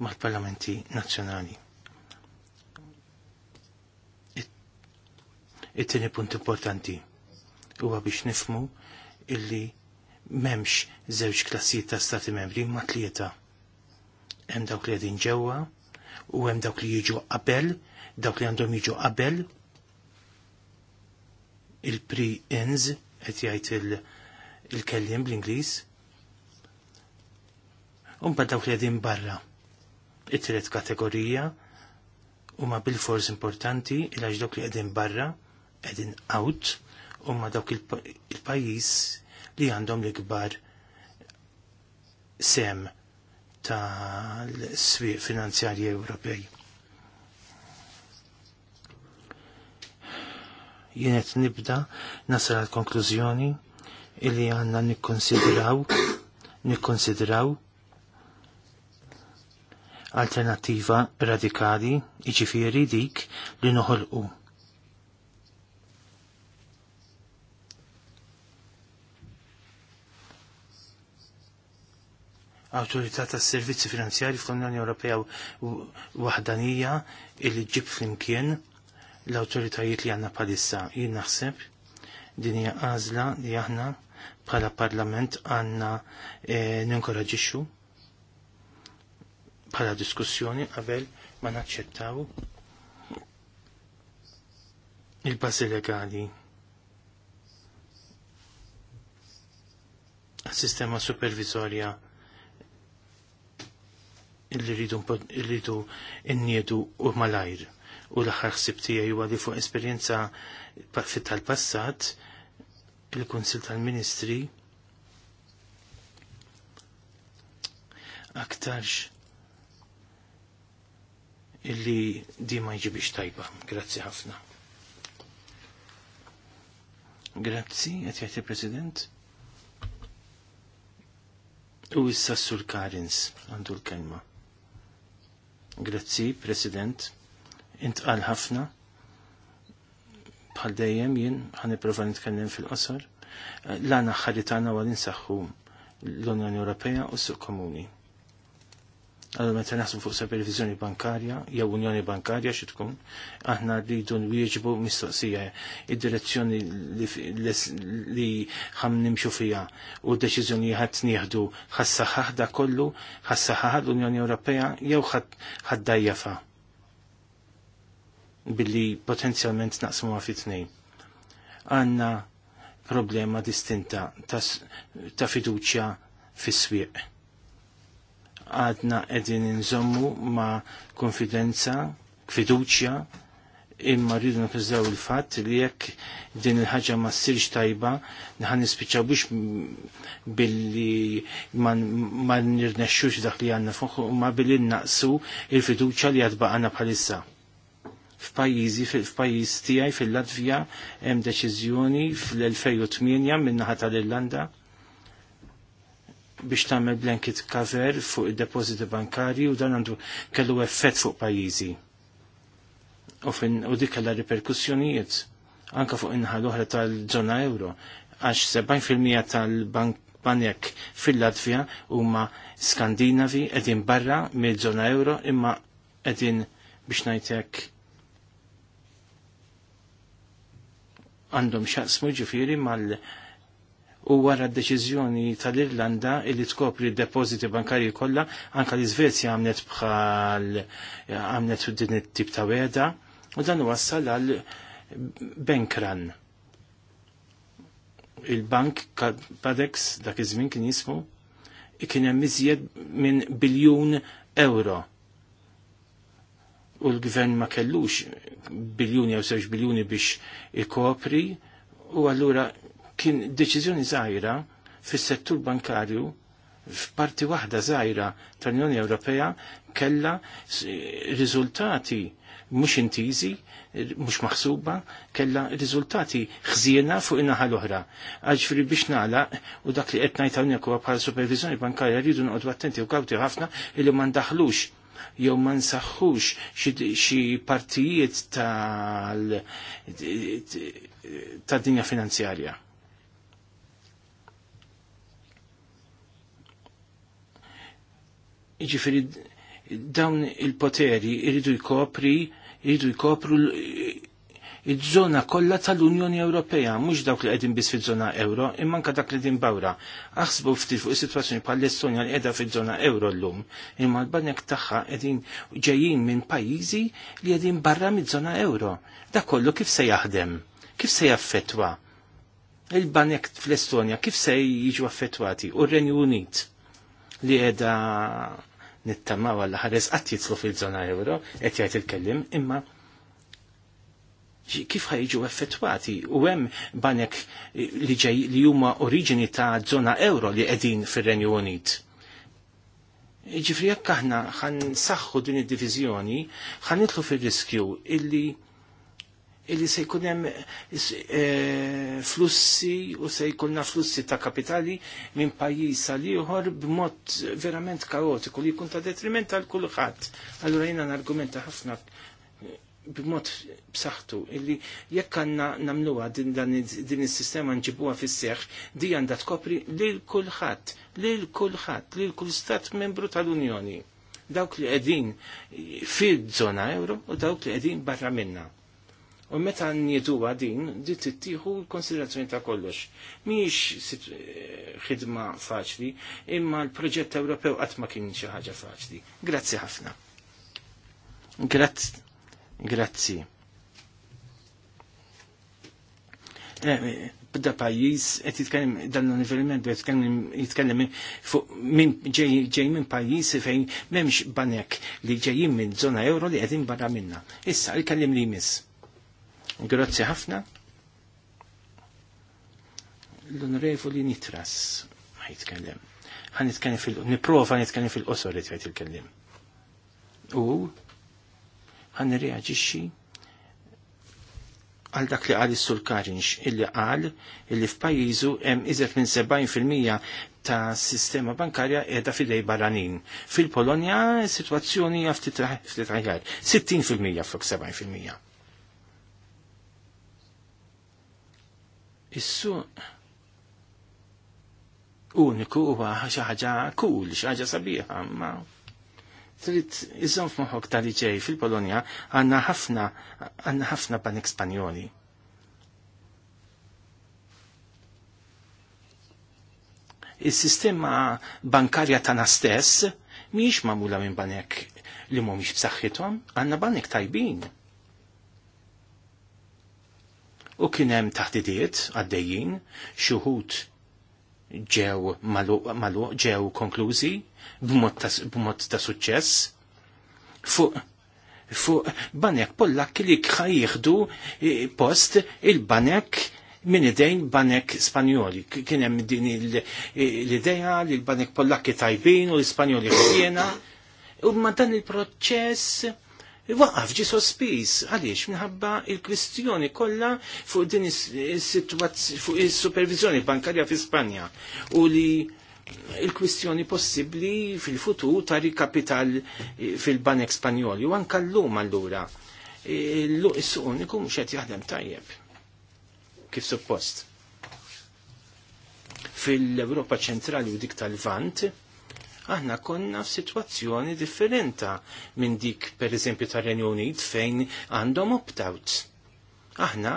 mal-parlamenti nazzjonali. It-tieni punt importanti huwa biex nifmu illi memx żewġ klassijiet ta' stati membri ma' tlieta. Hemm dawk li qegħdin ġewwa u hemm dawk li jiġu qabel, dawk li għandhom jiġu qabel il-pre-ins qed jgħid il-kellim bl-Ingliż. Umba dawk li qegħdin barra. It-tielet kategorija huma bil-fors importanti għax dawk li qegħdin barra qegħdin out huma dawk il-pajjiż li għandhom l-ikbar sem tal-swieq finanzjarji Ewropej. Jienet nibda nasal għal konklużjoni illi għanna nikkonsidraw nikkonsidraw alternativa radikali iġifiri dik li noħolqu Awtorità tas servizzi finanzjari fl-Unjoni Ewropea waħdanija illi ġib flimkien l-awtoritajiet li għanna palissa. Jien naħseb din hija għażla li aħna bħala parlament għanna e, eh, ninkoraġixxu bħala diskussjoni qabel ma naċċettaw il-bażi legali sistema supervisorja il-ridu il-niedu u malajr. U l-axar xsibtija ju li fuq esperienza fit tal-passat, il konsil tal-Ministri aktarx illi di ma jġibix tajba. Grazzi ħafna. Grazzi, għet jgħati President. U issa sur Karins għandu l-kelma. Grazzi, President. Intqal ħafna. Bħal dejjem jien ħaniprofa nitkellem fil-qosor. L-għana ħarritana għal insaħħu l-Unjoni Ewropea u s-Suq Komuni. Għallu meta naħsbu fuq supervizjoni bankarja, jew unjoni bankarja xi tkun, aħna rridu nwieġbu mistoqsija id-direzzjoni li ħam nimxu fija u d-deċiżjoni nieħdu ħassaħaħ da kollu, ħassaħaħ l-Unjoni Ewropea jew fa. billi potenzjalment naqsmu fit-tnejn. Għanna problema distinta ta', ta fiduċja fis-swieq għadna edin nżommu ma' konfidenza, fiduċja, imma rridu nifizzaw il-fatt li jekk din il-ħagġa ma ssirx tajba, nħan nispiċaw biex billi ma nirnexxux dak li għanna fuq, ma billi naqsu il fiduċja li għanna bħalissa. F'pajjiżi, f'pajjiż tiegħi fil-Latvija hemm deċiżjoni fl-2008 min-naħa tal-Irlanda biex tagħmel blanket cover fuq id-depożiti bankari u dan għandu kellu effett fuq pajjiżi. U, u dik kellha riperkussjonijiet anka fuq inħa l-oħra tal-ġona euro għax 70% tal-bank banjek fil-Latvija huma Skandinavi edin barra mill-ġona euro imma edin biex najtek għandhom xaqsmu ġifiri mal- u wara d-deċiżjoni tal-Irlanda illi tkopri d depoziti bankarji kollha anka l-Iżvezja għamnet bħal għamlet din it-tip ta' weda u dan wassal għal bankran. Il-bank Padex dak iż-żmien kien jismu kien hemm iżjed minn biljun euro u l-gvern ma kellux biljuni jew sewx biljuni biex ikopri u allura kien deċiżjoni żgħira fis-settur bankarju f'parti waħda żgħira tal-Unjoni Ewropea kellha riżultati mhux intiżi, mhux maħsuba, kellha riżultati ħżiena fuq in-naħa l-oħra. Għaġifieri biex nagħlaq u dak li qed ngħid hawnhekk huwa bħala supervizjoni bankarja rridu noqogħdu attenti u kawti ħafna illi ma ndaħlux jew ma nsaħħux xi partijiet tal ta' dinja finanzjarja. Ġifiri, dawn il-poteri iridu jkopri, iridu jkopru il-żona kollha tal-Unjoni Ewropea, mhux dawk li qegħdin biss fiż-żona euro, imma anke dak li qegħdin bawra. Aħsbu ftit fuq is-sitwazzjoni bħal l-Estonja li qiegħda fiż-żona euro llum, imma l-banek tagħha qegħdin ġejjin minn pajjiżi li qegħdin barra miż-żona euro. Dak kollu kif se jaħdem? Kif se jaffettwa? Il-banek fl-Estonja kif se jiġu affettwati? U r-Renju Unit li qiegħda nittamaw għalla ħares qatt jitlu fil-żona euro, qed jgħid il-kellim, imma kif ħajġu effettwati u hemm banek li ġej li huma oriġini ta' żona euro li qegħdin fir-Renju Unit. Ġifri jekk aħna ħan saħħu din id divizjoni ħan jitlu fir-riskju illi illi se jkun hemm eh, flussi u se jkunna flussi ta' kapitali minn pajjiż għal ieħor b'mod verament kaotiku li jkun ta' detriment għal kulħadd. Allura jiena nargumenta ħafna b'mod b'saħħtu illi jekk għandna nagħmluha din din is-sistema nġibuha fis-seħħ di għandha tkopri lil kulħadd, lil kulħadd, lil kull stat membru tal-Unjoni dawk li qegħdin fil-żona euro u dawk li qegħdin barra minna U meta njeduwa din, di tittieħu l-konsiderazzjoni ta' kollox. Miex ħidma faċli, imma l-proġett Ewropew qatt ma kien xi ħaġa faċli. Grazzi ħafna. Grazzi. Grazzi. Eh, bda pajjiż qed jitkellem dan l-avveniment jitkellem fuq minn ġej minn pajjiż fejn m'hemmx banek li ġejjin minn żona euro li qegħdin barra minna. Issa, jitkellem kellim li jmiss. Grazzi ħafna. L-onorevoli Nitras ma jitkellem. Għan jitkellem fil- niprofa nitkellem fil-qosor li tgħid il U għan reagġixi għal dak li għal sul karinx illi għal illi f'pajizu hemm iżet minn 70% ta' sistema bankarja edha fidej barranin. Fil-Polonja situazzjoni ftit aħjar, 60% fuq 70%. Issu uniku huwa xi ħaġa cool, xi ħaġa sabiħa, ma trid iżżomm f'moħħok ta' liġej fil-Polonja għandna ħafna għandna ħafna panik Spanjoli. Is-sistema bankarja tagħna stess mhix magħmula minn banek li mhumiex b'saħħithom, għandna banek tajbin u kien hemm taħdidiet għaddejjin xi wħud ġew malu ġew konklużi b'mod ta' suċċess fuq fuq banek pollak li jieħdu eh, post il-banek minn idejn banek spanjoli. Kien hemm din eh, l-idea li l-banek pollakki tajbin u l-Ispanjoli ħsiena. U ma dan il-proċess Waqaf ġi sospis, għaliex minħabba il-kwistjoni kollha fuq din is-sitwazzjoni fuq is-supervizjoni bankarja fi Spanja u li il-kwistjoni possibbli fil-futur ta' rikapital fil-banek Spanjoli u anka llum allura l-suq uniku mhux qed jaħdem tajjeb kif suppost. Fil-Ewropa ċentrali u dik tal-Vant, aħna konna f'sitwazzjoni differenta minn dik per eżempju tar-Renju Unit fejn għandhom opt-out. Aħna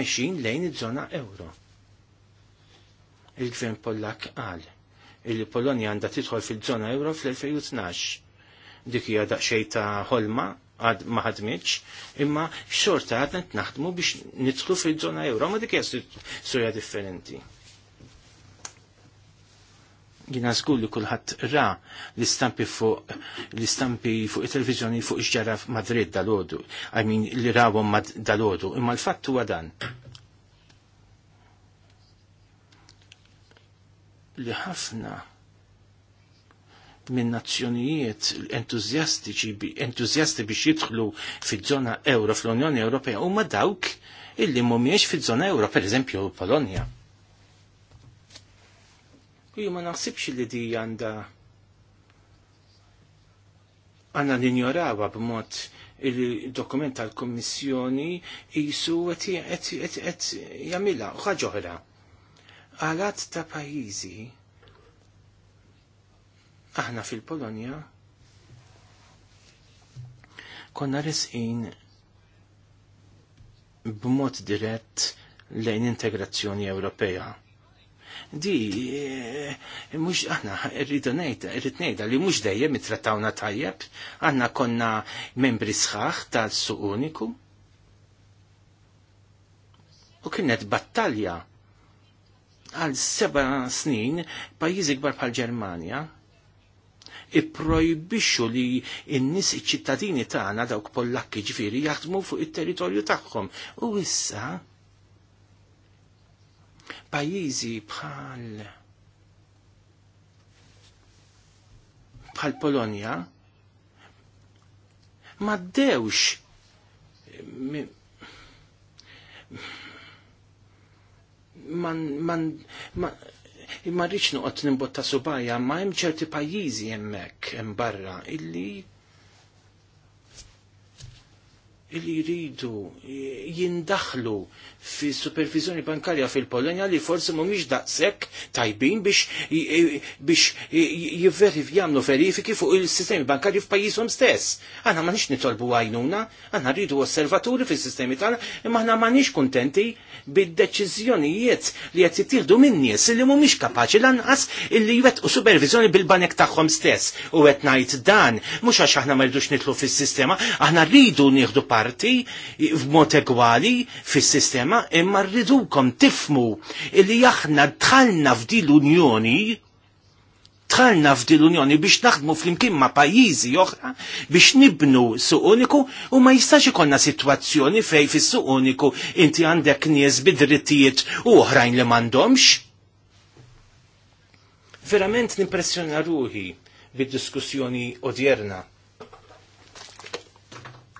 mexin lejn iż-żona euro. Il-gvern Pollak qal il Polonja għandha tidħol fil-żona euro fl-2012. Dik hija daqsxejn ta' ħolma għad ma ħadmitx, imma xorta għadna t-naħdmu biex nidħlu fil-żona euro, ma dik hija storja differenti jina zgur li kullħat ra l-istampi fuq l-istampi fuq il-televizjoni fuq iġġara Madrid dal-ħodu, I mean li rawom dal-ħodu, imma l-fatt huwa dan. Li ħafna minn nazzjonijiet entuzjastiċi, entuzjasti biex jidħlu fil-żona euro fl-Unjoni Ewropea huma dawk illi mhumiex fil zona euro, per eżempju Polonja U jien ma naħsibx li di għandha għandna ninjorawha b'mod il-dokument tal-Kommissjoni jisu qed jagħmilha ħaġa oħra. Għalat ta' pajjiżi aħna fil-Polonja konna resqin b'mod dirett lejn integrazzjoni Ewropea Di, eh, mux aħna rridu nejta, rrid nejta, li mux dejjem mitrattawna tajjeb, aħna konna membri sħaħ tal-suq uniku. U kienet battalja għal seba snin pajjiżi kbar bħal Ġermanja ipprojbixxu li n-nies iċ-ċittadini tagħna dawk Pollakki ġifieri jaħdmu fuq it-territorju tagħhom. U issa Pajjiżi bħal bħal Polonia ma dewx man man ma imma rridx noqgħod nimbotta subajja ma hemm ċerti pajjiżi hemmhekk hemm barra illi illi jridu jindaħlu fi supervizjoni bankarja fil-Polonja li forsi mhumiex daqshekk tajbin biex jivverifjamlu jivverif jagħmlu verifiki fuq il-sistemi bankarji f'pajjiżhom stess. Aħna nix nitolbu għajnuna, aħna rridu osservaturi fis-sistemi tagħna, imma aħna nix kuntenti bid-deċiżjonijiet li qed jittirdu minn nies li mhumiex kapaċi lanqas illi u supervizjoni bil-banek tagħhom stess. U qed ngħid dan mhux għax aħna ma rridux nitlu fis-sistema, aħna rridu nieħdu parti f'mod egwali fis-sistema imma rridukom tifmu illi aħna dħalna f'di l-Unjoni tħalna l unjoni biex naħdmu flimkien ma' pajjiżi oħra biex nibnu suq uniku u ma jistax ikonna sitwazzjoni fej fis-suq uniku inti għandek nies bidrittijiet u oħrajn li m'għandhomx. Verament nimpressjona ruħi bid-diskussjoni odjerna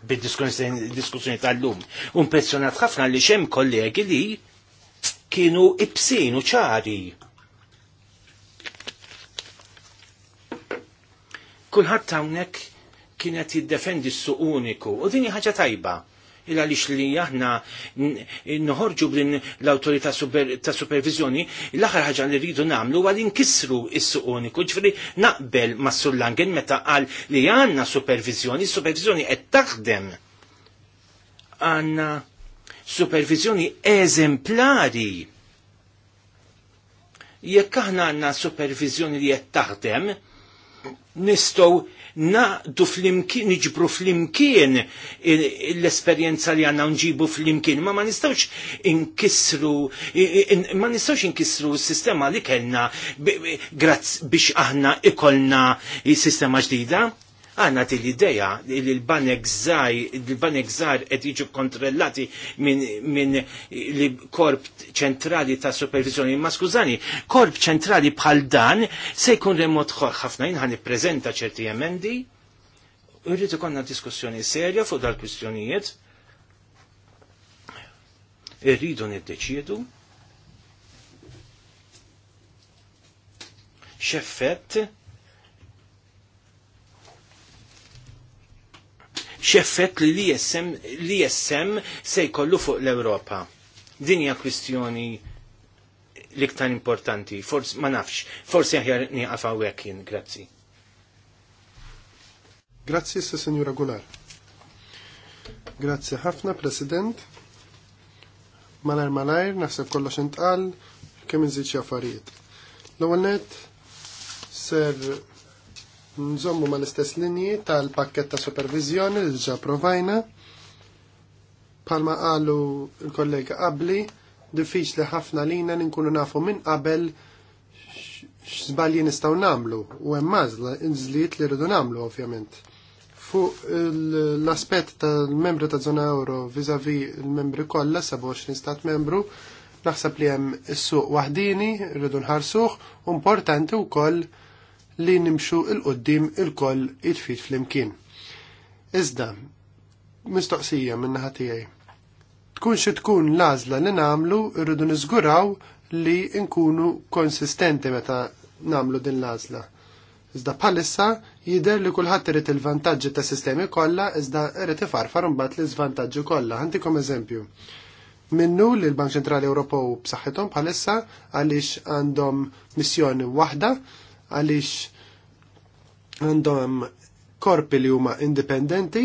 bid-diskussjoni tal-lum. Impressjonat ħafna li xem kollegi li kienu ibsin u ċari. Kulħadd hawnhekk kienet jiddefendi s-suq uniku u din ħaġa tajba il għaliex li aħna nħorġu b'din l autorita ta' supervizjoni, l-aħħar ħaġa li rridu nagħmlu għal inkisru s-suq uniku, naqbel ma' Sullangen meta qal li għandna supervizjoni, supervizjoni qed taħdem għandna supervizjoni eżemplari. Jekk aħna għandna supervizjoni li qed taħdem, nistgħu naqdu fl-imkien, niġbru fl-imkien l-esperienza li għanna nġibu fl-imkien, ma ma nistawx inkisru, ma nistawx inkisru s-sistema li kellna biex aħna ikolna sistema ġdida. Għanna til ideja li l-banek żgħar qed iġu kontrellati minn li korp ċentrali ta' supervizjoni. Ma skużani, korp ċentrali bħal dan se jkun remot ħafna jien ħan ċerti emendi. Irrid konna diskussjoni serja fuq dal-kwistjonijiet. Irridu niddeċiedu xeffett xeffet li jessem li jessem se jkollu fuq l-Ewropa. Din hija kwistjoni l-iktar importanti, forse ma nafx, forsi aħjar nieqaf hawnhekk jien, grazzi. Grazzi, se Senjura Gular. Grazzi ħafna, President. Malar malajr, naħseb kollox intqal, kemm inżid affarijiet. l ser nżommu ma l-istess linji tal-pakket ta' supervizjoni li ġa provajna. Palma qalu l-kollega qabli, diffiċli ħafna lina li nkunu nafu minn qabel x'żbalji nistgħu nagħmlu u hemm inżliet li rridu nagħmlu ovvjament. Fuq l-aspett tal-membri ta' żona euro vizavi l-membri kollha 27 stat membru, naħseb li hemm is-suq waħdini, rridu nħarsuh, importanti wkoll koll li nimxu il-qoddim il-koll it-fit fl-imkien. Iżda, mistoqsija minnaħa tiegħi. Tkun xi tkun lażla li nagħmlu irridu niżguraw li nkunu konsistenti meta nagħmlu din lażla. Iżda bħalissa jidher li kulħadd irid il-vantaġġi ta' sistemi kollha iżda irrit ifarfar mbagħad li żvantaġġi kollha. Ħantikom eżempju. Minnu li l-Bank Ċentrali Ewropew b'saħħithom bħalissa għaliex għandhom missjoni waħda għaliex għandhom korpi li huma indipendenti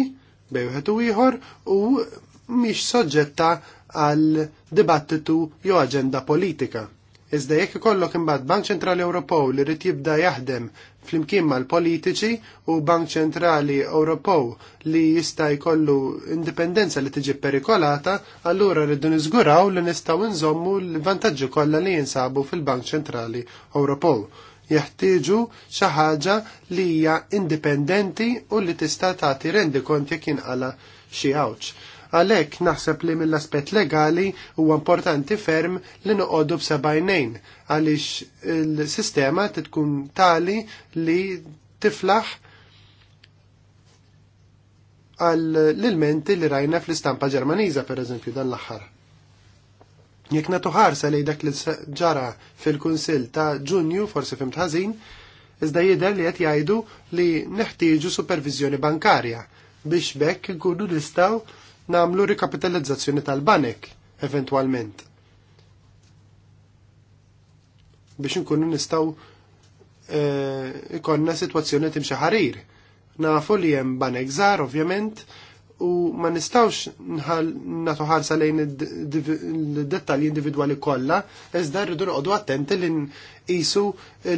bej wieħed u ieħor u mhix soġġetta għal dibattitu jew aġenda politika. Iżda jekk ikollok imbagħad Bank Ċentrali Ewropew li rid jibda jaħdem flimkien mal-politiċi u Bank Ċentrali Ewropew li jista' jkollu indipendenza li tiġi perikolata, allura rridu niżguraw li nistgħu nżommu l-vantaġġi kollha li jinsabu fil-Bank Ċentrali Ewropew jeħtieġu xi ħaġa li hija indipendenti u li tista' tagħti rendi kont jekk inqala xi għawġ. Għalhekk naħseb li mill-aspett legali huwa importanti ferm li noqogħdu b'sebajnejn għaliex il-sistema titkun tali li tiflaħ l ilmenti li rajna fl-istampa ġermaniża per eżempju dan l-aħħar. Jek natu ħarsa li dak li ġara fil-Kunsil ta' Ġunju, forse fim tħazin, iżda jidher li qed jgħidu li neħtieġu supervizjoni bankarja biex bekk ikunu nistgħu nagħmlu rikapitalizzazzjoni tal-banek eventwalment. Biex nkunu nistgħu e, ikonna e, situazzjoni timxi ħarir. Nafu li hemm banek żgħar ovvjament, u ma nistawx natu ħarsa lejn id-dettalji individwali kollha, iżda rridu noqogħdu attenti li nqisu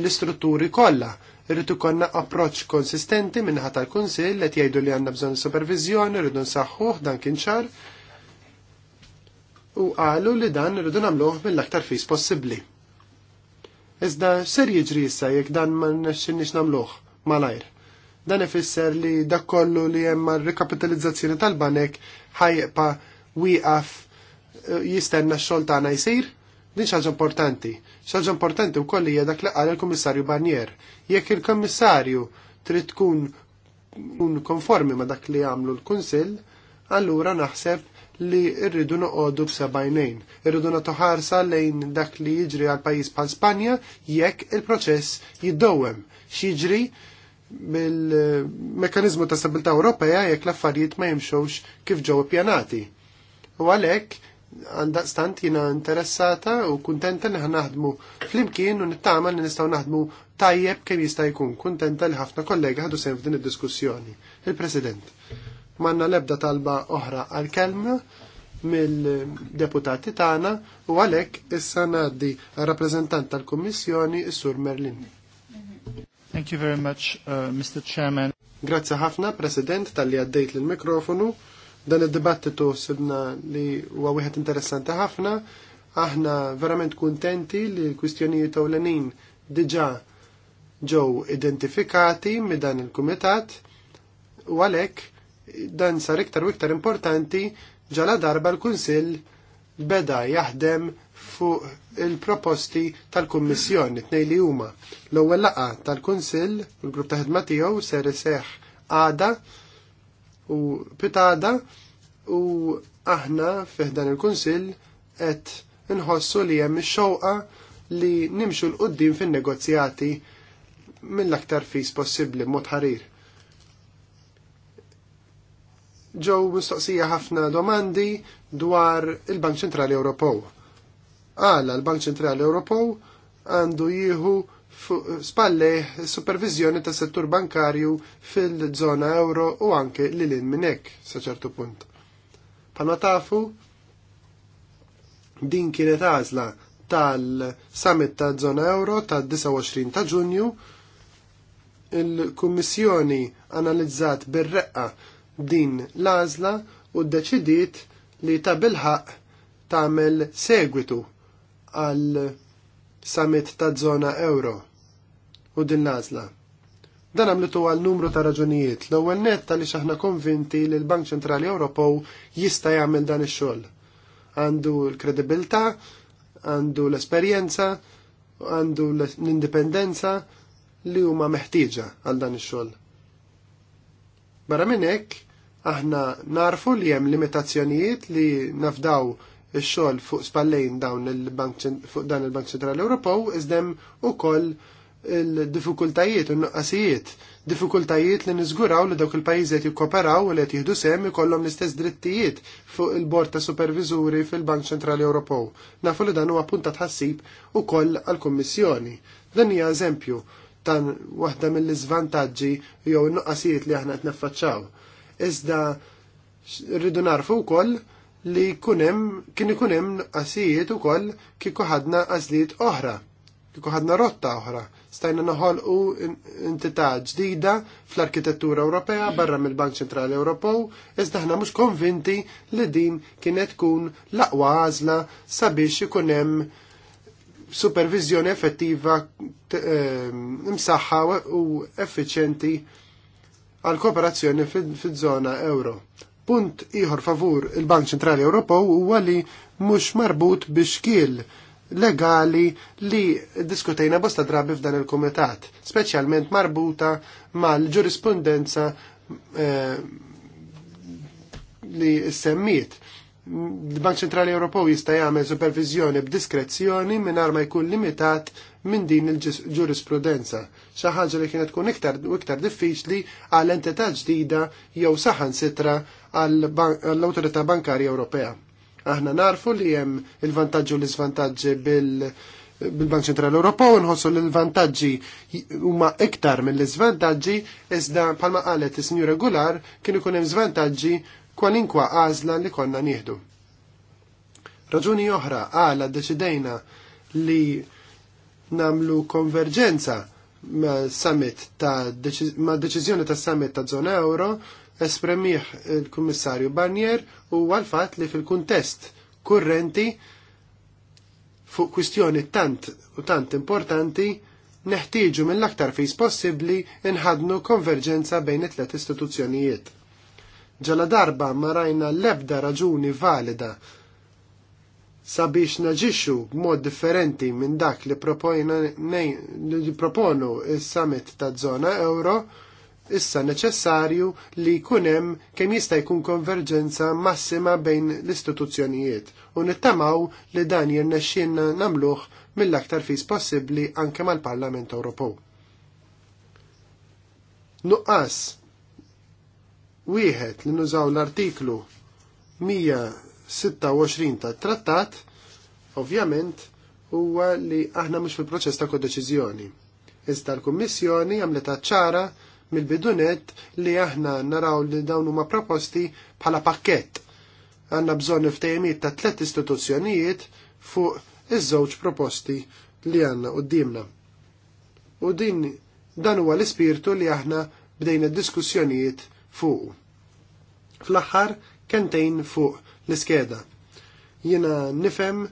l-istrutturi kollha. Irrid konna approċċ konsistenti minnaħa tal-Kunsill qed jgħidu li għandna bżonn supervizjoni, rridu nsaħħuh dan kien ċar. U għalu li dan rridu nagħmluh mill-aktar fis possibbli. Iżda ser jiġri issa jekk dan ma nexxinniex nagħmluh malajr. Dan ifisser li dak kollu li hemm rikapitalizzazzjoni tal-banek ħajqpa wieqaf eh, jistenna x-xogħol tagħna jsir? Din xaġa importanti. Xaġa importanti wkoll hija dak li qal il-Kummissarju Barnier. Jekk il-Kummissarju trid tkun konformi ma dak li għamlu l-Kunsill, allura naħseb li rridu noqogħdu b'sebajnejn. Irridu nagħtu ħarsa lejn dak li jiġri għal pajjiż bħal Spanja jekk il-proċess jiddowem. X'jiġri mill-mekanizmu ta' stabilta' Ewropea jekk l-affarijiet ma jimxewx kif ġew pjanati. U għalhekk stant jiena interessata u kuntenta li naħdmu flimkien u nittama li nistgħu naħdmu tajjeb kemm jista' jkun. Kuntenta li ħafna kollega ħadu sejn f'din id-diskussjoni. Il-President, manna lebda talba oħra għal-kelma mill-deputati tagħna u għalhekk issa ngħaddi rappreżentant tal-Kummissjoni is-Sur Merlin. Thank you very much, uh, Mr. Chairman. Grazzi ħafna, President, tal-li għaddejt l-mikrofonu. Dan id-dibattitu sibna li huwa wieħed interessanti ħafna. Aħna verament kuntenti li l-kwistjonijiet ewlenin diġà ġew identifikati minn dan il-kumitat u għalhekk dan sar iktar u iktar importanti ġala darba l-Kunsill beda jaħdem fuq il-proposti tal-Kummissjoni tnej li huma. L-ewwel laqa tal-Kunsill u l-grupp ta' ħedma tiegħu ser iseħħ għada u pitada u aħna fiħdan il-Kunsill qed inħossu li hemm ix-xewqa li nimxu l-qoddim fin-negozjati mill-aktar fis possibbli mod ħarir ġew mistoqsija ħafna domandi dwar il-Bank Ċentrali Ewropew għala l-Bank Ċentrali Ewropew għandu jieħu spalle supervizjoni ta' settur bankarju fil-żona euro u anke li l-in minnek sa' ċertu punt. Palma tafu, din kienet għazla tal-summit ta' zona euro ta' 29 ta' ġunju, il-Kummissjoni analizzat bir-reqqa din l-għazla u d-deċidiet li ta' bilħaq tagħmel segwitu għal summit ta' zona euro u din nazla. Dan għamlitu għal numru ta' raġunijiet. L-ewwel net tal aħna konvinti li l-Bank Ċentrali Ewropew jista' jagħmel dan ix-xogħol. Għandu l-kredibilità, għandu l-esperjenza, għandu l-indipendenza li huma meħtieġa għal dan ix-xogħol. Barra minn hekk, aħna narfu li hemm limitazzjonijiet li nafdaw ix-xogħol fuq spallejn dawn il-Bank fuq dan il-Bank Ċentrali Ewropew iżdem ukoll il-diffikultajiet u nuqqasijiet. Diffikultajiet li niżguraw li dawk il pajjiżiet jikkoperaw u li qed jieħdu sehem ikollhom l-istess drittijiet fuq il-Bord ta' Superviżuri fil-Bank Ċentrali Ewropew. Nafu li dan huwa punta tħassib ukoll għall-Kummissjoni. Dan hija eżempju ta' waħda mill-iżvantaġġi jew n-nuqqasijiet li aħna qed naffaċċaw. Iżda rridu narfu wkoll li kunem, kien ikunem qasijiet u koll kiku ħadna qasliet oħra, kiku ħadna rotta oħra. Stajna u entità ġdida fl-arkitettura Ewropea barra mill-Bank Ċentrali Ewropew, iżda ħna mhux konvinti li din kienet tkun l-aqwa għażla sabiex ikun hemm supervizjoni effettiva msaħħa u effiċenti għal kooperazzjoni fiż żona euro. Punt ieħor favur il-Bank Ċentrali Ewropew huwa li mhux marbut biex kiel legali li diskutejna bosta drabi f'dan il-Kumitat, speċjalment marbuta mal-ġurisprudenza eh, li semmiet il-Bank Ċentrali Ewropew jista' jagħmel supervizjoni b'diskrezzjoni mingħajr ma jkun limitat minn din il-ġurisprudenza, xi ħaġa li kienet tkun iktar u iktar diffiċli għal entità ġdida jew saħan sitra għall-Awtorità Bankarja Ewropea. Aħna narfu li hemm il-vantaġġi u l-iżvantaġġi bil-Bank Ċentrali Ewropew nħossu li l-vantaġġi huma iktar mill-iżvantaġġi iżda bħalma qalet is-Sinjur Regular kien ikun hemm żvantaġġi kwalinkwa għażla li konna nieħdu. Raġuni oħra għala deċidejna li namlu konverġenza ma' summit ta' ma' deċiżjoni ta' summit ta' zona euro espremiħ il-Kummissarju Barnier u għalfat li fil-kuntest kurrenti fuq kwistjoni tant u tant importanti neħtieġu mill-aktar fis possibbli inħadnu konverġenza bejn it-tlet istituzzjonijiet. Ġala darba ma rajna l-ebda raġuni valida sabiex naġixxu b'mod differenti minn dak li proponu il summit ta' zona euro, issa neċessarju li jkun hemm kemm jista' jkun konverġenza massima bejn l-istituzzjonijiet u nittamaw li dan jirnexxinna nagħmluh mill-aktar fis possibbli anke mal-Parlament Ewropew. Nuqqas wieħed li nużaw l-artiklu 100 26 ta' trattat, ovvjament, huwa li aħna mhux fil-proċess ta' kodeċiżjoni. Iżda l-Kummissjoni għamlet ċara mill-bidunet li aħna naraw li dawn huma proposti bħala pakkett. Għandna bżonn niftejmijiet ta' tliet istituzzjonijiet fuq iż-żewġ proposti li għandna qudiemna. U din dan huwa l-ispirtu li aħna bdejna diskussjonijiet fuq. Fl-aħħar kentejn fuq l-iskeda. Jiena nifhem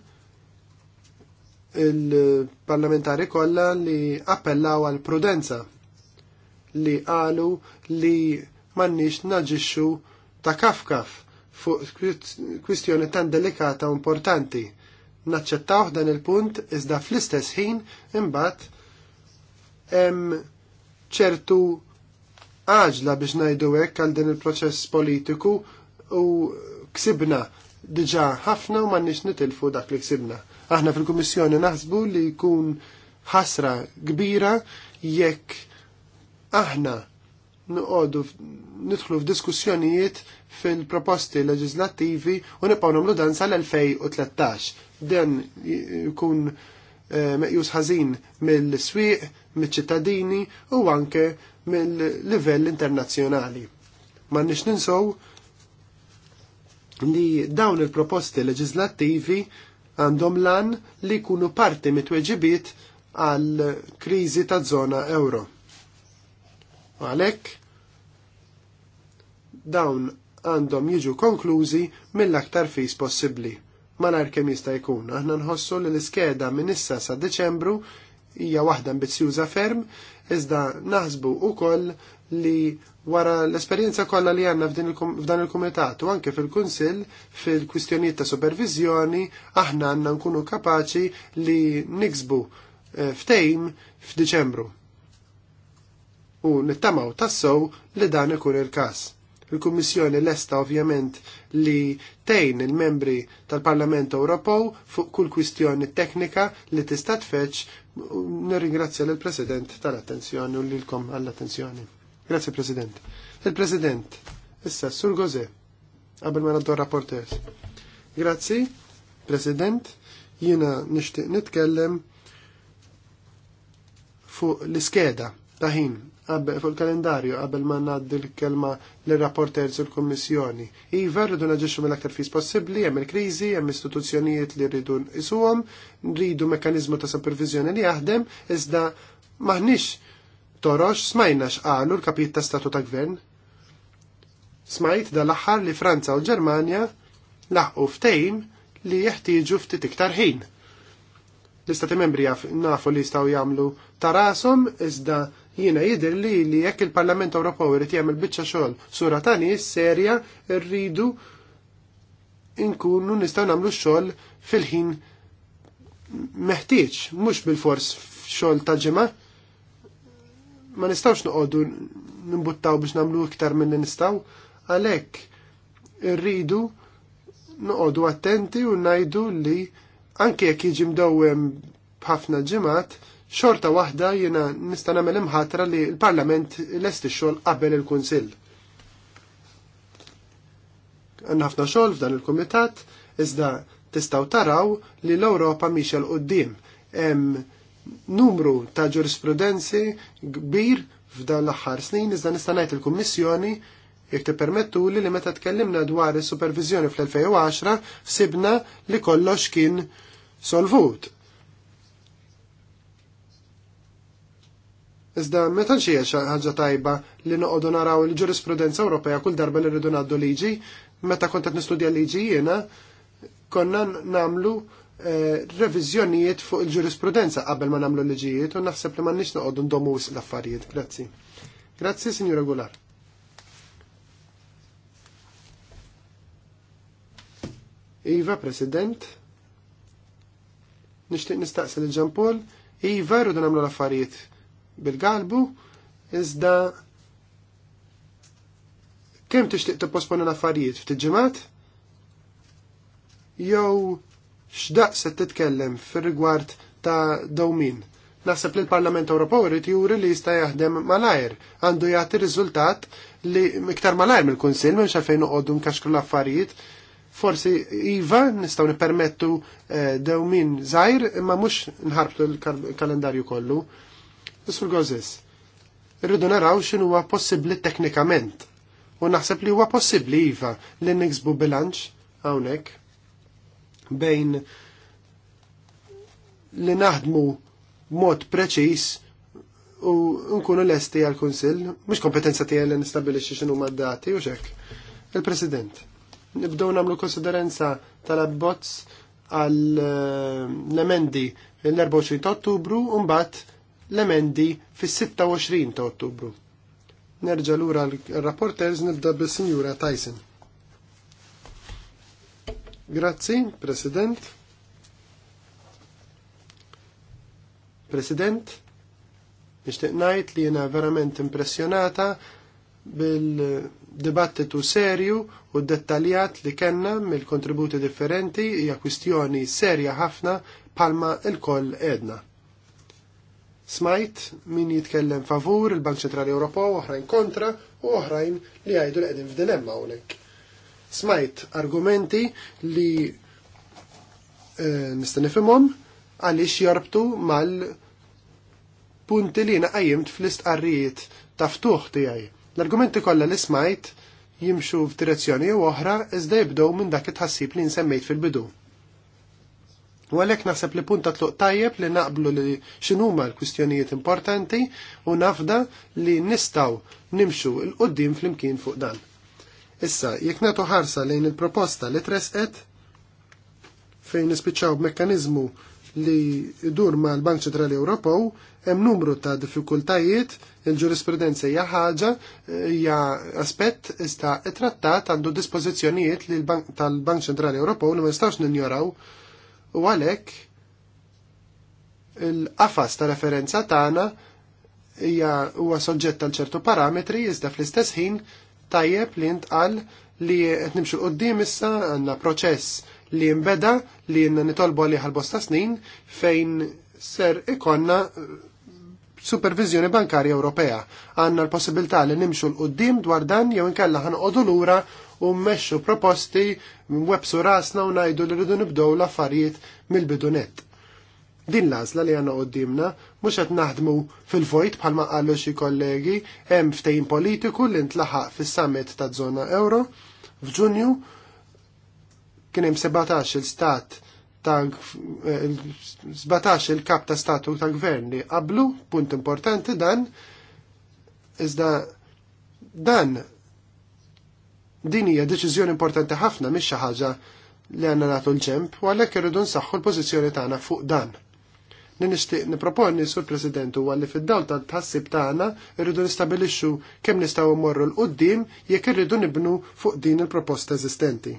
il-parlamentari kollha li appellaw għal prudenza li għalu li m'għandniex naġixxu ta' kafkaf fuq kwistjoni tan delikata u importanti. Naċċettaw dan il-punt iżda fl-istess ħin imbagħad hemm ċertu għaġla biex ngħidu hekk għal din il-proċess politiku u ksibna diġa ħafna u m'għandniex nitilfu dak li ksibna. Aħna fil-Kummissjoni naħsbu li jkun ħasra kbira jekk aħna nuqodu nidħlu f'diskussjonijiet fil-proposti leġislattivi u nibqgħu nagħmlu dan sal-2013. Dan jkun eh, meqjus ħażin mill-swieq, mill-ċittadini u anke mill-livell internazzjonali. Ma nix ninsow li dawn il-proposti leġislattivi għandhom lan li kunu parti mitweġibit għal krizi ta' zona euro. għalek, dawn għandhom jiġu konklużi mill-aktar fis possibli. Malar kem jista' jkun, aħna nħossu li l-iskeda minn issa sa' Deċembru hija waħda ambizzjuża ferm, iżda naħsbu ukoll li wara l-esperjenza kollha li għandna f'dan il-kumitat u anke fil-Kunsill fil-kwistjonijiet ta' supervizjoni aħna għandna nkunu kapaċi li niksbu eh, ftejm f'Diċembru. U nittamaw tassow li dan ikun il-każ. Il-Kummissjoni lesta ovvjament li tejn il-membri tal-Parlament Ewropew fuq kull kwistjoni teknika li tista' tfeċ nirringrazzja lill president tal-attenzjoni u lilkom għall-attenzjoni. Grazie, President. Il-President, issa, Sur Gozè, qabel ma naddu rapporters. Grazzi, President, jiena nixtieq nitkellem fuq l-iskeda ta' ħin fuq il-kalendarju qabel ma naddi l-kelma lir-rapporters u l-Kummissjoni. Iva rridu naġixxu mill-aktar fis possibbli hemm il-kriżi, hemm istituzzjonijiet li rridu nqisuhom, nridu mekkaniżmu ta' supervizjoni li jaħdem iżda maħniex Torox smajna x'qalu l-kapit ta' statu ta' gvern. Smajt dal-aħħar li Franza u l-Ġermanja laħqu ftejn li jeħtieġu ftit iktar ħin. L-istati membri nafu li jistgħu jagħmlu tarasom iżda jiena jidher li li jekk il-Parlament Ewropew irid jagħmel biċċa xogħol sura ta' nies serja rridu inkunu nistgħu nagħmlu x-xogħol fil-ħin meħtieġ, mhux bil-fors xogħol ta' ġimgħa ma nistawx noqogħdu nimbuttaw biex nagħmlu iktar minn nistaw, għalhekk irridu noqogħdu attenti u ngħidu li anke jekk jiġi mdowwem b'ħafna ġimgħat, xorta waħda jiena nista' nagħmel imħatra li l-Parlament lesti xogħol qabel il-Kunsill. Għandna ħafna xogħol f'dan il-Kumitat, iżda tistgħu taraw li l-Ewropa mhix l quddiem. hemm numru ta' ġurisprudenzi kbir f'dan l-aħħar snin iżda nista' ngħid il-Kummissjoni jekk permettu li li meta tkellimna dwar is-supervizjoni fl-2010 sibna li kollox kien solvut. Iżda meta xi ħaġa tajba li noqogħdu naraw il-ġurisprudenza Ewropea kull darba li rridu ngħaddu liġi, meta kont qed nistudja liġi jiena, konna nagħmlu Eh, reviżjonijiet fuq il-ġurisprudenza qabel ma nagħmlu liġijiet u naħseb li ma m'għandniex noqogħdu ndomu l-affarijiet. Grazzi. Grazzi, Signor Regular. Iva, President. Nixtieq nistaqsi l ġampol Iva, rridu nagħmlu l-affarijiet bil-galbu, iżda kemm tixtieq tipposponi l-affarijiet ftit ġimgħat? Jew X'daqs se titkellem fir-rigward ta' dawmin. Naħseb li l-Parlament Ewropew irid juri li jista' jaħdem malajr, għandu jagħti riżultat li miktar malajr mill-Kunsill minn għalfejn noqogħdu nkaxkru l-affarijiet. Forsi iva nistgħu nippermettu eh, dewmin żgħir imma mhux nħarbtu l-kalendarju kollu. Isfur Gozis, irridu naraw x'inhu huwa possibbli teknikament. U naħseb li huwa possibbli iva li niksbu bilanċ hawnhekk bejn li naħdmu mod preċis u nkunu lesti għal kunsill mhux kompetenza tiegħi li nistabilixxi xinu maddati dati u xek. Il-President, nibdew nagħmlu konsiderenza tal-abbozz għal eh, lemendi emendi l-24 ta' Ottubru u mbagħad l-emendi fis-26 ta' Ottubru. Nerġa' lura l-rapporters nibda bil sinjura Tyson. Grazzi, President. President, nishtiq najt li jena verament impressjonata bil-dibattitu serju u dettaljat li kenna mill-kontributi differenti hija kwistjoni serja ħafna palma il-koll edna. Smajt min jitkellem favur il-Bank Ċentrali Ewropew oħrajn kontra u oħrajn li jgħidu l-qegħdin f'dilemma hawnhekk smajt argumenti li eh, nista' nifhimhom għaliex jorbtu mal-punti li naqajjimt fl-istqarrijiet ta' ftuħ tiegħi. L-argumenti kollha li smajt jimxu f'direzzjoni u oħra iżda jibdew minn dak it-ħassib li nsemmejt fil-bidu. U għalhekk naħseb li punta tluq tajjeb li naqblu li x'inhuma l-kwistjonijiet importanti u nafda li nistgħu nimxu l-qoddim flimkien fuq dan. Issa, jekk nagħtu ħarsa lejn il-proposta li tresqet fejn nispiċċaw b'mekkaniżmu li dur ma l-Bank Ċentrali Ewropew hemm numru ta' diffikultajiet, il-ġurisprudenza hija ħaġa, hija aspett ista' trattat għandu dispożizzjonijiet li l tal-Bank Ċentrali Ewropew li ma nistgħux ninjoraw u għalhekk il-qafas ta' referenza tagħna hija huwa soġġett għal ċertu parametri iżda fl-istess ħin tajjeb li ntqal li qed nimxu qudiem issa għandna proċess li nbeda li jenna nitolbu għalli bosta snin fejn ser ikonna eh, supervizjoni bankarja Ewropea. Għanna l-possibilità li nimxu l-qoddim dwar dan jew inkella ħanqodu lura u mmexxu proposti websu rasna u ngħidu li rridu nibdew l-affarijiet mill-bidunet. Din l-għażla li għanna għoddimna, mhux qed naħdmu fil-vojt bħalma għallu xi kollegi hemm ftejn politiku li ntlaħaq fis-summit taż zona euro f'Ġunju kien hemm 17 il-stat ta' 17 il-kap ta' statu ta' gvern li qablu, punt importanti dan, iżda dan din hija deċiżjoni importanti ħafna mhix xi ħaġa li għandna nagħtu l-ġemp u għalhekk irridu nsaħħu l-pożizzjoni tagħna fuq dan. Ninistiq niproponni sur President huwa li fid-dawl ta' tħassib tagħna irridu nistabilixxu kemm nistgħu mmorru l qudiem jekk irridu nibnu fuq din il-proposta eżistenti.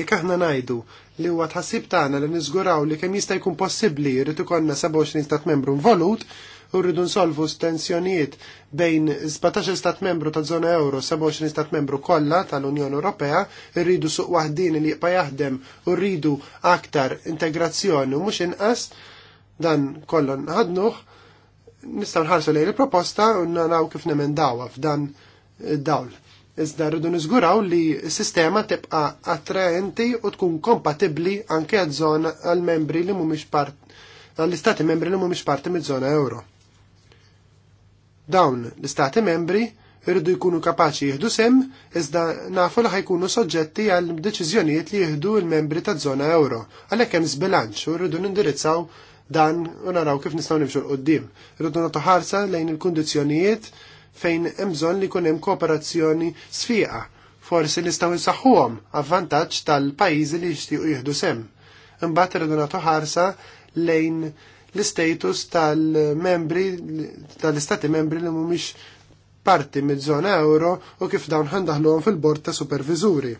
Jekk aħna ngħidu li huwa tħassib tagħna li niżguraw li kemm jista' jkun possibbli jrid ikollna 27 stat membru involut, u rridu nsolvu stensjonijiet bejn 17 stat membru ta' zona euro, 27 stat membru kollha tal-Unjoni Ewropea, rridu suq waħdin li jibqa' jaħdem u rridu aktar integrazzjoni u mhux inqas Dan kollon ħadnuħ, nistaw nħarsu lejn il-proposta u naraw kif nemendawa f'dan dawl. Iżda rridu niżguraw li s-sistema tibqa attraenti u tkun kompatibbli anke għad-żona għal-membri li mhumiex part għall-istati membri li mhumiex parti miż-żona euro. Dawn l-istati membri rridu jkunu kapaċi jieħdu sem iżda nafu li ħajkunu soġġetti għal deċiżjonijiet li jieħdu l-membri taż-żona euro. Għalhekk hemm żbilanċ u rridu nindirizzaw dan u naraw kif nistgħu nimxu l-qoddim. Rridu nagħtu ħarsa lejn il-kundizzjonijiet fejn hemm bżonn li jkun hemm kooperazzjoni sfiqa. Forsi nistgħu nsaħħuhom avvantaġġ tal-pajjiżi li jixtiequ jieħdu sem. Imbagħad irridu nagħtu ħarsa lejn l-istatus tal-membri tal-istati membri li mhumiex parti mid-żona euro u kif dawn ħandaħluhom fil-bord ta' superviżuri.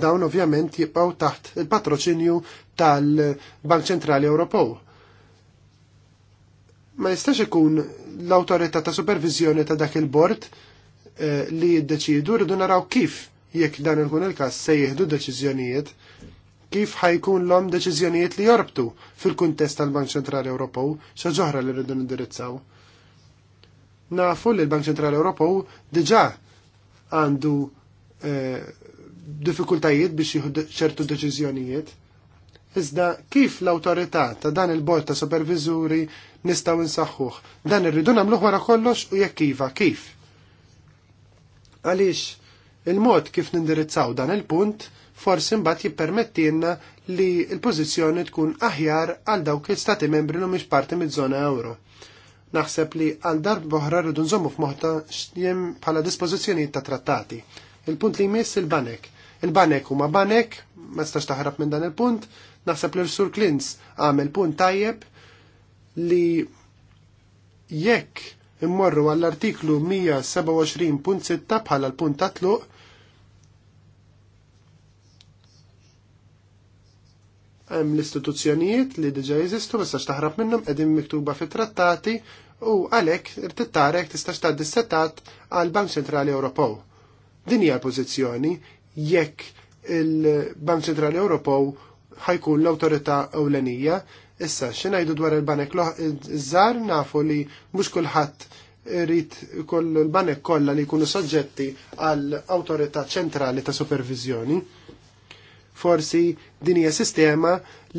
Dawn ovvjament jibqgħu taħt il-patroċinju tal-Bank Ċentrali Ewropew ma jistax ikun l-autorità ta' supervizjoni ta' dak il-bord eh, li jiddeċidu rridu naraw kif jekk dan ikun il-każ se jieħdu deċiżjonijiet kif ħajkun l-om deċiżjonijiet li jorbtu fil-kuntest tal-Bank Ċentrali Ewropew xa ġohra li rridu nindirizzaw. Nafu li l-Bank Ċentrali Ewropew diġà għandu eh, diffikultajiet biex jieħu ċertu deċiżjonijiet. Iżda kif l-autorità ta' dan il-bord ta' supervizuri nistgħu insaħħuh. Dan irridu nagħmlu wara kollox u jekk iva kif. Għaliex il-mod kif nindirizzaw dan il-punt forsi mbagħad jippermettilna li l-pożizzjoni tkun aħjar għal dawk il stati membri li mhix parti miż-żona euro. Naħseb li għal darb boħra rridu nżommu f'moħħta x'jem bħala dispożizzjonijiet ta' trattati. Il-punt li jmiss il-banek. Il-banek huma banek, ma stax taħrab minn dan il-punt, naħseb li l-Sur Klins għamel punt tajjeb li jekk immorru għall-artiklu 127.6 bħala l-punt ta' tluq hemm l-istituzzjonijiet li diġa jeżistu ma xtaħrab taħrab minnhom qegħdin miktuba fit-trattati u għalhekk irtittarek tista' tgħaddi setat għall Bank Ċentrali Ewropew. Din hija l-pożizzjoni jekk il-Bank Ċentrali Ewropew ħajkun l-awtorità ewlenija Issa, xinajdu dwar il-banek iż-żar nafu li mhux kulħadd irid koll il-banek kollha li jkunu soġġetti għal awtorità ċentrali ta' supervizjoni. Forsi din hija sistema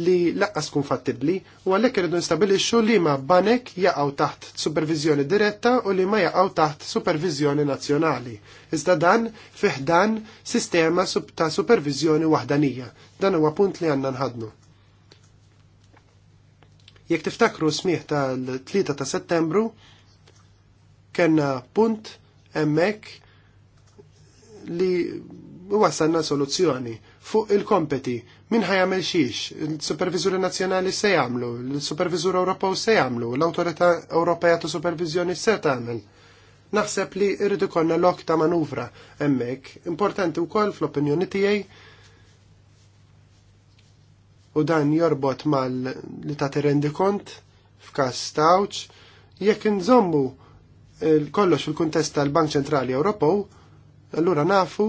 li laqqas kun fattibli. u għalhekk irridu nstabilixxu li ma banek jaqgħu taħt supervizjoni diretta u li ma jaqgħu taħt supervizjoni nazzjonali. Iżda dan fiħdan sistema ta' supervizjoni waħdanija. Dan huwa punt li għandna nħadnu. Jekk tiftakru smieħ tal-3 ta' settembru, kena punt emmek li wasanna soluzzjoni fuq il-kompeti. Min għamil xiex? Il-Supervizuri Nazjonali se jagħmlu, il supervizuri Ewropew se jagħmlu, l-Awtorità Ewropea ta' Supervizjoni se tagħmel. Naħseb li irridu konna lok ta' manuvra hemmhekk. Importanti wkoll fl-opinjoni tiegħi u dan jorbot mal li ta' rendi kont f'kas stawċ, jekk nżommu kollox fil-kuntest tal-Bank Ċentrali Ewropew, allura nafu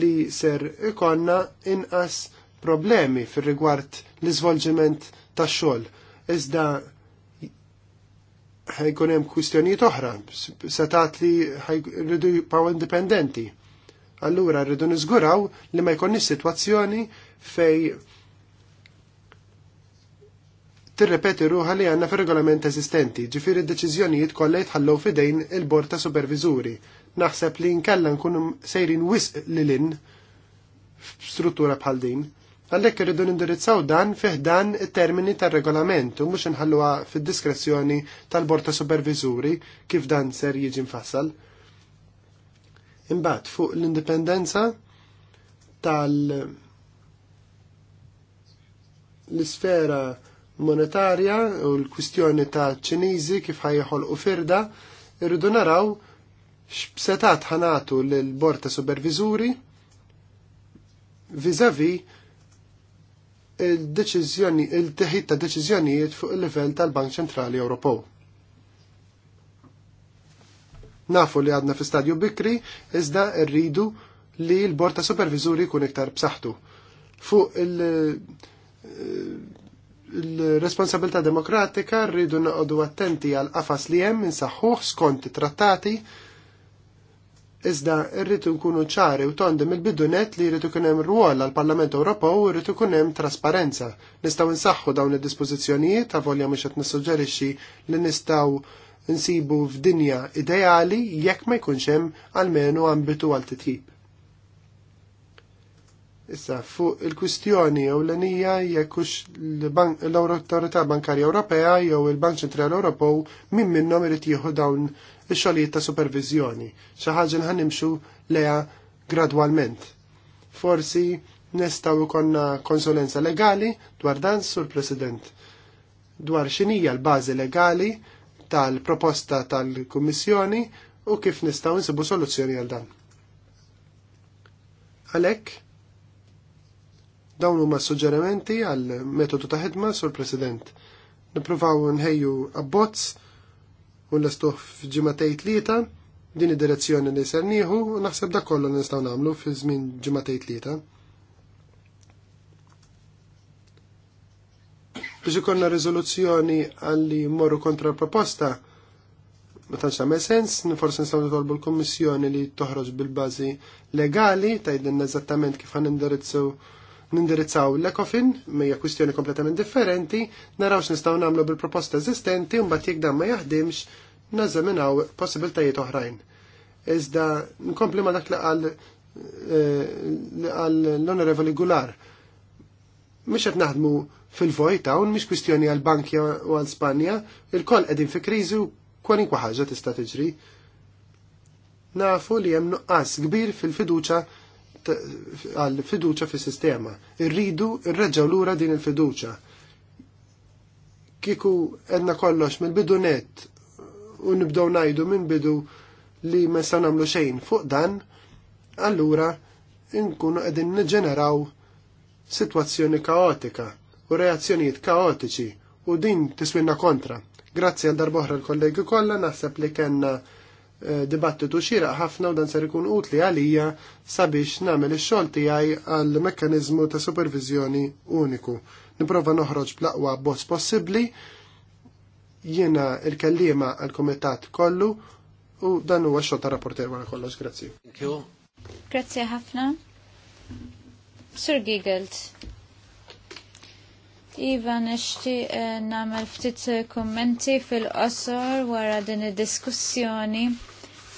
li ser ikonna inqas problemi fir rigward l-iżvolġiment tax xogħol. Iżda ħajkun hemm kwistjonijiet oħra, setat li rridu jibqgħu indipendenti. Allura rridu niżguraw li ma jkunx sitwazzjoni fej tirrepeti ruħa li għanna fil-regolament eżistenti, ġifiri d-deċizjonijiet kollha jitħallew fidejn il-bord ta' supervizuri. Naħseb li nkella nkun sejrin wisq lilin struttura bħal din. Għallek irridu nindirizzaw dan fih dan it-termini tar-regolament u mhux inħalluha fid-diskrezzjoni tal-bord ta' supervizuri kif dan ser jiġi mfassal. Imbagħad fuq l-indipendenza tal l-sfera monetarja u l-kwistjoni ta' ċiniżi kif ħajħol u firda, irridu naraw x'bsetat ħanatu l-bord ta' supervizuri vizavi il-deċiżjoni il-teħid ta' deċiżjonijiet fuq il-livell tal-Bank Ċentrali Ewropew. Nafu li għadna fi stadju bikri iżda rridu li l-bord ta' supervizuri jkun iktar b'saħħtu. Fuq il- l responsabilta demokratika rridu noqogħdu attenti għal qafas li hemm insaħħuh skont trattati iżda rridu nkunu ċari u tondi mill-bidunet li rridu kunem hemm rwol għal Parlament Ewropew u rridu kunem hemm trasparenza. Nistgħu nsaħħu dawn id-dispożizzjonijiet avolja mhux qed nissuġġerixxi li nistgħu nsibu f'dinja ideali jekk ma jkunx hemm għalmenu ambitu għal titjib. Issa, fuq il-kwistjoni jew l-enija jekkux l-Autorità Bankarja Ewropea jew il-Bank Ċentrali Ewropew minn minnhom irid jieħu dawn ix-xogħlijiet ta' supervizjoni. Xi ħaġa ħanimxu leha gradwalment. Forsi nistgħu ikonna konsulenza legali dwar dan sur President. Dwar xinija l-bażi legali tal-proposta tal-Kummissjoni u kif nistgħu nsibu soluzzjoni għal dan. Għalhekk, Dawn huma suġġerimenti għal metodu ta' ħidma sur President. Nippruvaw nħejju abbozz u nlestuh f'ġimatej tlieta din id-direzzjoni li ser nieħu u naħseb dak kollu nistgħu nagħmlu fi żmien ġimatej tlieta. biex ikollna riżoluzzjoni għalli morru kontra proposta, ma tantx għamel sens, forsi nistgħu nitolbu l-Kummissjoni li toħroġ bil-bażi legali tgħidilna eżattament kif ħan indirizzu nindirizzaw l-ekofin, mija kwistjoni kompletament differenti, narawx nistaw namlu bil-proposta eżistenti, un bat dan ma jaħdimx, nazzaminaw possibiltajiet oħrajn. Iżda nkompli ma dak li għal eh, l-onorevoli Gular. Mish qed naħdmu fil vojta un mish kwistjoni għal Bankja u għal Spanja, il-koll qegħdin fi kriżi u kwalinkwa ħaġa tista' tiġri. Nafu li hemm nuqqas kbir fil-fiduċa Eh, għal fiduċa fis sistema Irridu irreġaw lura din il-fiduċa. Kiku edna kollox mill net u nibdow najdu minn bidu li ma sa namlu xejn fuq dan, allura inkunu qegħdin nġeneraw sitwazzjoni kaotika u reazzjonijiet kaotiċi u din tiswinna kontra. Grazzi għal darboħra l-kollegi kollha naħseb li kellna Eh, dibattitu xira ħafna u dan ser ikun utli għalija sabiex nagħmel ix-xogħol tiegħi għal mekkaniżmu ta' supervizjoni uniku. Niprofa noħroġ bl-aqwa bozz possibbli jiena il-kellima għal komitat kollu u dan huwa xogħol ta' rapporter wara kollox, grazzi. Grazzi ħafna. Sir Giegelt. Iva, nishti eh, namel ftit eh, kommenti fil-qosor wara din id-diskussjoni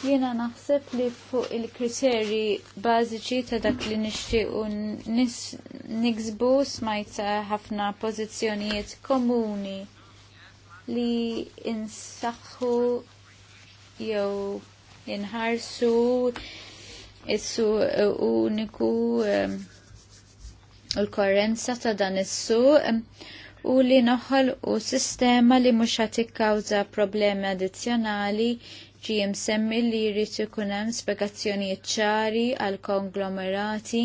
Jiena naħseb li fuq il-kriterji bażiċi ta' dak li nixtiequ niksbu smajt ħafna pożizzjonijiet komuni li insaħħu jew inħarsu issu uniku ehm, l-korrenza ta' dan is-suq ehm, u li noħol u sistema li mhux ħadd problemi addizzjonali ġie msemmi li jrid ikun hemm spjegazzjonijiet ċari għal konglomerati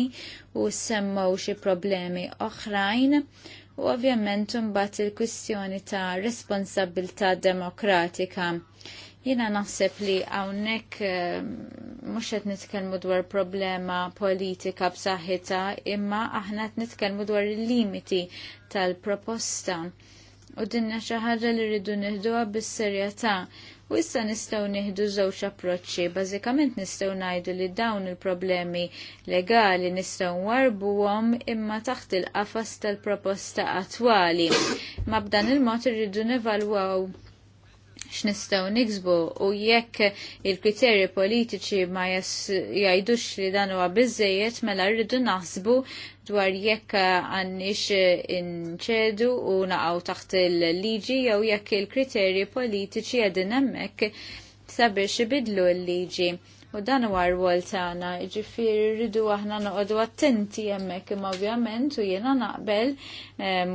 u semmaw xi problemi oħrajn u ovvjament imbagħad il-kwistjoni ta' responsabilità demokratika. Jiena naħseb li hawnhekk ehm, mhux qed nitkellmu dwar problema politika b'saħħitha imma aħna qed nitkellmu dwar il-limiti tal-proposta u dinna xi ħaġa li rridu nieħduha bis-serjetà U issa nistgħu nieħdu żewġ approċċi. Bażikament nistgħu ngħidu li dawn il-problemi legali nistgħu warbuhom imma taħt il-qafas tal-proposta attwali. Ma b'dan il-mod irridu nevalwaw x'nistgħu niksbu u jekk il-kriterji politiċi ma jgħidux li dan huwa biżejjed mela rridu naħsbu dwar jekk għannix inċedu u naqaw taħt il-liġi jew jekk il-kriterji politiċi għedin emmek sabiex ibidlu l-liġi. U dan huwa rwol tagħna, ġifieri rridu aħna noqogħdu attenti hemmhekk imma ovvjament u jiena naqbel ehm,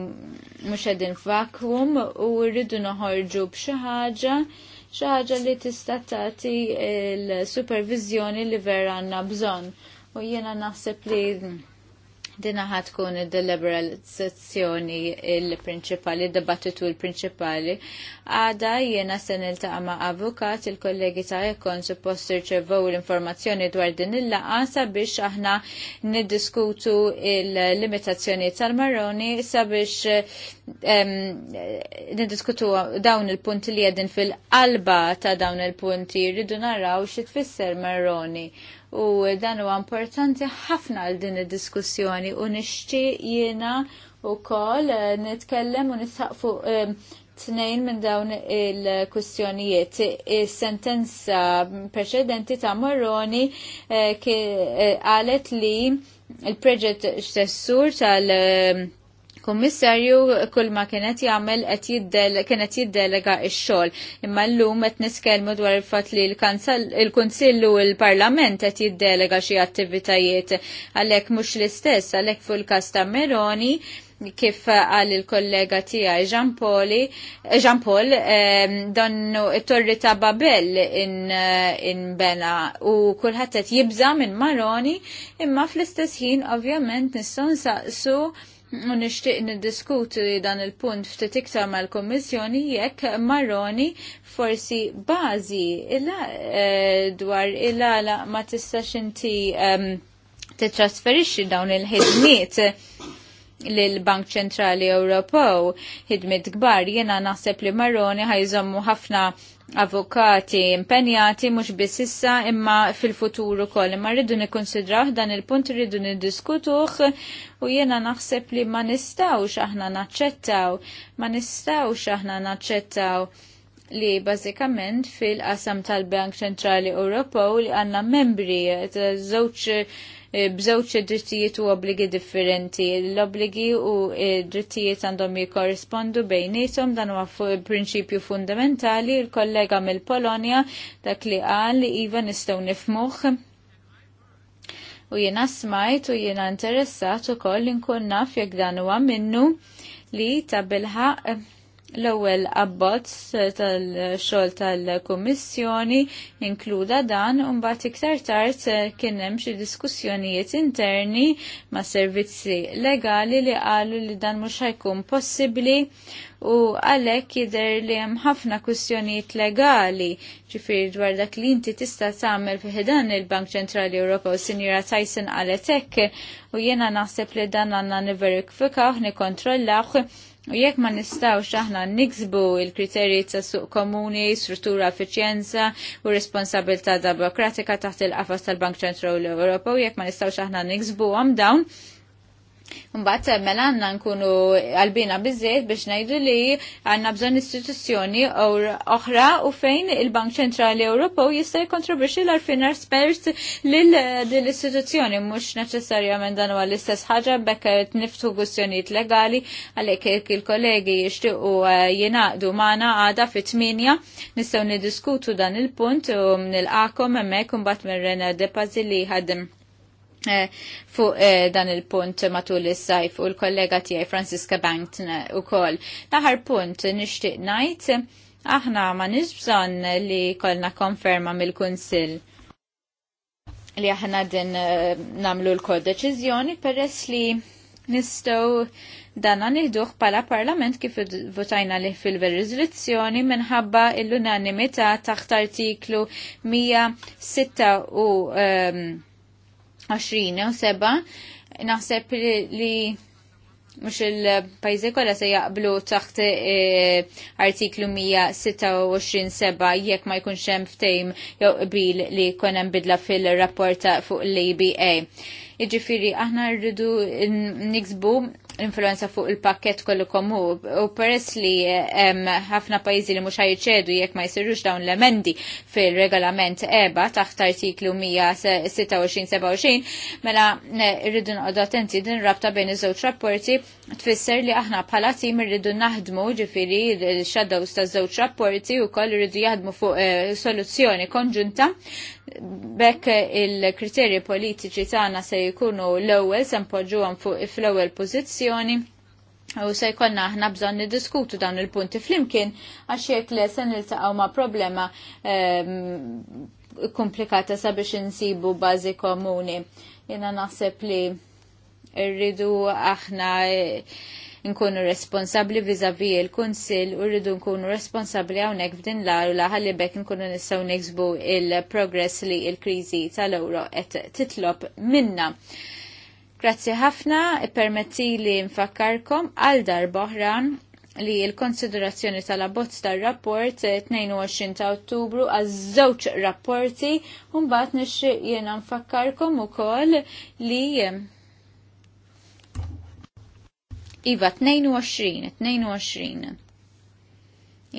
mhux qegħdin f'vakum u rridu noħorġu b'xi ħaġa xi ħaġa li tista' tagħti l-supervizjoni li vera għandna bżonn. U jiena naħseb li Dina ħat tkun id-deliberalizzazzjoni il-prinċipali, il dibattitu il-prinċipali. Għada jena sen il ma' avukat il-kollegi ta' jekon suppost irċevow l-informazzjoni dwar din il laqasa sabiex aħna niddiskutu il-limitazzjoni tal-marroni sabiex niddiskutu dawn il-punti li jedin fil-qalba ta' dawn il-punti rridu naraw xitfisser fisser marroni u dan huwa importanti ħafna għal din id-diskussjoni u nixtieq jiena wkoll eh, nitkellem u nistaqfu fuq eh, tnejn minn dawn il-kustjonijiet. Is-sentenza preċedenti ta' Moroni eh, qalet li il-preġet stessur tal- kummissarju kull ma kienet jagħmel qed kienet jiddelega x-xogħol. Imma llum qed niskelmu dwar il-fatt li l-Kunsill u l-Parlament qed jiddelega xi attivitajiet għalhekk mhux l-istess għalhekk fuq il-każ ta' Meroni kif għal il-kollega tijaj Ġampoli, Ġampol, donnu it-torri ta' Babel in, eh, in Bena u kullħat jibza minn Maroni, imma fl-istess ħin ovvjament nisson saqsu nixtieq diskutu dan il-punt ftit iktar mal-Kommissjoni jekk Marroni forsi bażi illa eh, dwar illa ma tistax inti ehm, titrasferixxi dawn il-ħidmiet l-Bank Ċentrali Ewropew ħidmit kbar jiena naħseb li Marroni ħajżommu ħafna avukati impenjati mhux biss issa imma fil-futur ukoll imma rridu nikkonsidraw dan il-punt rridu niddiskutuh u jiena naħseb li ma nistgħux aħna naċċettaw ma nistgħux aħna naċċettaw li bażikament fil-qasam tal-Bank Ċentrali Ewropew li għandna membri eh, żewġ E, bżewċ drittijiet u obligi differenti. L-obligi u e, drittijiet għandhom jikorrispondu bejnietom dan huwa prinċipju fundamentali. Il-kollega mill-Polonja dak li qal iva nistgħu nifmuh u jiena smajt u jiena interessat ukoll inkun naf jekk dan huwa minnu li ta' bilħaq L-ewwel abbozz tal-xogħol tal-Kummissjoni inkluda dan u mbagħad iktar tard kien hemm xi diskussjonijiet interni ma' servizzi legali li qalu li dan mhux ħajkun possibbli u għalhekk jidher li hemm ħafna kwistjonijiet legali ġifieri dwar dak li inti tista' tagħmel fi il-Bank Ċentrali Ewropew Sinjura Tyson qalet hekk u jiena naħseb li dan għandna niverifikaw nikkontrollawh U jekk ma nistawx aħna niksbu il-kriterji ta' suq komuni, struttura effiċjenza u responsabilità demokratika taħt il-qafas tal-Bank Ċentrali Ewropew, jekk ma nistawx aħna niksbu għam dawn, Mbatt, mela għandna nkunu għalbina biżejt biex ngħidu li għandna bżonn istituzzjoni oħra u fejn il-Bank Ċentrali Ewropew jista' jikkontribwixxi l arfinar spers lil din istituzzjoni mhux neċessarjament dan huwa l-istess ħaġa bekk tniftu kwistjonijiet legali għalhekk il-kollegi jixtiequ eh, jingħaqdu magħna għada fit-tminja nistgħu niddiskutu dan il-punt u nilqakom hemmhekk imbagħad minn Rena Depazi li ħadem Eh, fuq eh, dan il-punt matul is-sajf u l-kollega tiegħi Franziska Bankton eh, ukoll. L-aħħar punt nixtieq ngħid aħna ma bżonn li kollna konferma mill-Kunsill li aħna din namlu l-kodeċiżjoni peress li nistgħu danna nieħduh pala parlament kif votajna li fil-rezoluzzjoni minħabba l-unanimità taħt artiklu 106 u um, 20 u seba naħseb li mux il-pajzi kolla se jaqblu taħt e, artiklu 126 seba jekk ma jkunx hemm ftejm jew qbil li jkun hemm bidla fil-rapporta fuq l-ABA. Iġifiri, aħna rridu niksbu influenza fuq il-pakket kollu komu u peress li ħafna pajizi li mux ħajċedu jekk ma jisirrux dawn l-emendi fil-regolament EBA taħt artiklu 126-27 mela irridu nqod attenti din rabta bejn iż-żewġ rapporti tfisser li aħna bħala tim irridu naħdmu ġifiri l-shadows ta' żewġ rapporti u koll irridu jaħdmu fuq eh, soluzzjoni konġunta bekk il-kriterji politiċi tagħna se jkunu l-ewwel se npoġġuhom fuq fl-ewwel pożizzjoni kwistjoni. U se jkollna aħna bżonn niddiskutu dawn il-punti flimkien għax jekk le se niltaqgħu ma' problema ehm, komplikata sabiex insibu bażi komuni. Jiena naħseb li rridu aħna eh, nkunu responsabli vizavi il-Kunsil u rridu nkunu responsabli hawnhekk f'din l-għar u laħalli bekk nkunu nistgħu niksbu il-progress li il-kriżi tal-ewro qed titlob minna. Grazzi ħafna, permetti li nfakkarkom għal dar boħran li l-konsiderazzjoni tal-abbozz tal-rapport 22 eh, ta' ottubru għal żewġ rapporti mbagħad nixtieq jiena nfakkarkom ukoll li eh, Iva 22, 22.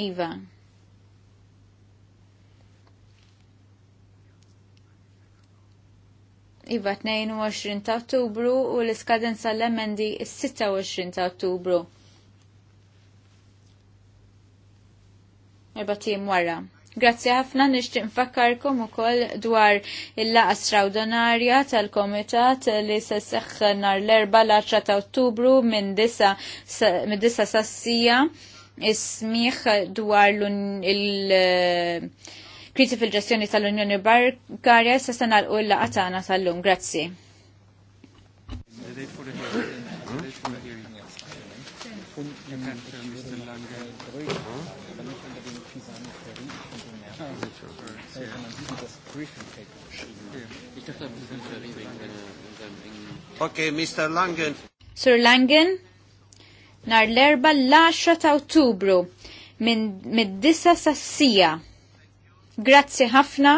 Iva. Iva 22 ta' ottubru u l-iskadenza l-emendi 26 ta' ottubru. Iba tim wara. Grazzi ħafna nixtieq nfakkarkom ukoll dwar il laqgħa straordinarja tal-Komitat li se seħħ nhar l-erba' l-10 ta' Ottubru minn disa minn disa sassija ismiħ dwar il- kriti fil-ġestjoni tal-Unjoni Bankarja se se nagħlqu l-laqgħa tagħna tal-lum. Grazzi. Okay, Mr. Langen. Sir Langen, nar l-erba l-10 ta' ottubru minn mid-disa sassija. Grazzi ħafna.